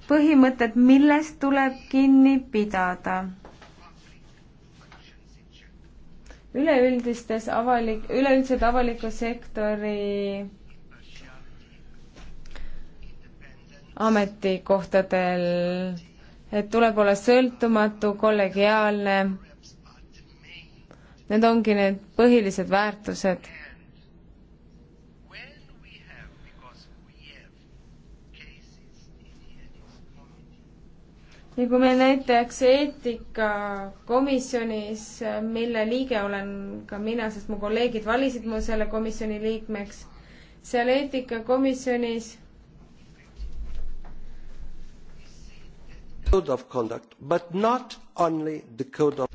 põhimõtted, millest tuleb kinni pidada. üleüldistes avalik, üleüldised avaliku sektori ametikohtadel, et tuleb olla sõltumatu, kollegiaalne. Need ongi need põhilised väärtused ja kui meil näiteks eetikakomisjonis, mille liige olen ka mina, sest mu kolleegid valisid mu selle komisjoni liikmeks, seal eetikakomisjonis code of conduct, but not only the code of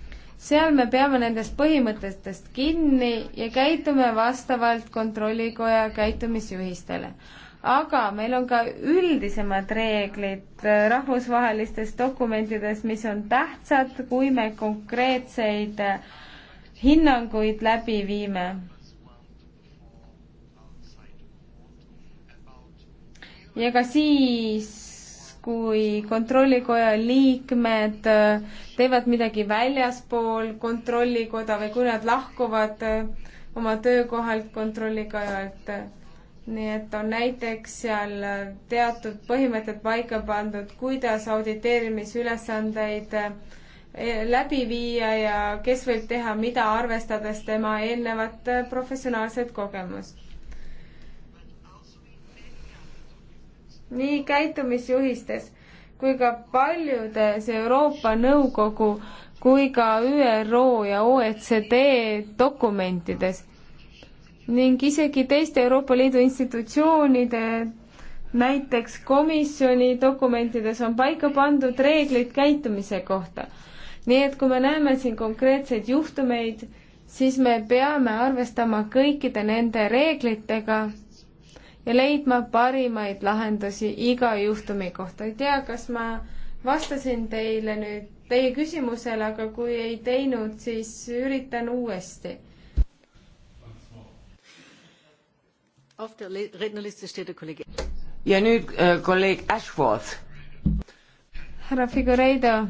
seal me peame nendest põhimõtetest kinni ja käitume vastavalt Kontrollikoja käitumisjuhistele aga meil on ka üldisemad reeglid äh, rahvusvahelistes dokumentides, mis on tähtsad, kui me konkreetseid äh, hinnanguid läbi viime. ja ka siis, kui kontrollikoja liikmed äh, teevad midagi väljaspool kontrollikoda või kui nad lahkuvad oma töökohalt kontrollikojalt nii et on näiteks seal teatud põhimõtted paika pandud, kuidas auditeerimisülesandeid eh, läbi viia ja kes võib teha mida, arvestades tema eelnevat eh, professionaalset kogemust. nii käitumisjuhistes kui ka paljudes Euroopa Nõukogu kui ka ÜRO ja OECD dokumentides ning isegi teiste Euroopa Liidu institutsioonide, näiteks komisjoni dokumentides on paika pandud reeglid käitumise kohta. nii et kui me näeme siin konkreetseid juhtumeid, siis me peame arvestama kõikide nende reeglitega ja leidma parimaid lahendusi iga juhtumi kohta. ei tea, kas ma vastasin teile nüüd teie küsimusele, aga kui ei teinud, siis üritan uuesti ja nüüd äh, kolleeg Ashworth. härra Figureido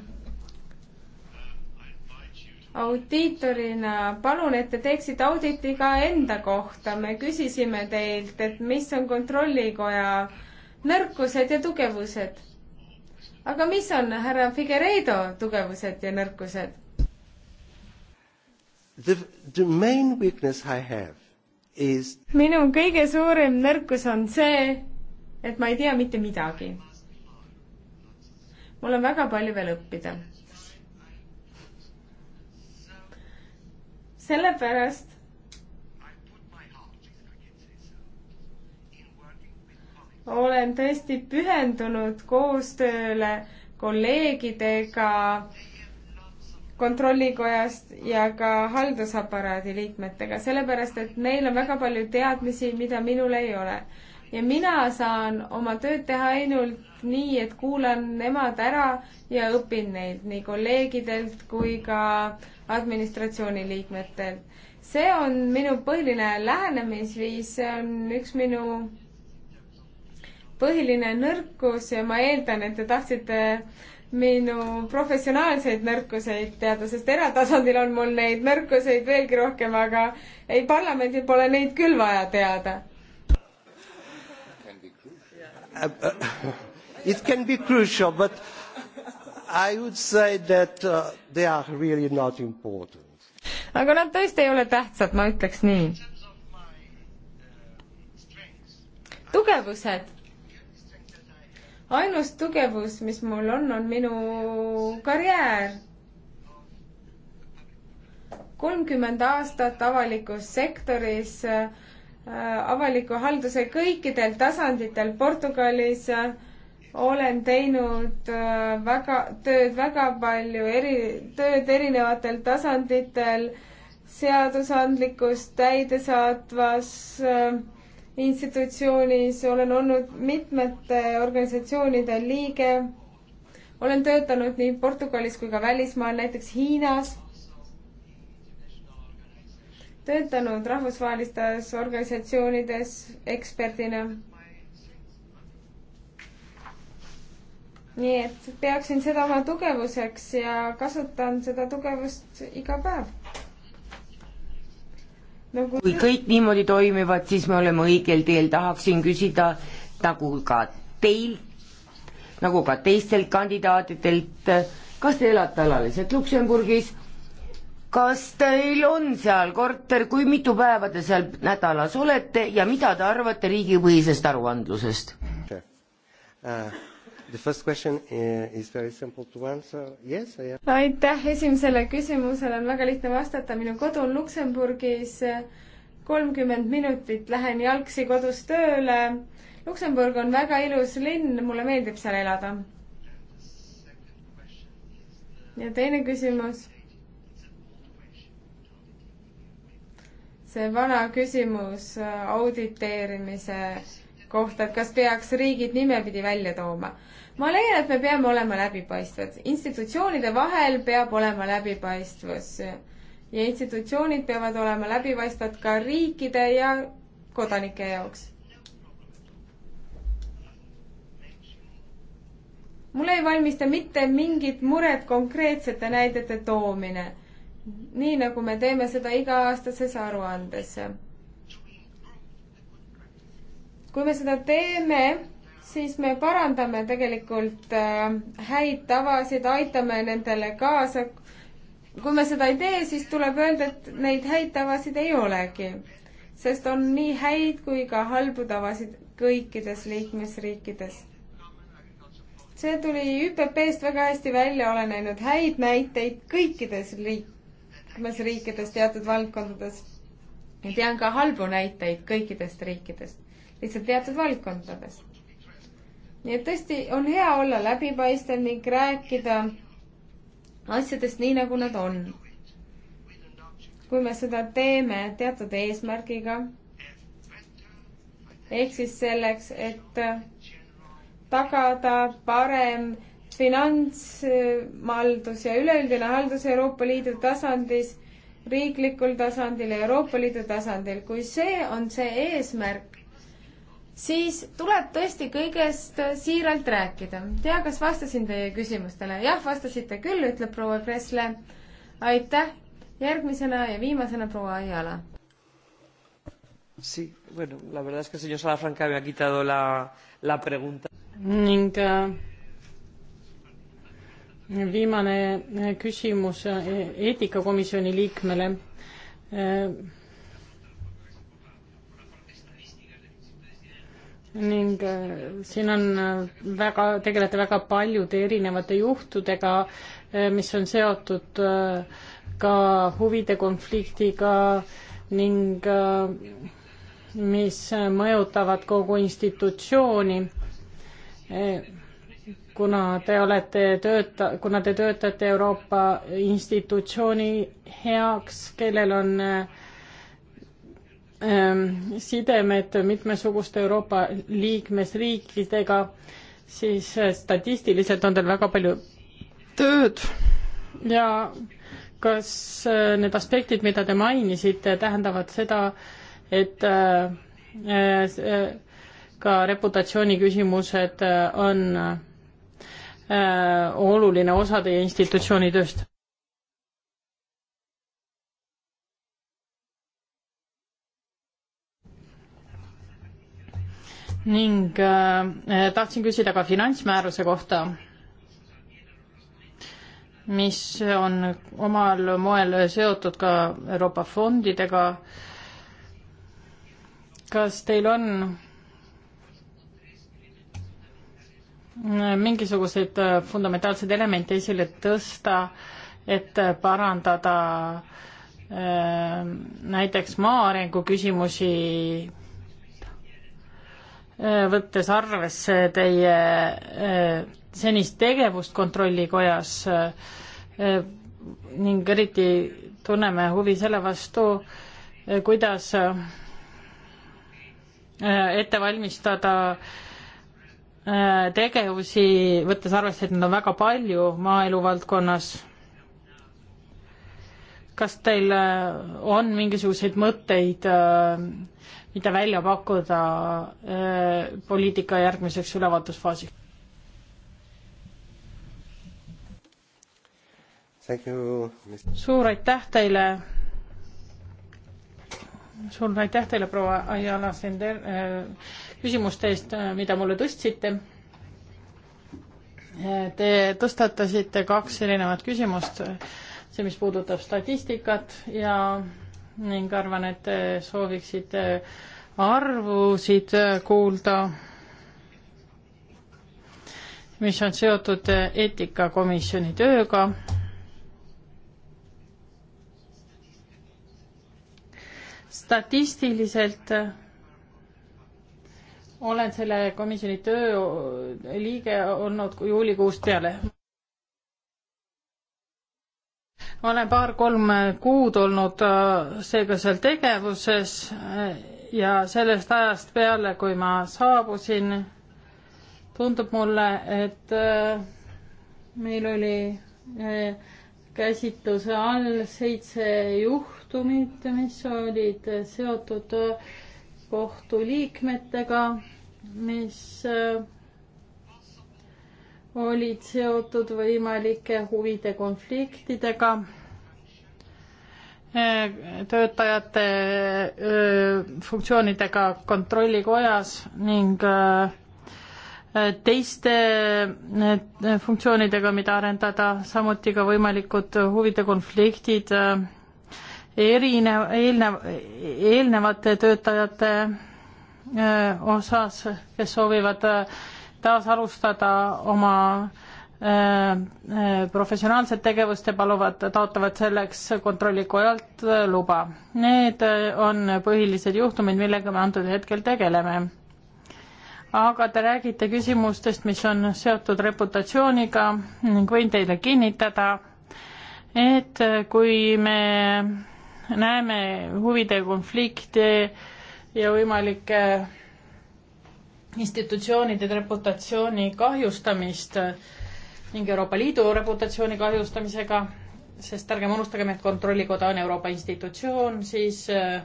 audiitorina palun, et te teeksite auditi ka enda kohta. me küsisime teilt, et mis on kontrollikoja nõrkused ja tugevused. aga mis on härra Figueredo tugevused ja nõrkused? The, the main weakness I have is minu kõige suurem nõrkus on see, et ma ei tea mitte midagi. mul on väga palju veel õppida. sellepärast olen tõesti pühendunud koostööle kolleegidega kontrollikojast ja ka haldusaparaadi liikmetega, sellepärast et neil on väga palju teadmisi, mida minul ei ole. ja mina saan oma tööd teha ainult nii, et kuulan nemad ära ja õpin neid nii kolleegidelt kui ka administratsiooni liikmetelt. see on minu põhiline lähenemisviis, see on üks minu põhiline nõrkus ja ma eeldan, et te tahtsite äh, minu professionaalseid nõrkuseid teada, sest eratasandil on mul neid nõrkuseid veelgi rohkem, aga ei, parlamendil pole neid küll vaja teada. It can be crucial, but I would say that uh, they are really not important. aga nad tõesti ei ole tähtsad, ma ütleks nii. tugevused ainus tugevus, mis mul on, on minu karjäär. kolmkümmend aastat avalikus sektoris, äh, avaliku halduse kõikidel tasanditel Portugalis äh, olen teinud äh, väga, tööd väga palju, eri, tööd erinevatel tasanditel, seadusandlikus, täidesaatvas äh, institutsioonis, olen olnud mitmete organisatsioonide liige, olen töötanud nii Portugalis kui ka välismaal, näiteks Hiinas, töötanud rahvusvahelistes organisatsioonides eksperdina. nii et peaksin seda oma tugevuseks ja kasutan seda tugevust iga päev nagu... kui kõik niimoodi toimivad, siis me oleme õigel teel, tahaksin küsida nagu ka teil, nagu ka teistelt kandidaatidelt, kas te elate alaliselt Luksemburgis, kas teil on seal korter, kui mitu päeva te seal nädalas olete ja mida te arvate riigipõhisest aruandlusest? Uh Eh, yes, no aitäh, esimesele küsimusele on väga lihtne vastata, minu kodu on Luksemburgis, kolmkümmend minutit lähen jalgsi kodus tööle. Luksemburg on väga ilus linn, mulle meeldib seal elada. ja teine küsimus see vana küsimus äh, auditeerimise kohta, et kas peaks riigid nimepidi välja tooma ma leian, et me peame olema läbipaistvad, institutsioonide vahel peab olema läbipaistvus ja institutsioonid peavad olema läbipaistvad ka riikide ja kodanike jaoks. mul ei valmista mitte mingit muret konkreetsete näidete toomine, nii nagu me teeme seda iga-aastases aruandes. kui me seda teeme siis me parandame tegelikult äh, häid tavasid, aitame nendele kaasa. kui me seda ei tee, siis tuleb öelda, et neid häid tavasid ei olegi, sest on nii häid kui ka halbu tavasid kõikides liikmesriikides. see tuli ÜPP-st väga hästi välja, olen näinud häid näiteid kõikides liikmesriikides teatud valdkondades ja tean ka halbu näiteid kõikidest riikidest, lihtsalt teatud valdkondadest nii et tõesti on hea olla läbipaistev ning rääkida asjadest nii, nagu nad on. kui me seda teeme teatud eesmärgiga, ehk siis selleks, et tagada parem finantsmaldus ja üleüldine haldus Euroopa Liidu tasandis, riiklikul tasandil ja Euroopa Liidu tasandil, kui see on see eesmärk, siis tuleb tõesti kõigest siiralt rääkida. tea, kas vastasin teie küsimustele? jah, vastasite küll, ütleb proua Kressle. aitäh. järgmisena ja viimasena proua Ajala. Sí, bueno, la verdad es que señor Salafranca había quitado la, la pregunta. ning äh, viimane äh, küsimus äh, eetikakomisjoni liikmele ning äh, siin on äh, väga, tegelete väga paljude erinevate juhtudega, äh, mis on seotud ka huvide konfliktiga ning mis mõjutavad kogu institutsiooni. kuna te olete tööta-, kuna te töötate Euroopa institutsiooni heaks, kellel on äh, Ähm, sidemed mitmesuguste Euroopa liikmesriikidega, siis äh, statistiliselt on teil väga palju tööd ja kas äh, need aspektid, mida te mainisite, tähendavad seda, et äh, ka reputatsiooni küsimused on oluline osa teie institutsiooni tööst? ning äh, tahtsin küsida ka finantsmääruse kohta, mis on omal moel seotud ka Euroopa fondidega. kas teil on äh, mingisuguseid äh, fundamentaalseid elemente esile tõsta, et parandada äh, näiteks maa arengu küsimusi võttes arvesse teie eh, senist tegevust Kontrollikojas eh, ning eriti tunneme huvi selle vastu, eh, kuidas ette valmistada tegevusi, võttes arvesse, et neid on väga palju maaelu valdkonnas. kas teil on mingisuguseid mõtteid mida välja pakkuda äh, poliitika järgmiseks ülevaatusfaasiks. suur aitäh teile. suur aitäh teile, proua Ayala Sender, äh, küsimuste eest, äh, mida mulle tõstsite. Te tõstatasite kaks erinevat küsimust, see, mis puudutab statistikat ja ning arvan, et sooviksid äh, arvusid äh, kuulda, mis on seotud äh, eetikakomisjoni tööga. statistiliselt olen selle komisjoni töö liige olnud juulikuust peale. ma olen paar-kolm kuud olnud äh, seega seal tegevuses äh, ja sellest ajast peale, kui ma saabusin, tundub mulle, et äh, meil oli käsitluse all seitse juhtumit, mis olid seotud kohtuliikmetega, mis äh, olid seotud võimalike huvide konfliktidega, töötajate funktsioonidega kontrollikojas ning teiste funktsioonidega, mida arendada, samuti ka võimalikud huvide konfliktid erinev, eelnev, eelnevate töötajate osas, kes soovivad taas alustada oma äh, äh, professionaalset tegevust ja paluvad, taotlevad selleks kontrollikojalt äh, luba. Need on põhilised juhtumid, millega me antud hetkel tegeleme. aga te räägite küsimustest, mis on seotud reputatsiooniga ning võin teile kinnitada, et kui me näeme huvide konflikti ja võimalikke institutsioonide reputatsiooni kahjustamist ning Euroopa Liidu reputatsiooni kahjustamisega, sest ärgem unustagem, et Kontrollikoda on Euroopa institutsioon, siis äh,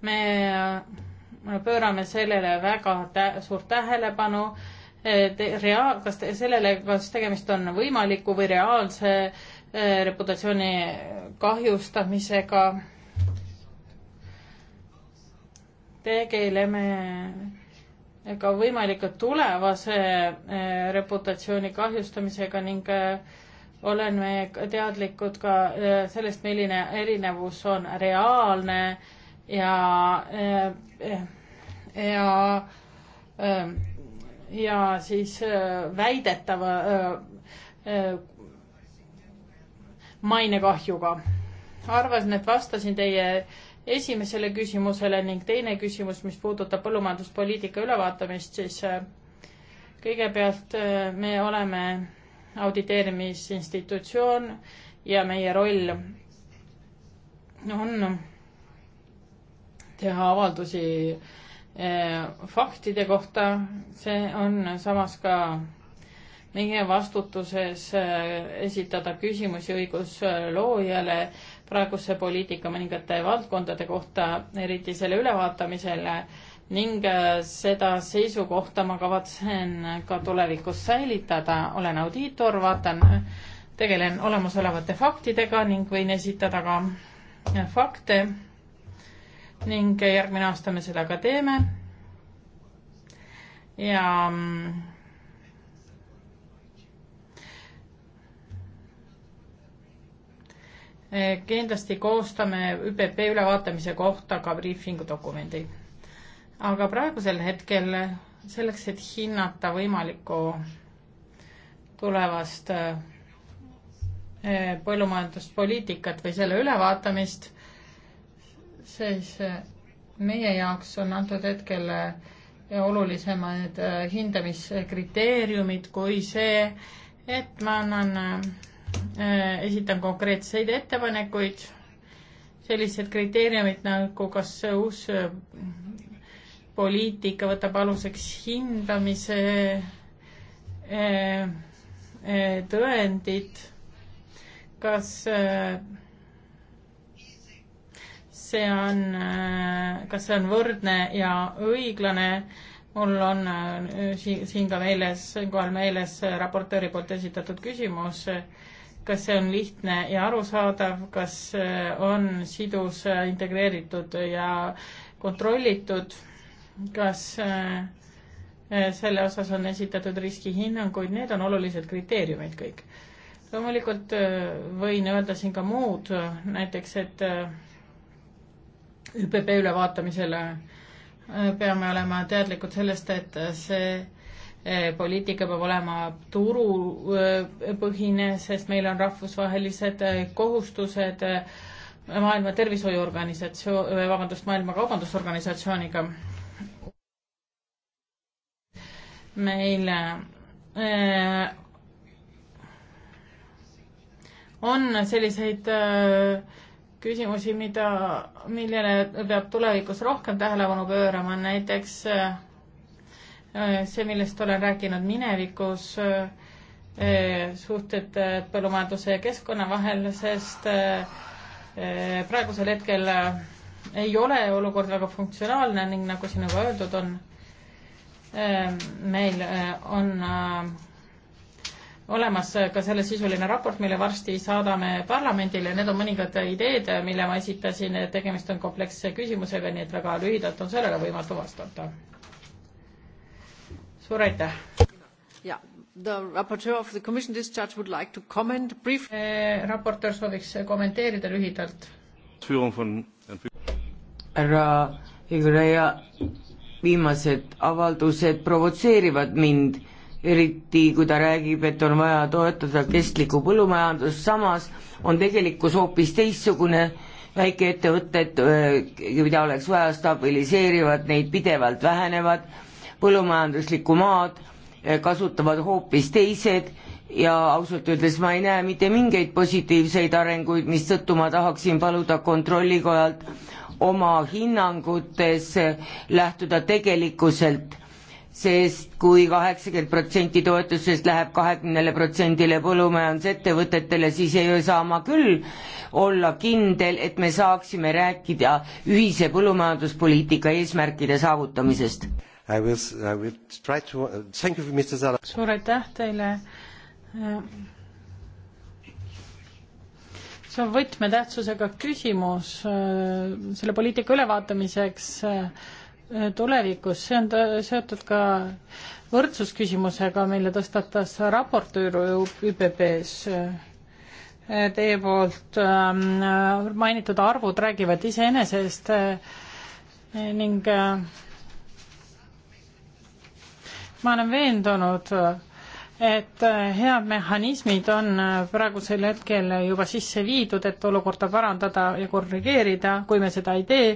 me äh, pöörame sellele väga tä suurt tähelepanu, rea-, kas te, sellele, kas tegemist on võimaliku või reaalse äh, reputatsiooni kahjustamisega, tegeleme ka võimalike tulevase eh, reputatsiooni kahjustamisega ning eh, oleme teadlikud ka eh, sellest, milline erinevus on reaalne ja, ja, ja siis väidetava mainekahjuga. arvasin, et vastasin teie esimesele küsimusele ning teine küsimus, mis puudutab põllumajanduspoliitika ülevaatamist, siis äh, kõigepealt äh, me oleme auditeerimisinstitutsioon ja meie roll on teha avaldusi äh, faktide kohta, see on samas ka meie vastutuses esitada küsimusi õigusloojale praeguse poliitika mõningate valdkondade kohta, eriti selle ülevaatamisele ning äh, seda seisukohta ma kavatsen ka tulevikus säilitada, olen audiitor, vaatan, tegelen olemasolevate faktidega ning võin esitada ka äh, fakte ning järgmine aasta me seda ka teeme. ja mm, kindlasti koostame ÜPP ülevaatamise kohta ka briifingu dokumendi. aga praegusel hetkel selleks, et hinnata võimalikku tulevast äh, põllumajanduspoliitikat või selle ülevaatamist, siis äh, meie jaoks on antud hetkel äh, olulisemad hindamiskriteeriumid kui see, et ma annan Äh, esitan konkreetseid ettepanekuid, sellised kriteeriumid nagu kas uus äh, poliitika võtab aluseks hindamise äh, tõendid, kas see on, kas see on võrdne ja õiglane, mul on siin ka meeles, siinkohal meeles raportööri poolt esitatud küsimus äh, kas see on lihtne ja arusaadav, kas äh, on sidus, äh, integreeritud ja kontrollitud, kas äh, selle osas on esitatud riskihinnanguid, need on olulised kriteeriumid kõik. loomulikult võin öelda siin ka muud, näiteks et ÜPP ülevaatamisele peame olema teadlikud sellest, et see Eh, poliitika peab olema turupõhine, eh, sest meil on rahvusvahelised eh, kohustused Maailma Tervishoiuorganisatsioon, vabandust, Maailma Kaubandusorganisatsiooniga. meil äh, on selliseid äh, küsimusi, mida, millele peab tulevikus rohkem tähelepanu pöörama, näiteks äh, Äh, see, millest olen rääkinud minevikus, äh, äh, suhted põllumajanduse ja keskkonna vahel, sest praegusel hetkel ei ole olukord väga funktsionaalne ning nagu siin juba öeldud on, meil on olemas ka sellesisuline raport, mille varsti saadame parlamendile, need on mõningad ideed, mille ma esitasin, tegemist on kompleksse küsimusega, nii et väga lühidalt on sellele võimatu vastata suur aitäh! jaa, the raporteur of the commission discharge would like to comment brief- eh,. raportöör sooviks kommenteerida lühidalt. härra Igreja, viimased avaldused provotseerivad mind, eriti kui ta räägib, et on vaja toetada kestlikku põllumajandust, samas on tegelikkus hoopis teistsugune, väikeettevõtted, eh, mida oleks vaja, stabiliseerivad, neid pidevalt vähenevad põllumajanduslikku maad eh, kasutavad hoopis teised ja ausalt öeldes ma ei näe mitte mingeid positiivseid arenguid, mistõttu ma tahaksin paluda kontrollikojalt oma hinnangutes lähtuda tegelikkuselt, sest kui kaheksakümmend protsenti toetusest läheb kahekümnele protsendile põllumajandusettevõtetele, siis ei saa ma küll olla kindel, et me saaksime rääkida ühise põllumajanduspoliitika eesmärkide saavutamisest I will, I will try to uh, thank you, Mr Zala. suur aitäh teile. see on võtmetähtsusega küsimus äh, selle poliitika ülevaatamiseks äh, tulevikus, see on seotud ka võrdsusküsimusega, mille tõstatas raportöör ÜPP-s. Äh, teie poolt ähm, mainitud arvud räägivad iseenesest ning äh, ma olen veendunud, et head mehhanismid on praegusel hetkel juba sisse viidud, et olukorda parandada ja korrigeerida, kui me seda ei tee,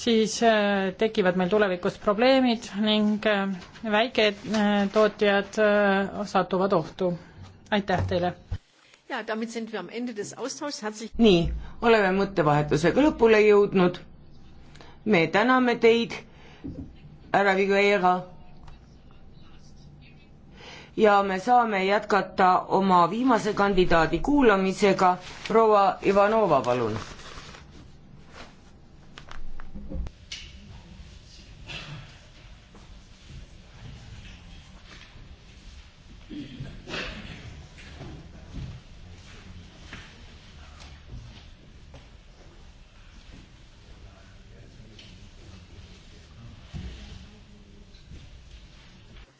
siis äh, tekivad meil tulevikus probleemid ning äh, väiketootjad äh, satuvad ohtu. aitäh teile! nii, oleme mõttevahetusega lõpule jõudnud. me täname teid, härra Vigueira ja me saame jätkata oma viimase kandidaadi kuulamisega. proua Ivanova, palun.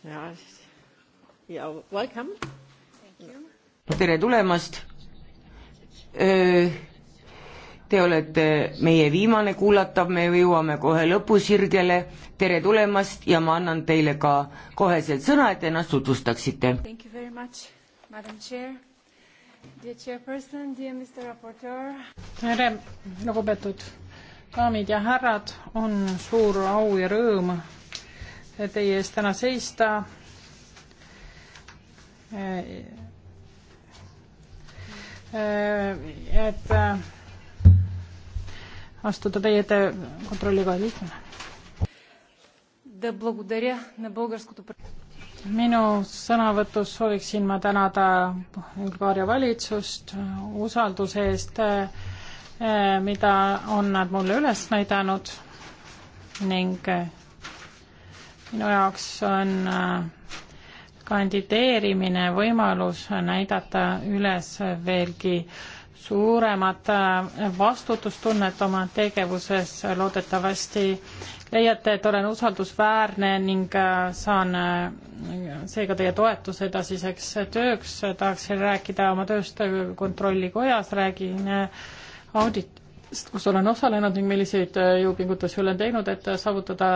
ja ja welcome. tere tulemast. Te olete meie viimane kuulatav, me jõuame kohe lõpusirgele. tere tulemast ja ma annan teile ka koheselt sõna, et ennast tutvustaksite. Thank you very much, madam chair tere, lugupeetud daamid ja härrad, on suur au ja rõõm teie ees täna seista Äh, äh, et äh, astuda teie ette kontrollikoja liikmena. minu sõnavõtus sooviksin ma tänada Bulgaaria valitsust usalduse eest, mida on nad mulle üles näidanud ning minu jaoks on äh, kandideerimine võimalus näidata üles veelgi suuremat vastutustunnet oma tegevuses. loodetavasti leiate, et olen usaldusväärne ning äh, saan äh, seega teie toetuse edasiseks tööks. tahaksin rääkida oma tööst Kontrollikojas, räägin äh, audit, kus olen osalenud ning milliseid äh, jõupingutusi olen teinud, et äh, saavutada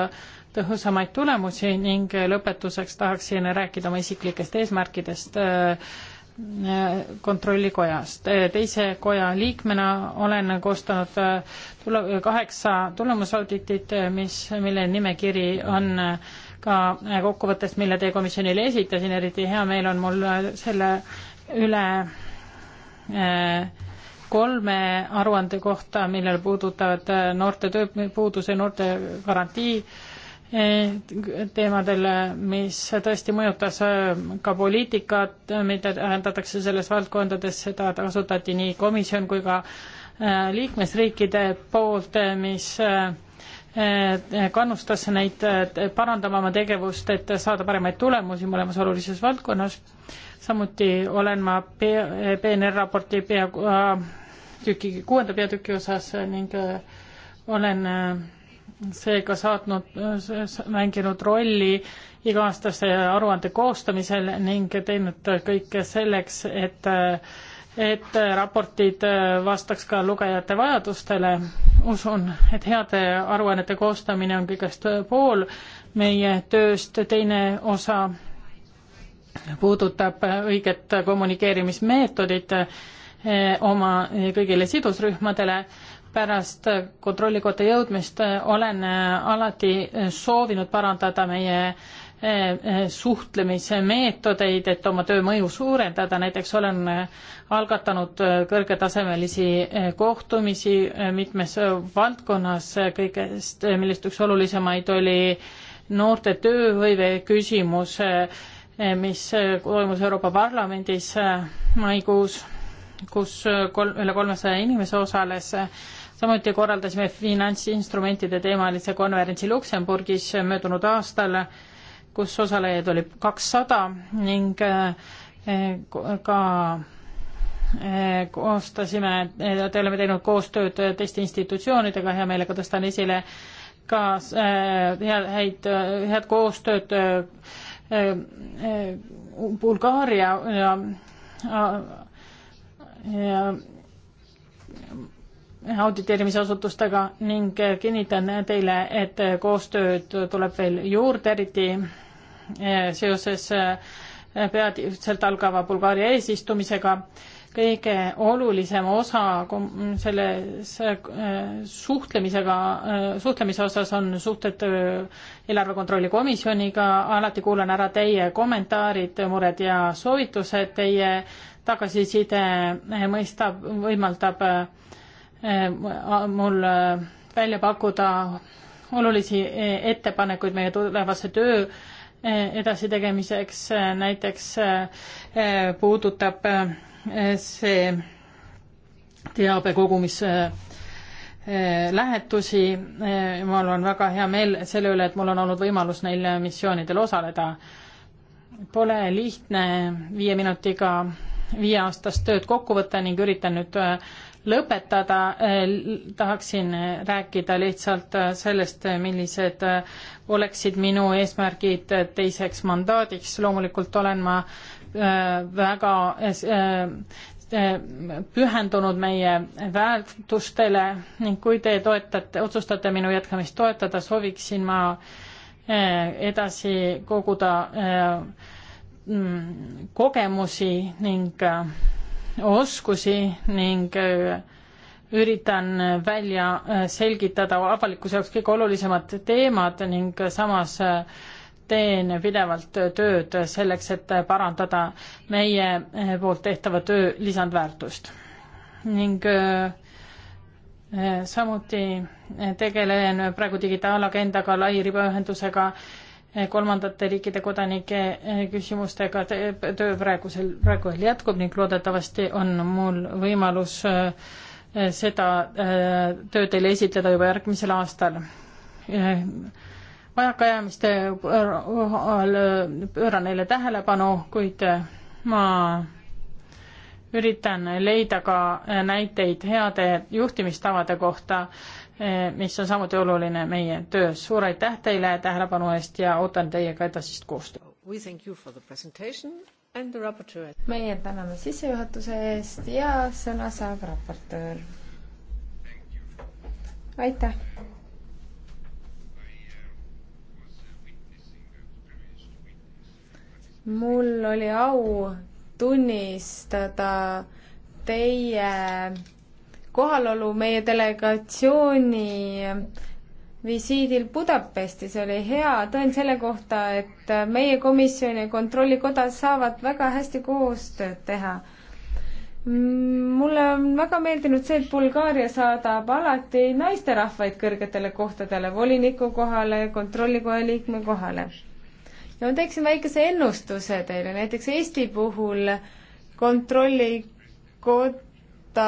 tõhusamaid tulemusi ning äh, lõpetuseks tahaksin rääkida oma isiklikest eesmärkidest kontrollikojast. teise koja liikmena olen koostanud tule-, kaheksa tulemusauditit, mis, mille nimekiri on ka kokkuvõttes, mille teie komisjonile esitasin, eriti hea meel on mul selle üle äh, kolme aruande kohta, millel puudutavad äh, noorte tööpuuduse, noorte garantii äh, teemadel, mis tõesti mõjutas äh, ka poliitikat, mida tähendatakse selles valdkondades, seda kasutati nii komisjon kui ka liikmesriikide poolt, mis kannustas neid parandama oma tegevust, et saada paremaid tulemusi mõlemas olulises valdkonnas samuti olen ma PNR raporti pea äh, tüki, kuuenda peatüki osas ning äh, olen äh, seega saatnud, mänginud rolli iga-aastase aruande koostamisel ning teinud kõike selleks, et et raportid vastaks ka lugejate vajadustele. usun, et heade aruannete koostamine on kõigest pool meie tööst, teine osa puudutab õiget kommunikeerimismeetodit eh, oma kõigile sidusrühmadele. pärast kontrollikotta jõudmist olen eh, alati eh, soovinud parandada meie suhtlemise meetodeid, et oma töö mõju suurendada, näiteks olen algatanud kõrgetasemelisi kohtumisi mitmes valdkonnas, kõigest, millest üks olulisemaid oli noorte tööhõive küsimus äh, Eh, mis eh, toimus Euroopa Parlamendis eh, maikuus, kus kolm, üle kolmesaja inimese osales. samuti korraldasime finantsinstrumentide teemalise konverentsi Luksemburgis möödunud aastal, kus osalejaid oli kakssada ning ka koostasime, te oleme teinud koostööd teiste institutsioonidega, hea meelega tõstan esile ka häid, head koostööd Äh, äh, Bulgaaria ja, äh, ja, ja auditeerimisasutustega ning kinnitan teile, et koostööd tuleb veel juurde, eriti seoses peatselt algava Bulgaaria eesistumisega kõige olulisem osa selles äh, suhtlemisega, äh, suhtlemise osas on suhted äh, eelarve kontrolli komisjoniga, alati kuulan ära teie kommentaarid, mured ja soovitused, teie tagasiside mõistab, võimaldab mul välja pakkuda olulisi ettepanekuid meie tulevase töö edasitegemiseks, näiteks puudutab see teabe kogumise eh, lähetusi. Eh, mul on väga hea meel selle üle, et mul on olnud võimalus neil missioonidel osaleda. Pole lihtne viie minutiga viieaastast tööd kokku võtta ning üritan nüüd eh, lõpetada. tahaksin rääkida lihtsalt sellest, millised oleksid minu eesmärgid teiseks mandaadiks. loomulikult olen ma äh, Äh, väga äh, äh, pühendunud meie väärtustele ning kui te toetate, otsustate minu jätkamist toetada, sooviksin ma edasi koguda mm, kogemusi ning oskusi ning üritan välja selgitada avalikkuse jaoks kõige olulisemad teemad ning samas äh, teen pidevalt tööd selleks, et parandada meie poolt tehtava töö lisandväärtust. ning äh, samuti tegelen praegu digitaalagendaga, lairibaühendusega, äh, kolmandate riikide kodanike äh, küsimustega töö praegusel, praegu veel jätkub ning loodetavasti on mul võimalus seda tööd teile esitleda juba järgmisel aastal vajakajäämiste kohal pööran neile tähelepanu, kuid äh, ma üritan leida ka näiteid heade juhtimistavade kohta, äh, mis on samuti oluline meie töös. suur aitäh teile tähelepanu eest ja ootan teiega edasist koostööd. meie täname sissejuhatuse eest ja sõna saab raportöör. aitäh! mul oli au tunnistada teie kohalolu meie delegatsiooni visiidil Budapestis oli hea, tõen selle kohta, et meie komisjon ja Kontrollikoda saavad väga hästi koostööd teha. mulle on väga meeldinud see, et Bulgaaria saadab alati naisterahvaid kõrgetele kohtadele, voliniku kohale, kontrollikoja liikme kohale ja ma teeksin väikese ennustuse teile, näiteks Eesti puhul kontrollikotta,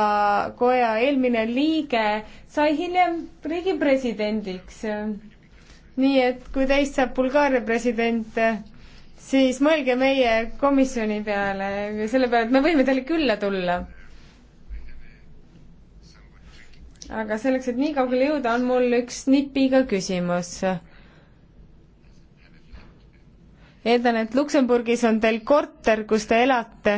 koja eelmine liige sai hiljem riigi presidendiks. nii et kui teist saab Bulgaaria president, siis mõelge meie komisjoni peale, selle peale, et me võime teile külla tulla aga selleks, et nii kaugele jõuda, on mul üks nipiga küsimus eeldan, et Luksemburgis on teil korter, kus te elate.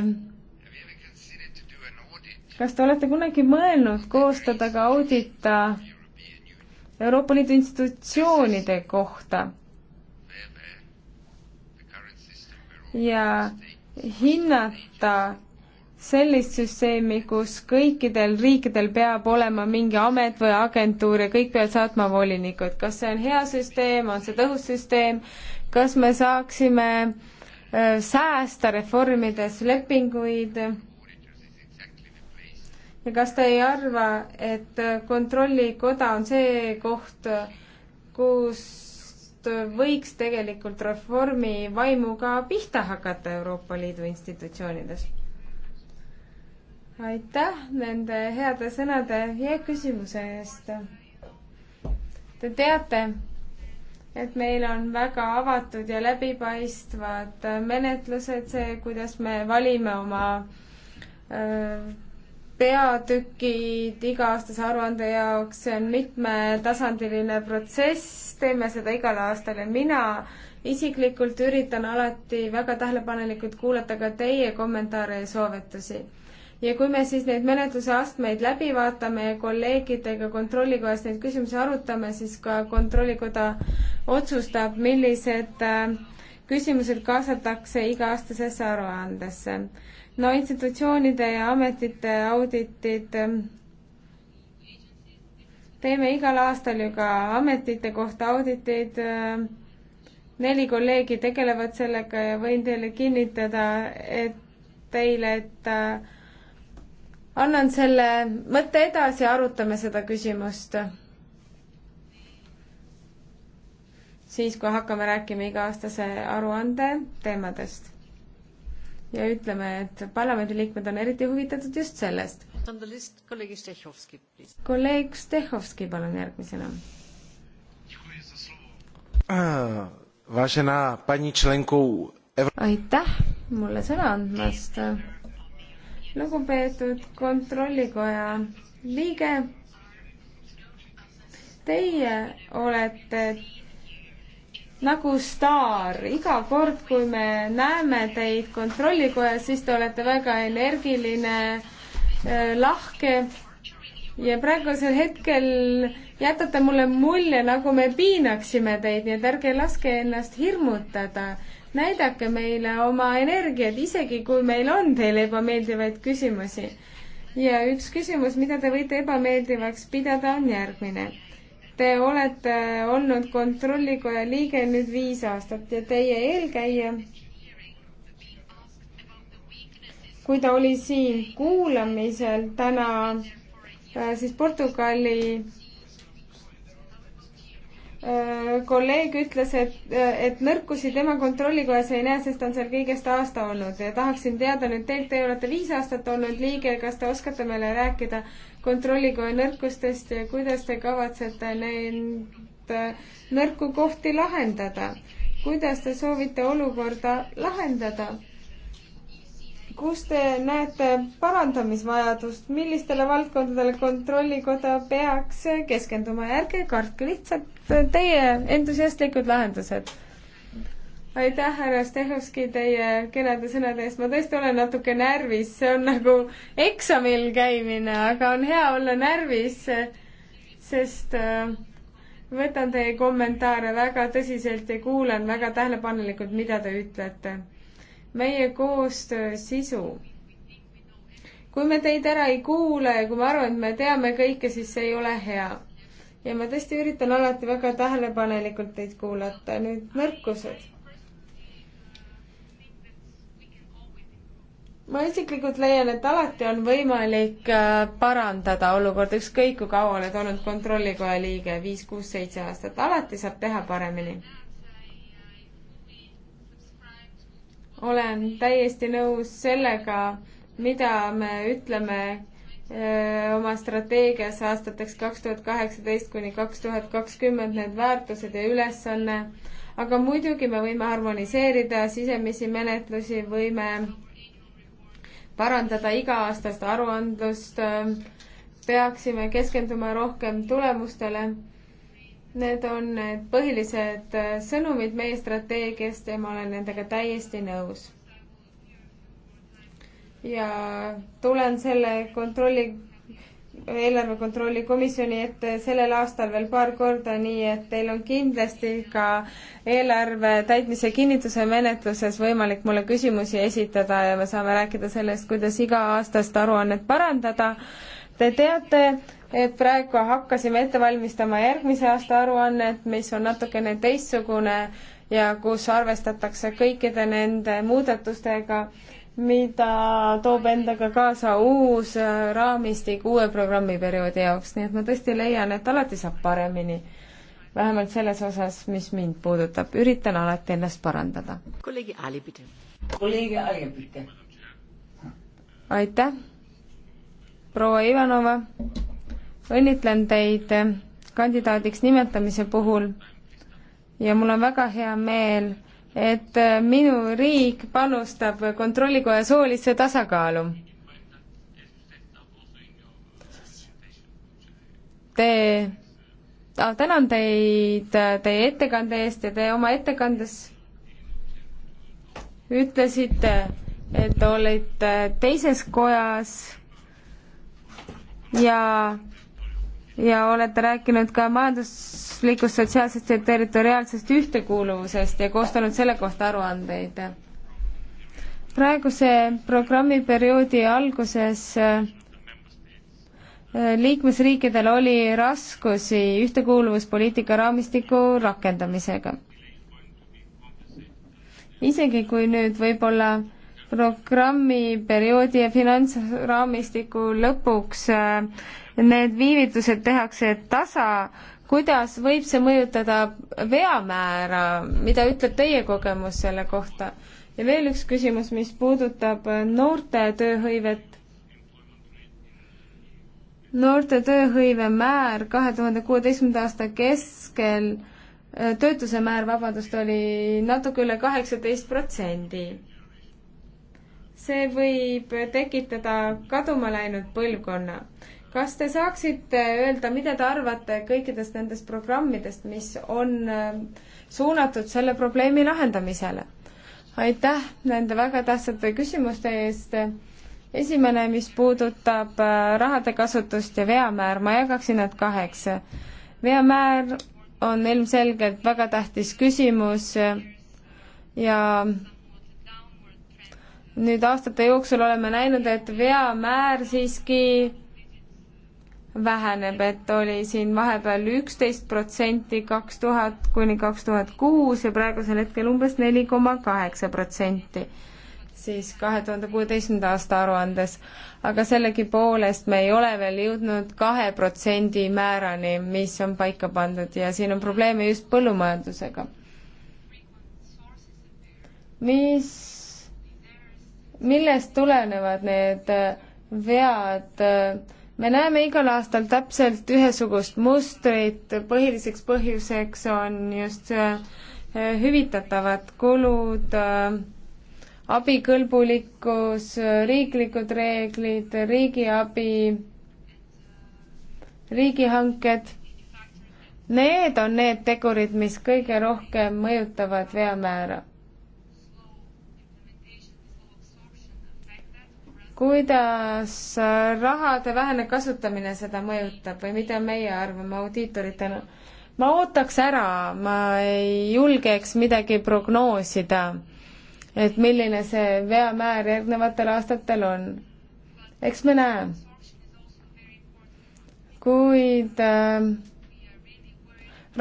kas te olete kunagi mõelnud koostada ka audita Euroopa Liidu institutsioonide kohta? ja hinnata sellist süsteemi, kus kõikidel riikidel peab olema mingi amet või agentuur ja kõik peavad saatma volinikud. kas see on hea süsteem, on see tõhus süsteem, kas me saaksime äh, säästa reformides lepinguid ja kas te ei arva, et äh, Kontrollikoda on see koht, kust võiks tegelikult reformi vaimuga pihta hakata Euroopa Liidu institutsioonides? aitäh nende heade sõnade ja küsimuse eest. Te teate, et meil on väga avatud ja läbipaistvad menetlused, see, kuidas me valime oma peatükid iga-aastase aruande jaoks, see on mitmetasandiline protsess, teeme seda igal aastal ja mina isiklikult üritan alati väga tähelepanelikult kuulata ka teie kommentaare ja soovitusi ja kui me siis neid menetluse astmeid läbi vaatame ja kolleegidega Kontrollikojast neid küsimusi arutame, siis ka Kontrollikoda otsustab, millised äh, küsimused kaasatakse iga-aastasesse aruandesse. no institutsioonide ja ametite auditid ähm, teeme igal aastal ju ka ametite kohta auditeid ähm, neli kolleegi tegelevad sellega ja võin teile kinnitada, et teile, et äh, annan selle mõtte edasi, arutame seda küsimust. siis, kui hakkame rääkima iga-aastase aruande teemadest. ja ütleme, et parlamendiliikmed on eriti huvitatud just sellest. kolleeg Stehhovski, palun järgmisena. Ah, aitäh mulle sõna andmast lugupeetud kontrollikoja liige, teie olete nagu staar, iga kord, kui me näeme teid kontrollikojas, siis te olete väga energiline, äh, lahke ja praegusel hetkel jätate mulle mulje, nagu me piinaksime teid, nii et ärge laske ennast hirmutada näidake meile oma energiat, isegi kui meil on teile ebameeldivaid küsimusi. ja üks küsimus, mida te võite ebameeldivaks pidada, on järgmine. Te olete olnud kontrollikoja liige nüüd viis aastat ja teie eelkäija, kui ta oli siin kuulamisel täna, äh, siis Portugali Äh, kolleeg ütles, et, äh, et nõrkusi tema kontrollikojas ei näe, sest on seal kõigest aasta olnud ja tahaksin teada nüüd teilt, te olete viis aastat olnud liige, kas te oskate meile rääkida kontrollikoja nõrkustest ja kuidas te kavatsete neid äh, nõrku kohti lahendada? kuidas te soovite olukorda lahendada? kus te näete parandamisvajadust, millistele valdkondadele Kontrollikoda peaks keskenduma ja ärge kartke lihtsalt teie entusiastlikud lahendused. aitäh, härra Stehovski, teie kenade sõnade eest, ma tõesti olen natuke närvis, see on nagu eksamil käimine, aga on hea olla närvis, sest äh, võtan teie kommentaare väga tõsiselt ja kuulan väga tähelepanelikult, mida te ütlete. meie koostöö sisu kui me teid ära ei kuule ja kui me arvame, et me teame kõike, siis see ei ole hea ja ma tõesti üritan alati väga tähelepanelikult teid kuulata. nüüd nõrkused. ma isiklikult leian, et alati on võimalik äh, parandada olukorda, ükskõik kui kaua oled olnud kontrollikoja liige, viis, kuus, seitse aastat, alati saab teha paremini. olen täiesti nõus sellega, mida me ütleme oma strateegias aastateks kaks tuhat kaheksateist kuni kaks tuhat kakskümmend need väärtused ja ülesanne, aga muidugi me võime harmoniseerida sisemisi menetlusi, võime parandada iga-aastast aruandlust, peaksime keskenduma rohkem tulemustele. Need on need põhilised sõnumid meie strateegiast ja ma olen nendega täiesti nõus ja tulen selle kontrolli, eelarve kontrolli komisjoni ette sellel aastal veel paar korda, nii et teil on kindlasti ka eelarve täitmise kinnituse menetluses võimalik mulle küsimusi esitada ja me saame rääkida sellest, kuidas iga-aastast aruannet parandada. Te teate, et praegu hakkasime ette valmistama järgmise aasta aruannet, mis on natukene teistsugune ja kus arvestatakse kõikide nende muudatustega mida toob endaga kaasa uus äh, raamistik uue programmiperioodi jaoks, nii et ma tõesti leian, et alati saab paremini. vähemalt selles osas, mis mind puudutab, üritan alati ennast parandada. kolleegi Ali, pidi. kolleegi Ali, pidi. aitäh, proua Ivanova, õnnitlen teid kandidaadiks nimetamise puhul ja mul on väga hea meel et minu riik panustab kontrollikoja soolisse tasakaalu. Te ah,, tänan teid teie ettekande eest ja te oma ettekandes ütlesite, et olite teises kojas ja ja olete rääkinud ka majanduslikust, sotsiaalsest ja territoriaalsest ühtekuuluvusest ja koostanud selle kohta aruandeid. praeguse programmiperioodi alguses äh, liikmesriikidel oli raskusi ühtekuuluvuspoliitika raamistiku rakendamisega. isegi kui nüüd võib-olla programmi perioodi ja finantsraamistiku lõpuks äh, need viivitused tehakse tasa, kuidas võib see mõjutada veamäära, mida ütleb teie kogemus selle kohta? ja veel üks küsimus, mis puudutab äh, noorte tööhõivet. noorte tööhõive määr kahe tuhande kuueteistkümnenda aasta keskel, äh, töötuse määr, vabandust, oli natuke üle kaheksateist protsendi see võib tekitada kaduma läinud põlvkonna. kas te saaksite öelda, mida te arvate kõikidest nendest programmidest, mis on äh, suunatud selle probleemi lahendamisele? aitäh nende väga tähtsate küsimuste eest. esimene, mis puudutab äh, rahade kasutust ja veamäär, ma jagaksin nad kaheks. veamäär on ilmselgelt väga tähtis küsimus ja nüüd aastate jooksul oleme näinud, et veamäär siiski väheneb, et oli siin vahepeal üksteist protsenti kaks tuhat kuni kaks tuhat kuus ja praegusel hetkel umbes neli koma kaheksa protsenti siis kahe tuhande kuueteistkümnenda aasta aruandes. aga sellegipoolest me ei ole veel jõudnud kahe protsendi määrani, mis on paika pandud ja siin on probleeme just põllumajandusega. mis millest tulenevad need äh, vead? me näeme igal aastal täpselt ühesugust mustrit, põhiliseks põhjuseks on just äh, hüvitatavad kulud, äh, abikõlbulikkus, riiklikud reeglid, riigiabi, riigihanked. Need on need tegurid, mis kõige rohkem mõjutavad veamäära kuidas rahade vähene kasutamine seda mõjutab või mida meie arvame audiitoritena? ma ootaks ära, ma ei julgeks midagi prognoosida, et milline see veamäär järgnevatel aastatel on. eks me näe. kuid äh,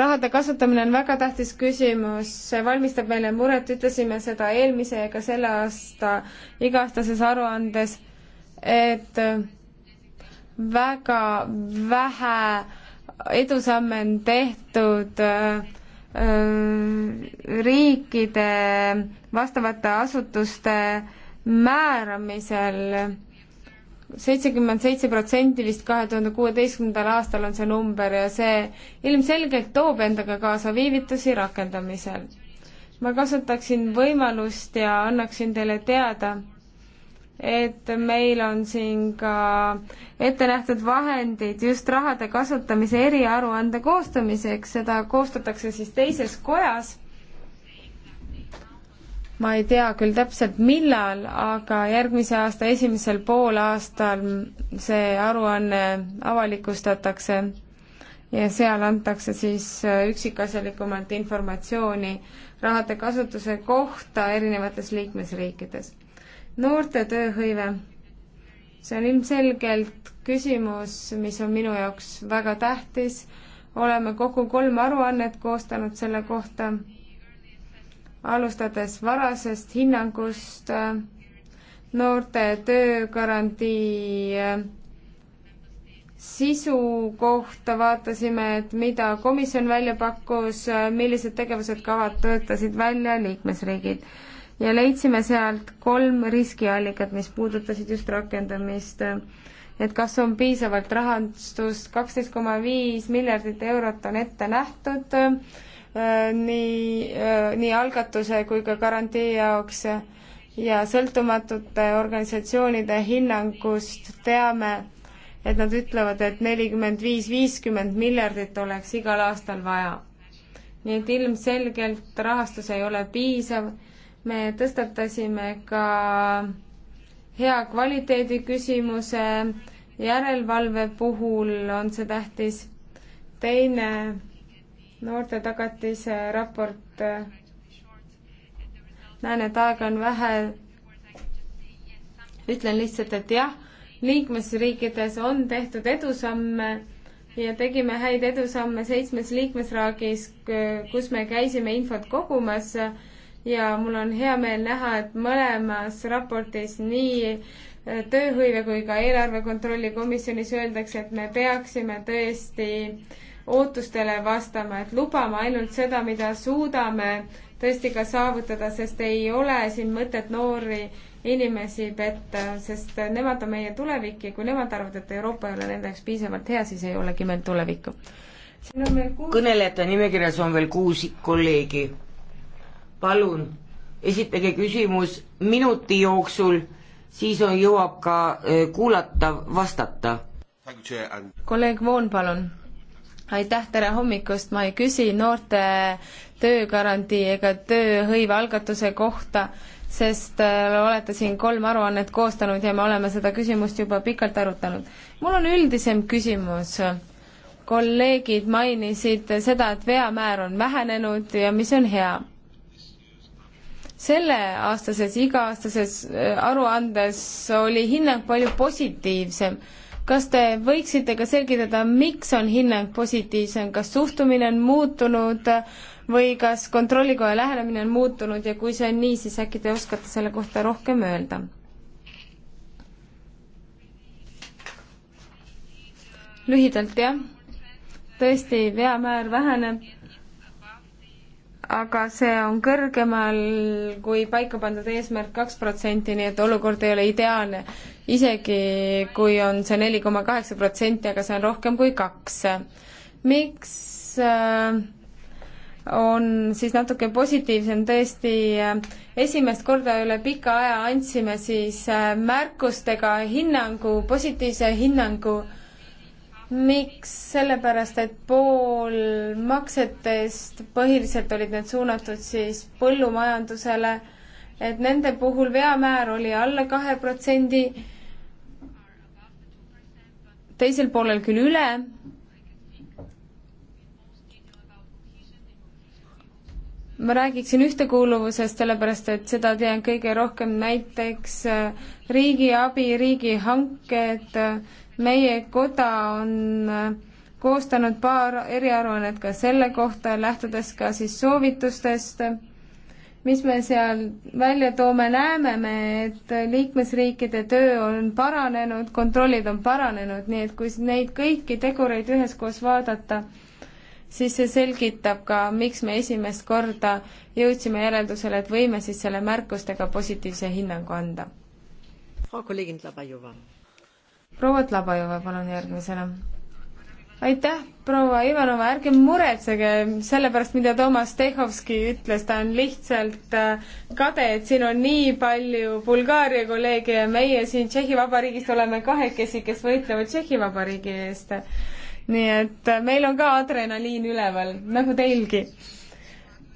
rahade kasutamine on väga tähtis küsimus, see valmistab meile muret, ütlesime seda eelmise ja ka selle aasta iga-aastases aruandes et väga vähe edusamme on tehtud äh, riikide vastavate asutuste määramisel seitsekümmend seitse protsenti vist kahe tuhande kuueteistkümnendal aastal on see number ja see ilmselgelt toob endaga kaasa viivitusi rakendamisel. ma kasutaksin võimalust ja annaksin teile teada, et meil on siin ka ette nähtud vahendid just rahade kasutamise eriaruande koostamiseks, seda koostatakse siis teises kojas. ma ei tea küll täpselt, millal, aga järgmise aasta esimesel poolaastal see aruanne avalikustatakse ja seal antakse siis üksikasjalikumalt informatsiooni rahade kasutuse kohta erinevates liikmesriikides noorte tööhõive, see on ilmselgelt küsimus, mis on minu jaoks väga tähtis, oleme kokku kolm aruannet koostanud selle kohta, alustades varasest hinnangust, äh, noorte töögarantii äh, sisu kohta vaatasime, et mida komisjon välja pakkus, äh, millised tegevused, kavad töötasid välja liikmesriigid ja leidsime sealt kolm riskiallikat, mis puudutasid just rakendamist. et kas on piisavalt rahastust, kaksteist koma viis miljardit eurot on ette nähtud äh, nii, äh, nii algatuse kui ka garantii jaoks ja sõltumatute organisatsioonide hinnangust teame, et nad ütlevad, et nelikümmend viis, viiskümmend miljardit oleks igal aastal vaja. nii et ilmselgelt rahastus ei ole piisav me tõstatasime ka hea kvaliteedi küsimuse, järelevalve puhul on see tähtis. teine noorte tagatise raport, näen, et aega on vähe, ütlen lihtsalt, et jah, liikmesriikides on tehtud edusamme ja tegime häid edusamme seitsmes liikmesraagis, kus me käisime infot kogumas ja mul on hea meel näha, et mõlemas raportis nii eh, tööhõive kui ka eelarve kontrolli komisjonis öeldakse, et me peaksime tõesti ootustele vastama, et lubama ainult seda, mida suudame tõesti ka saavutada, sest ei ole siin mõtet noori inimesi petta, sest nemad on meie tulevik ja kui nemad arvavad, et Euroopa ei ole nende jaoks piisavalt hea, siis ei olegi meil tulevikku. kõnelejate nimekirjas on veel kuus kolleegi palun esitage küsimus minuti jooksul, siis on, jõuab ka äh, kuulatav vastata. kolleeg Voon, palun. aitäh, tere hommikust, ma ei küsi noorte töögarantii ega tööhõive algatuse kohta, sest äh, olete siin kolm aruannet koostanud ja me oleme seda küsimust juba pikalt arutanud. mul on üldisem küsimus kolleegid mainisid seda, et veamäär on vähenenud ja mis on hea selleaastases iga-aastases äh, aruandes oli hinnang palju positiivsem. kas te võiksite ka selgitada, miks on hinnang positiivsem, kas suhtumine on muutunud või kas kontrollikoja lähenemine on muutunud ja kui see on nii, siis äkki te oskate selle kohta rohkem öelda? lühidalt jah, tõesti, veamäär väheneb aga see on kõrgemal kui paika pandud eesmärk kaks protsenti, nii et olukord ei ole ideaalne. isegi kui on see neli koma kaheksa protsenti, aga see on rohkem kui kaks. miks äh, on siis natuke positiivsem, tõesti äh, esimest korda üle pika aja andsime siis äh, märkustega hinnangu, positiivse hinnangu äh, miks? sellepärast, et pool maksetest, põhiliselt olid need suunatud siis põllumajandusele, et nende puhul veamäär oli alla kahe protsendi, teisel poolel küll üle, ma räägiksin ühtekuuluvusest, sellepärast et seda tean kõige rohkem näiteks äh, riigiabi, riigihanked, meie koda on äh, koostanud paar eriaruannet ka selle kohta, lähtudes ka siis soovitustest, mis me seal välja toome, näeme me, et liikmesriikide töö on paranenud, kontrollid on paranenud, nii et kui neid kõiki tegureid üheskoos vaadata, siis see selgitab ka, miks me esimest korda jõudsime järeldusele, et võime siis selle märkustega positiivse hinnangu anda. Frau Kollegin Labajova proua Tlabajova, palun järgmisena. aitäh, proua Ivanova, ärge muretsege selle pärast, mida Toomas Tehhovski ütles, ta on lihtsalt äh, kade, et siin on nii palju Bulgaaria kolleege ja meie siin Tšehhi Vabariigist oleme kahekesi, kes võitlevad Tšehhi Vabariigi eest. nii et äh, meil on ka adrenaliin üleval, nagu teilgi.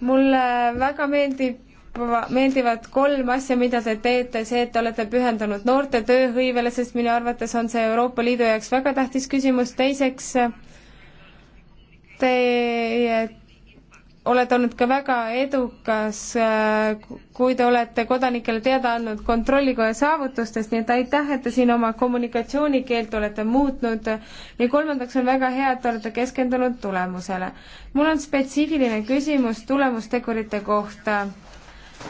mulle väga meeldib meeldivad kolm asja, mida te teete, see, et te olete pühendunud noorte tööhõivele, sest minu arvates on see Euroopa Liidu jaoks väga tähtis küsimus, teiseks teie olete olnud ka väga edukas, kui te olete kodanikele teada andnud kontrollikoja saavutustest, nii et aitäh, et te siin oma kommunikatsioonikeelt olete muutnud. ja kolmandaks on väga hea, et te olete keskendunud tulemusele. mul on spetsiifiline küsimus tulemustegurite kohta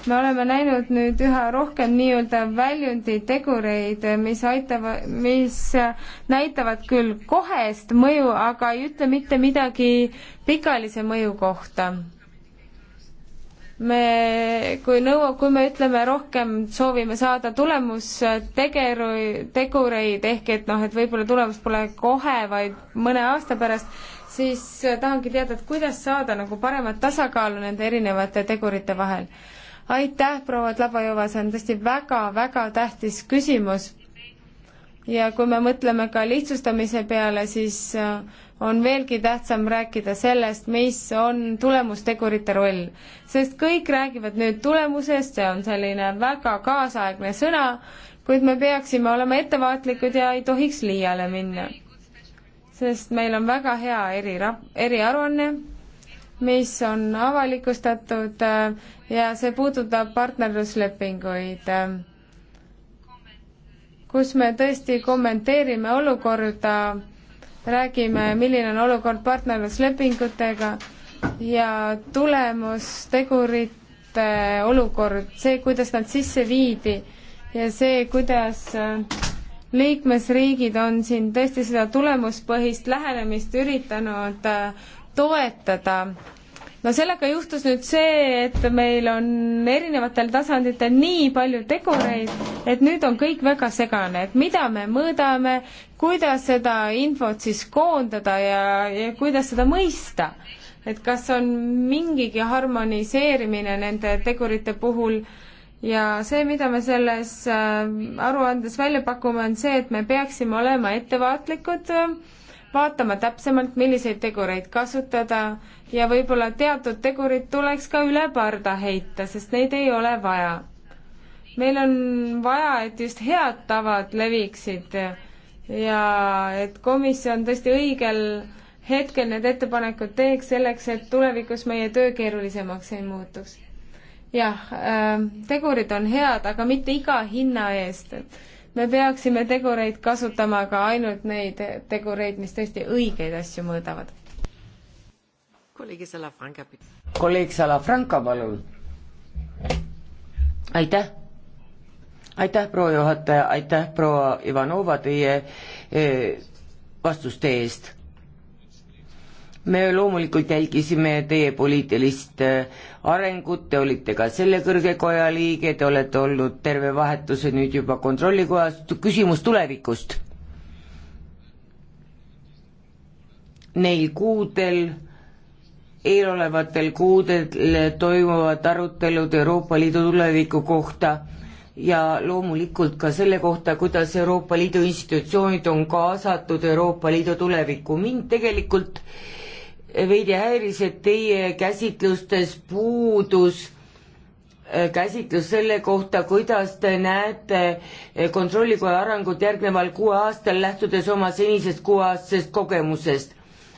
me oleme näinud nüüd üha rohkem nii-öelda väljunditegureid, mis aitavad, mis näitavad küll kohest mõju, aga ei ütle mitte midagi pikaajalise mõju kohta. me, kui nõu-, kui me ütleme rohkem, soovime saada tulemustegeru-, tegureid, ehk et noh, et võib-olla tulemus pole kohe, vaid mõne aasta pärast, siis tahangi teada, et kuidas saada nagu paremat tasakaalu nende erinevate tegurite vahel aitäh, proua Tlabajova, see on tõesti väga-väga tähtis küsimus. ja kui me mõtleme ka lihtsustamise peale, siis äh, on veelgi tähtsam rääkida sellest, mis on tulemustegurite roll. sest kõik räägivad nüüd tulemusest, see on selline väga kaasaegne sõna, kuid me peaksime olema ettevaatlikud ja ei tohiks liiale minna. sest meil on väga hea eri, eriaruanne mis on avalikustatud äh, ja see puudutab partnerluslepinguid, äh, kus me tõesti kommenteerime olukorda, räägime, milline on olukord partnerluslepingutega ja tulemustegurite olukord, see, kuidas nad sisse viidi ja see, kuidas äh, liikmesriigid on siin tõesti seda tulemuspõhist lähenemist üritanud toetada. no sellega juhtus nüüd see, et meil on erinevatel tasanditel nii palju tegureid, et nüüd on kõik väga segane, et mida me mõõdame, kuidas seda infot siis koondada ja, ja kuidas seda mõista. et kas on mingigi harmoniseerimine nende tegurite puhul ja see, mida me selles äh, aruandes välja pakume, on see, et me peaksime olema ettevaatlikud äh, vaatama täpsemalt, milliseid tegureid kasutada ja võib-olla teatud tegurid tuleks ka üle parda heita, sest neid ei ole vaja. meil on vaja, et just head tavad leviksid ja et komisjon tõesti õigel hetkel need ettepanekud teeks selleks, et tulevikus meie töö keerulisemaks ei muutuks. jah, äh, tegurid on head, aga mitte iga hinna eest me peaksime tegureid kasutama ka ainult neid tegureid, mis tõesti õigeid asju mõõdavad. kolleeg Salafranca, palun. aitäh. aitäh, proua juhataja, aitäh, proua Ivanova, teie eh, vastuste eest me loomulikult jälgisime teie poliitilist äh, arengut, te olite ka selle kõrge koja liige, te olete olnud terve vahetuse nüüd juba kontrollikojas, küsimus tulevikust. Neil kuudel, eelolevatel kuudel toimuvad arutelud Euroopa Liidu tuleviku kohta ja loomulikult ka selle kohta, kuidas Euroopa Liidu institutsioonid on kaasatud Euroopa Liidu tulevikku. mind tegelikult äh, veidi häiris, et teie käsitlustes puudus äh, käsitlus selle kohta, kuidas te näete äh, kontrollikoja arengut järgneval kuue aastal, lähtudes oma senisest kuueaastasest kogemusest.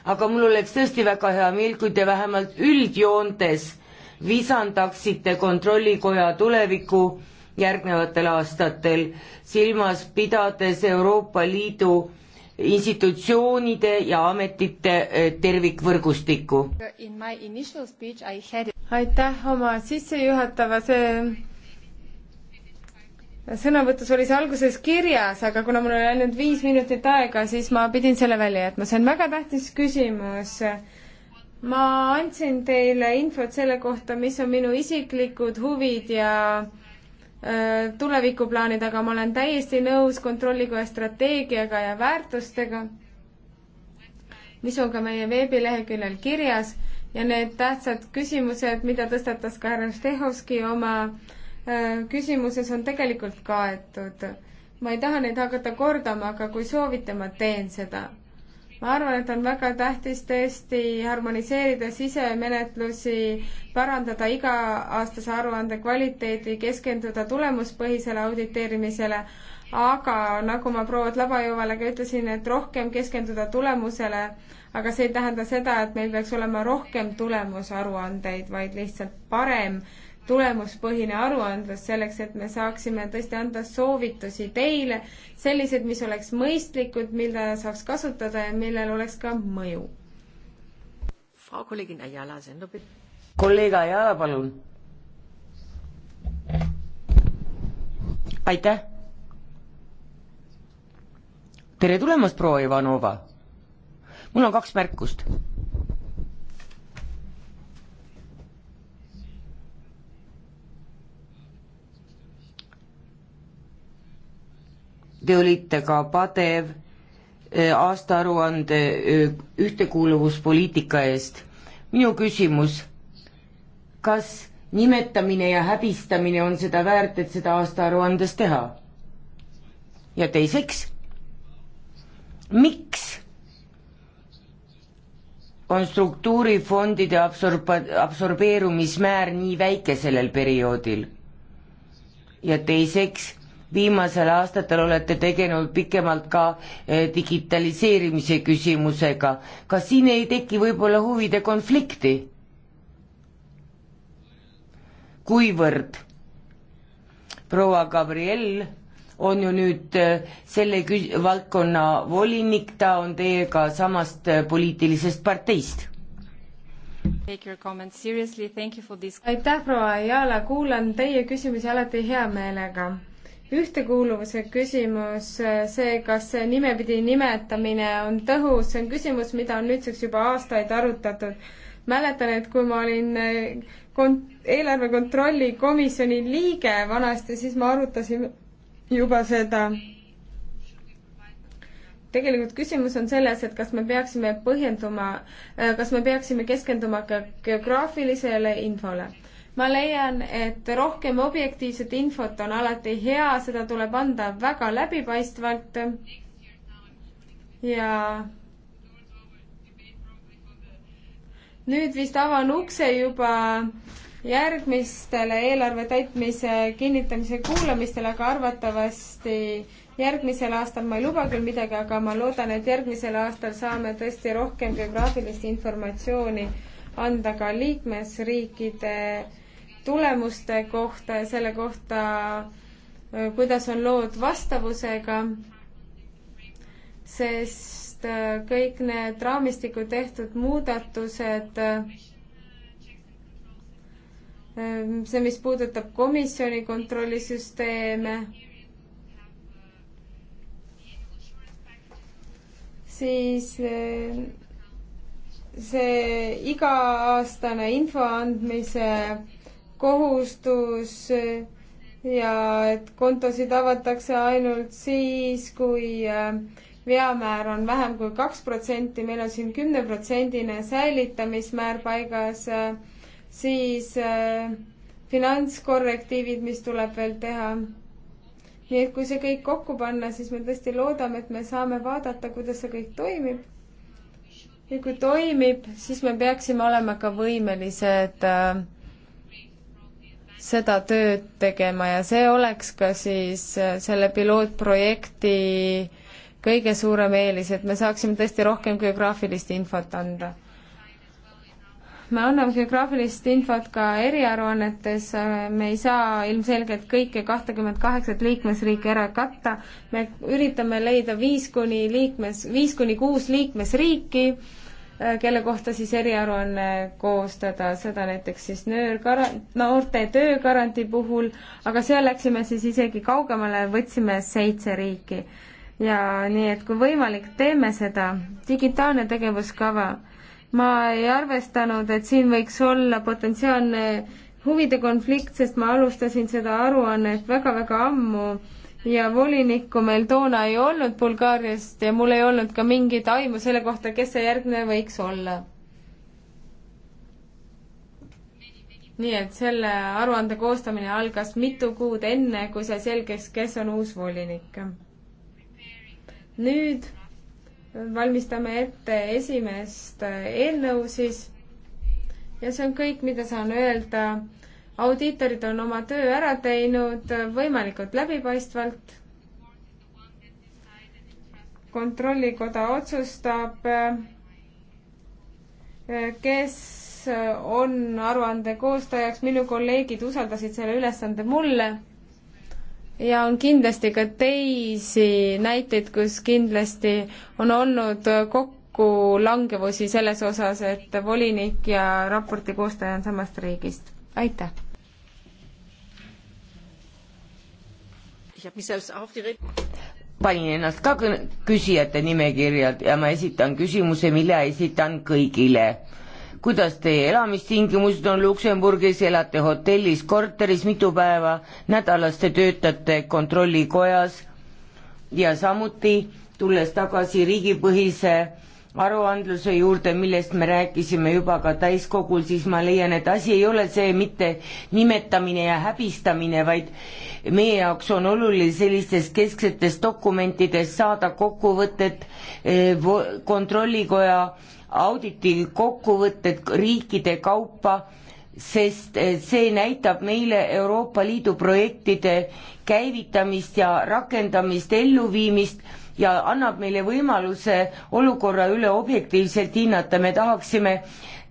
aga mul oleks tõesti väga hea meel, kui te vähemalt üldjoontes visandaksite kontrollikoja tulevikku järgnevatel aastatel, silmas pidades Euroopa Liidu institutsioonide ja ametite eh, tervikvõrgustikku. aitäh oma sissejuhatava see sõnavõtus oli see alguses kirjas, aga kuna mul oli ainult viis minutit aega, siis ma pidin selle välja jätma, see on väga tähtis küsimus. ma andsin teile infot selle kohta, mis on minu isiklikud huvid ja äh, Äh, tulevikuplaanid, aga ma olen täiesti nõus Kontrollikoja strateegiaga ja väärtustega, mis on ka meie veebileheküljel kirjas ja need tähtsad küsimused, mida tõstatas ka härra Štehovski oma äh, küsimuses, on tegelikult kaetud. ma ei taha neid hakata kordama, aga kui soovite, ma teen seda ma arvan, et on väga tähtis tõesti harmoniseerida sisemenetlusi, parandada iga-aastase aruande kvaliteedi, keskenduda tulemuspõhisele auditeerimisele, aga nagu ma proua Tlabajovale ka ütlesin, et rohkem keskenduda tulemusele, aga see ei tähenda seda, et meil peaks olema rohkem tulemusaruandeid, vaid lihtsalt parem äh, tulemuspõhine aruandlus selleks, et me saaksime tõesti anda soovitusi teile, sellised, mis oleks mõistlikud, mida saaks kasutada ja millel oleks ka mõju. kolleeg Ajala, palun. aitäh. tere tulemast, proua Ivanova. mul on kaks märkust Te olite ka padev eh, aastaaruande eh, ühtekuuluvuspoliitika eest. minu küsimus, kas nimetamine ja häbistamine on seda väärt, et seda aastaaruandes teha? ja teiseks, miks on struktuurifondide absorb-, absorbeerumismäär nii väike sellel perioodil? ja teiseks viimasel aastatel olete tegelenud pikemalt ka eh, digitaliseerimise küsimusega. kas siin ei teki võib-olla huvide konflikti? kuivõrd proua Gabriel on ju nüüd eh, selle küs-, valdkonna volinik, ta on teiega samast eh, poliitilisest parteist aitäh, proua Ayala, kuulan teie küsimusi alati hea meelega ühtekuuluvuse küsimus, see, kas see nimepidi nimetamine on tõhus, see on küsimus, mida on nüüdseks juba aastaid arutatud. mäletan, et kui ma olin eh, kont-, eelarve kontrolli komisjoni liige vanasti, siis ma arutasin juba seda. tegelikult küsimus on selles, et kas me peaksime põhjenduma, eh, kas me peaksime keskenduma ka geograafilisele infole ma leian, et rohkem objektiivset infot on alati hea, seda tuleb anda väga läbipaistvalt ja nüüd vist avan ukse juba järgmistele eelarve täitmise kinnitamise kuulamistele, aga arvatavasti järgmisel aastal, ma ei luba küll midagi, aga ma loodan, et järgmisel aastal saame tõesti rohkem geograafilist informatsiooni anda ka liikmesriikide tulemuste kohta ja selle kohta, kuidas on lood vastavusega, sest kõik need raamistiku tehtud muudatused, see, mis puudutab komisjoni kontrollisüsteeme, siis see iga-aastane info andmise kohustus ja et kontosid avatakse ainult siis, kui äh, veamäär on vähem kui kaks protsenti, meil on siin kümneprotsendine säilitamismäär paigas, äh, siis äh, finantskorrektiivid, mis tuleb veel teha. nii et kui see kõik kokku panna, siis me tõesti loodame, et me saame vaadata, kuidas see kõik toimib. ja kui toimib, siis me peaksime olema ka võimelised äh, seda tööd tegema ja see oleks ka siis äh, selle pilootprojekti kõige suurem eelis, et me saaksime tõesti rohkem geograafilist infot anda. me anname geograafilist infot ka eriaruannetes, äh, me ei saa ilmselgelt kõike kahtekümmet kaheksat liikmesriiki ära katta, me üritame leida viis kuni liikmes, viis kuni kuus liikmesriiki, Äh, kelle kohta siis eriaruanne koostada, seda näiteks siis nöörgara-, noorte töögarantii puhul, aga seal läksime siis isegi kaugemale, võtsime seitse riiki. ja nii, et kui võimalik, teeme seda. digitaalne tegevuskava. ma ei arvestanud, et siin võiks olla potentsiaalne huvide konflikt, sest ma alustasin seda aruannet väga-väga ammu ja volinikku meil toona ei olnud Bulgaariast ja mul ei olnud ka mingit aimu selle kohta, kes see järgmine võiks olla. nii et selle aruande koostamine algas mitu kuud enne, kui sai selgeks, kes on uus volinik. nüüd valmistame ette esimest eelnõu siis ja see on kõik, mida saan öelda audiitorid on oma töö ära teinud võimalikult läbipaistvalt. kontrollikoda otsustab, kes on aruande koostajaks, minu kolleegid usaldasid selle ülesande mulle ja on kindlasti ka teisi näiteid, kus kindlasti on olnud kokkulangevusi selles osas, et volinik ja raporti koostaja on samast riigist. aitäh! panin ennast ka küsijate nimekirja ja ma esitan küsimuse, mille esitan kõigile. kuidas teie elamistingimused on Luksemburgis, elate hotellis, korteris mitu päeva nädalas, te töötate kontrollikojas ja samuti tulles tagasi riigipõhise aruandluse juurde, millest me rääkisime juba ka täiskogul, siis ma leian, et asi ei ole see mitte nimetamine ja häbistamine, vaid meie jaoks on oluline sellistest kesksetest dokumentidest saada kokkuvõtet eh, kontrollikoja auditi kokkuvõtted riikide kaupa sest eh, see näitab meile Euroopa Liidu projektide käivitamist ja rakendamist, elluviimist ja annab meile võimaluse olukorra üle objektiivselt hinnata, me tahaksime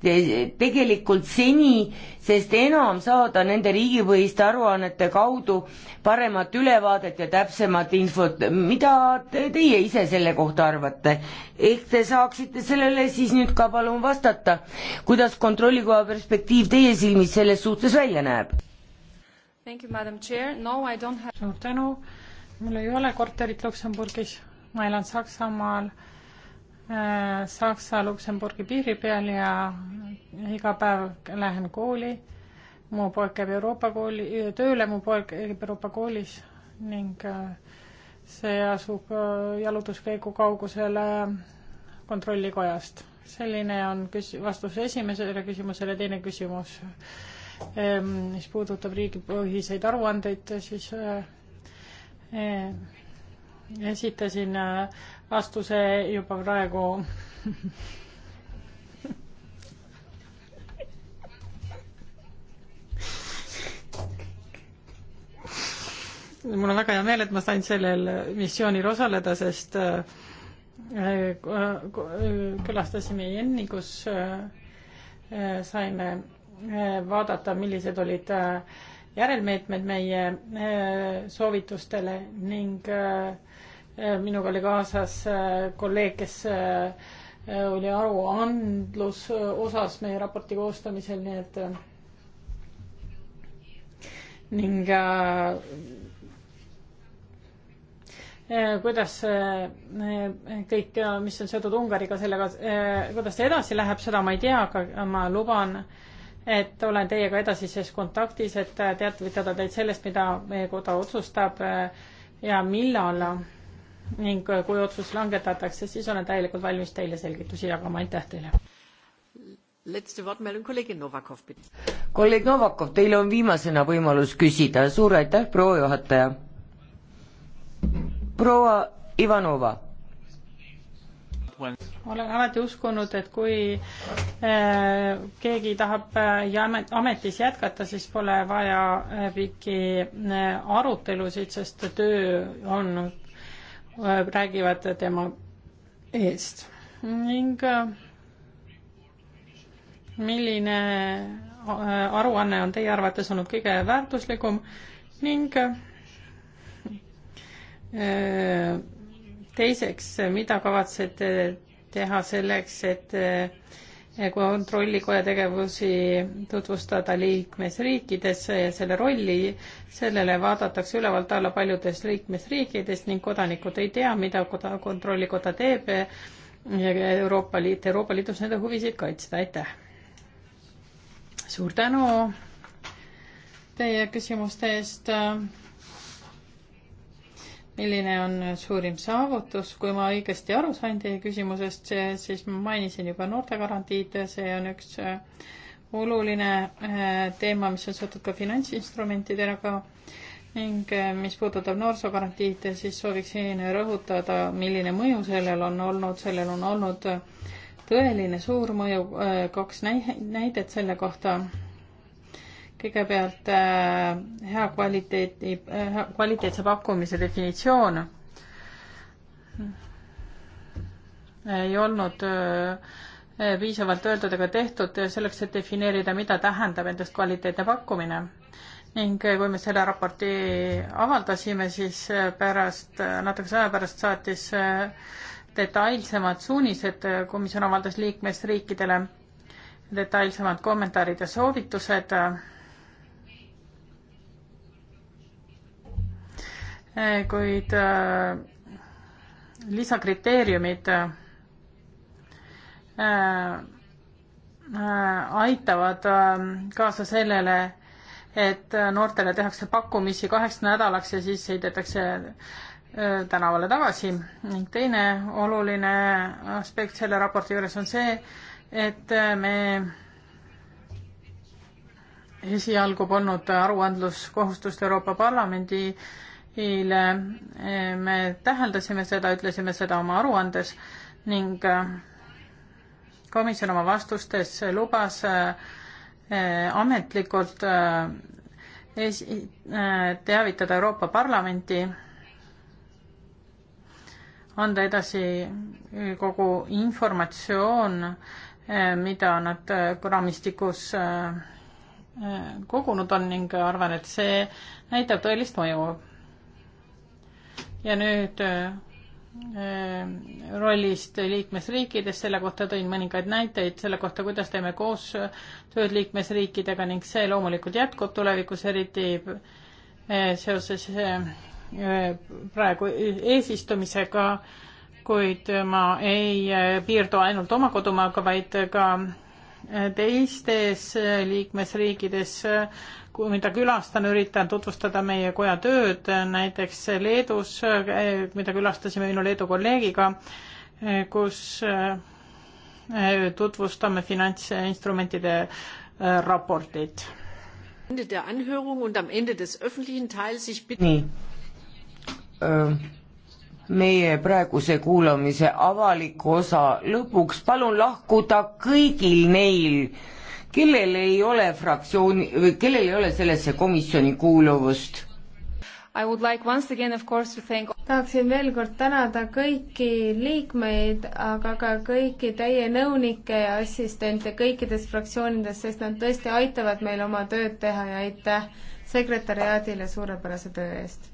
tegelikult seni, sest enam saada nende riigipõhiste aruannete kaudu paremat ülevaadet ja täpsemat infot, mida teie ise selle kohta arvate? ehk te saaksite sellele siis nüüd ka palun vastata, kuidas kontrollikoja perspektiiv teie silmis selles suhtes välja näeb? No, have... suur tänu, mul ei ole korterit Luksemburgis ma elan Saksamaal äh,, Saksa-Luksemburgi piiri peal ja iga päev lähen kooli. mu poeg käib Euroopa kooli, tööle mu poeg käib Euroopa koolis ning äh, see asub äh, jalutuskäigu kaugusele äh, kontrollikojast. selline on küs-, vastus esimesele küsimusele, teine küsimus ähm, mis puudutab riigipõhiseid aruandeid, siis äh, äh, esitasin äh, vastuse juba praegu mul on väga hea meel, et ma sain sellel missioonil osaleda, sest äh, äh, külastasime Jenni, kus saime vaadata, millised olid järelmeetmed meie soovitustele ning äh, Äh, minuga oli kaasas äh, kolleeg, kes äh, oli aruandlus osas meie raporti koostamisel, nii et ning kuidas kõik, mis on seotud Ungariga, sellega, kuidas see edasi läheb, seda ma ei tea, aga ma luban, et olen teiega edasises kontaktis, et teavitada teid sellest, mida meie koda otsustab ja millal ning äh, kui otsus langetatakse, siis olen täielikult valmis teile selgitusi jagama, aitäh teile. kolleeg Novakov, teil on viimasena võimalus küsida, suur aitäh, proua juhataja. proua Ivanova. olen alati uskunud, et kui äh, keegi tahab äh, ja amet, ametis jätkata, siis pole vaja äh, pikki äh, arutelusid, sest töö on Äh, räägivad tema eest ning äh, milline äh, aruanne on teie arvates olnud kõige väärtuslikum ning teiseks, mida kavatsete teha selleks, et kontrollikoja tegevusi tutvustada liikmesriikides ja selle rolli, sellele vaadatakse ülevalt alla paljudes liikmesriikides ning kodanikud ei tea, mida koda, kontrollikoda teeb. Euroopa Liit, Euroopa Liidus nende huvisid kaitsta, aitäh! suur tänu teie küsimuste eest milline on suurim saavutus, kui ma õigesti aru sain teie küsimusest, siis ma mainisin juba noortegarantiid, see on üks äh, oluline äh, teema, mis on seotud ka finantsinstrumentidega ning äh, mis puudutab noorsoogarantiid, siis sooviksin rõhutada, milline mõju sellel on olnud, sellel on olnud tõeline suur mõju, kaks näidet selle kohta kõigepealt äh, hea kvaliteeti, äh, kvaliteetse pakkumise definitsioon ei olnud äh, piisavalt öeldud ega tehtud selleks, et defineerida, mida tähendab endast kvaliteetne pakkumine. ning kui me selle raporti avaldasime, siis pärast, natukese aja pärast saatis detailsemad suunised, komisjon avaldas liikmesriikidele detailsemad kommentaarid ja soovitused Eh, kuid eh, lisakriteeriumid eh, aitavad kaasa sellele, et noortele tehakse pakkumisi kaheks nädalaks ja siis heidetakse tänavale tagasi ning teine oluline aspekt selle raporti juures on see, et me esialgu polnud aruandluskohustust Euroopa Parlamendi eile eh, me täheldasime seda, ütlesime seda oma aruandes ning eh, komisjon oma vastustes lubas eh, ametlikult esi-, teavitada Euroopa Parlamenti, anda edasi kogu informatsioon, mida nad raamistikus kogunud on ning arvan, et see näitab tõelist mõju ja nüüd äh, äh, rollist liikmesriikides, selle kohta tõin mõningaid näiteid selle kohta, kuidas teeme koostööd liikmesriikidega ning see loomulikult jätkub tulevikus, eriti äh, seoses praegu eesistumisega, kuid ma ei piirdu ainult oma kodumaaga, vaid ka teistes liikmesriikides kui mida külastan, üritan tutvustada meie koja tööd, näiteks Leedus, mida külastasime minu Leedu kolleegiga, kus eh, tutvustame finantsinstrumentide eh, raportit. nii. Ähm, meie praeguse kuulamise avaliku osa lõpuks palun lahkuda kõigil neil, kellel ei ole fraktsiooni või kellel ei ole sellesse komisjoni kuuluvust. I would like once again of course to thank tahaksin veel kord tänada kõiki liikmeid, aga ka kõiki teie nõunikke ja assistente kõikides fraktsioonides, sest nad tõesti aitavad meil oma tööd teha ja aitäh sekretäriaadile suurepärase töö eest.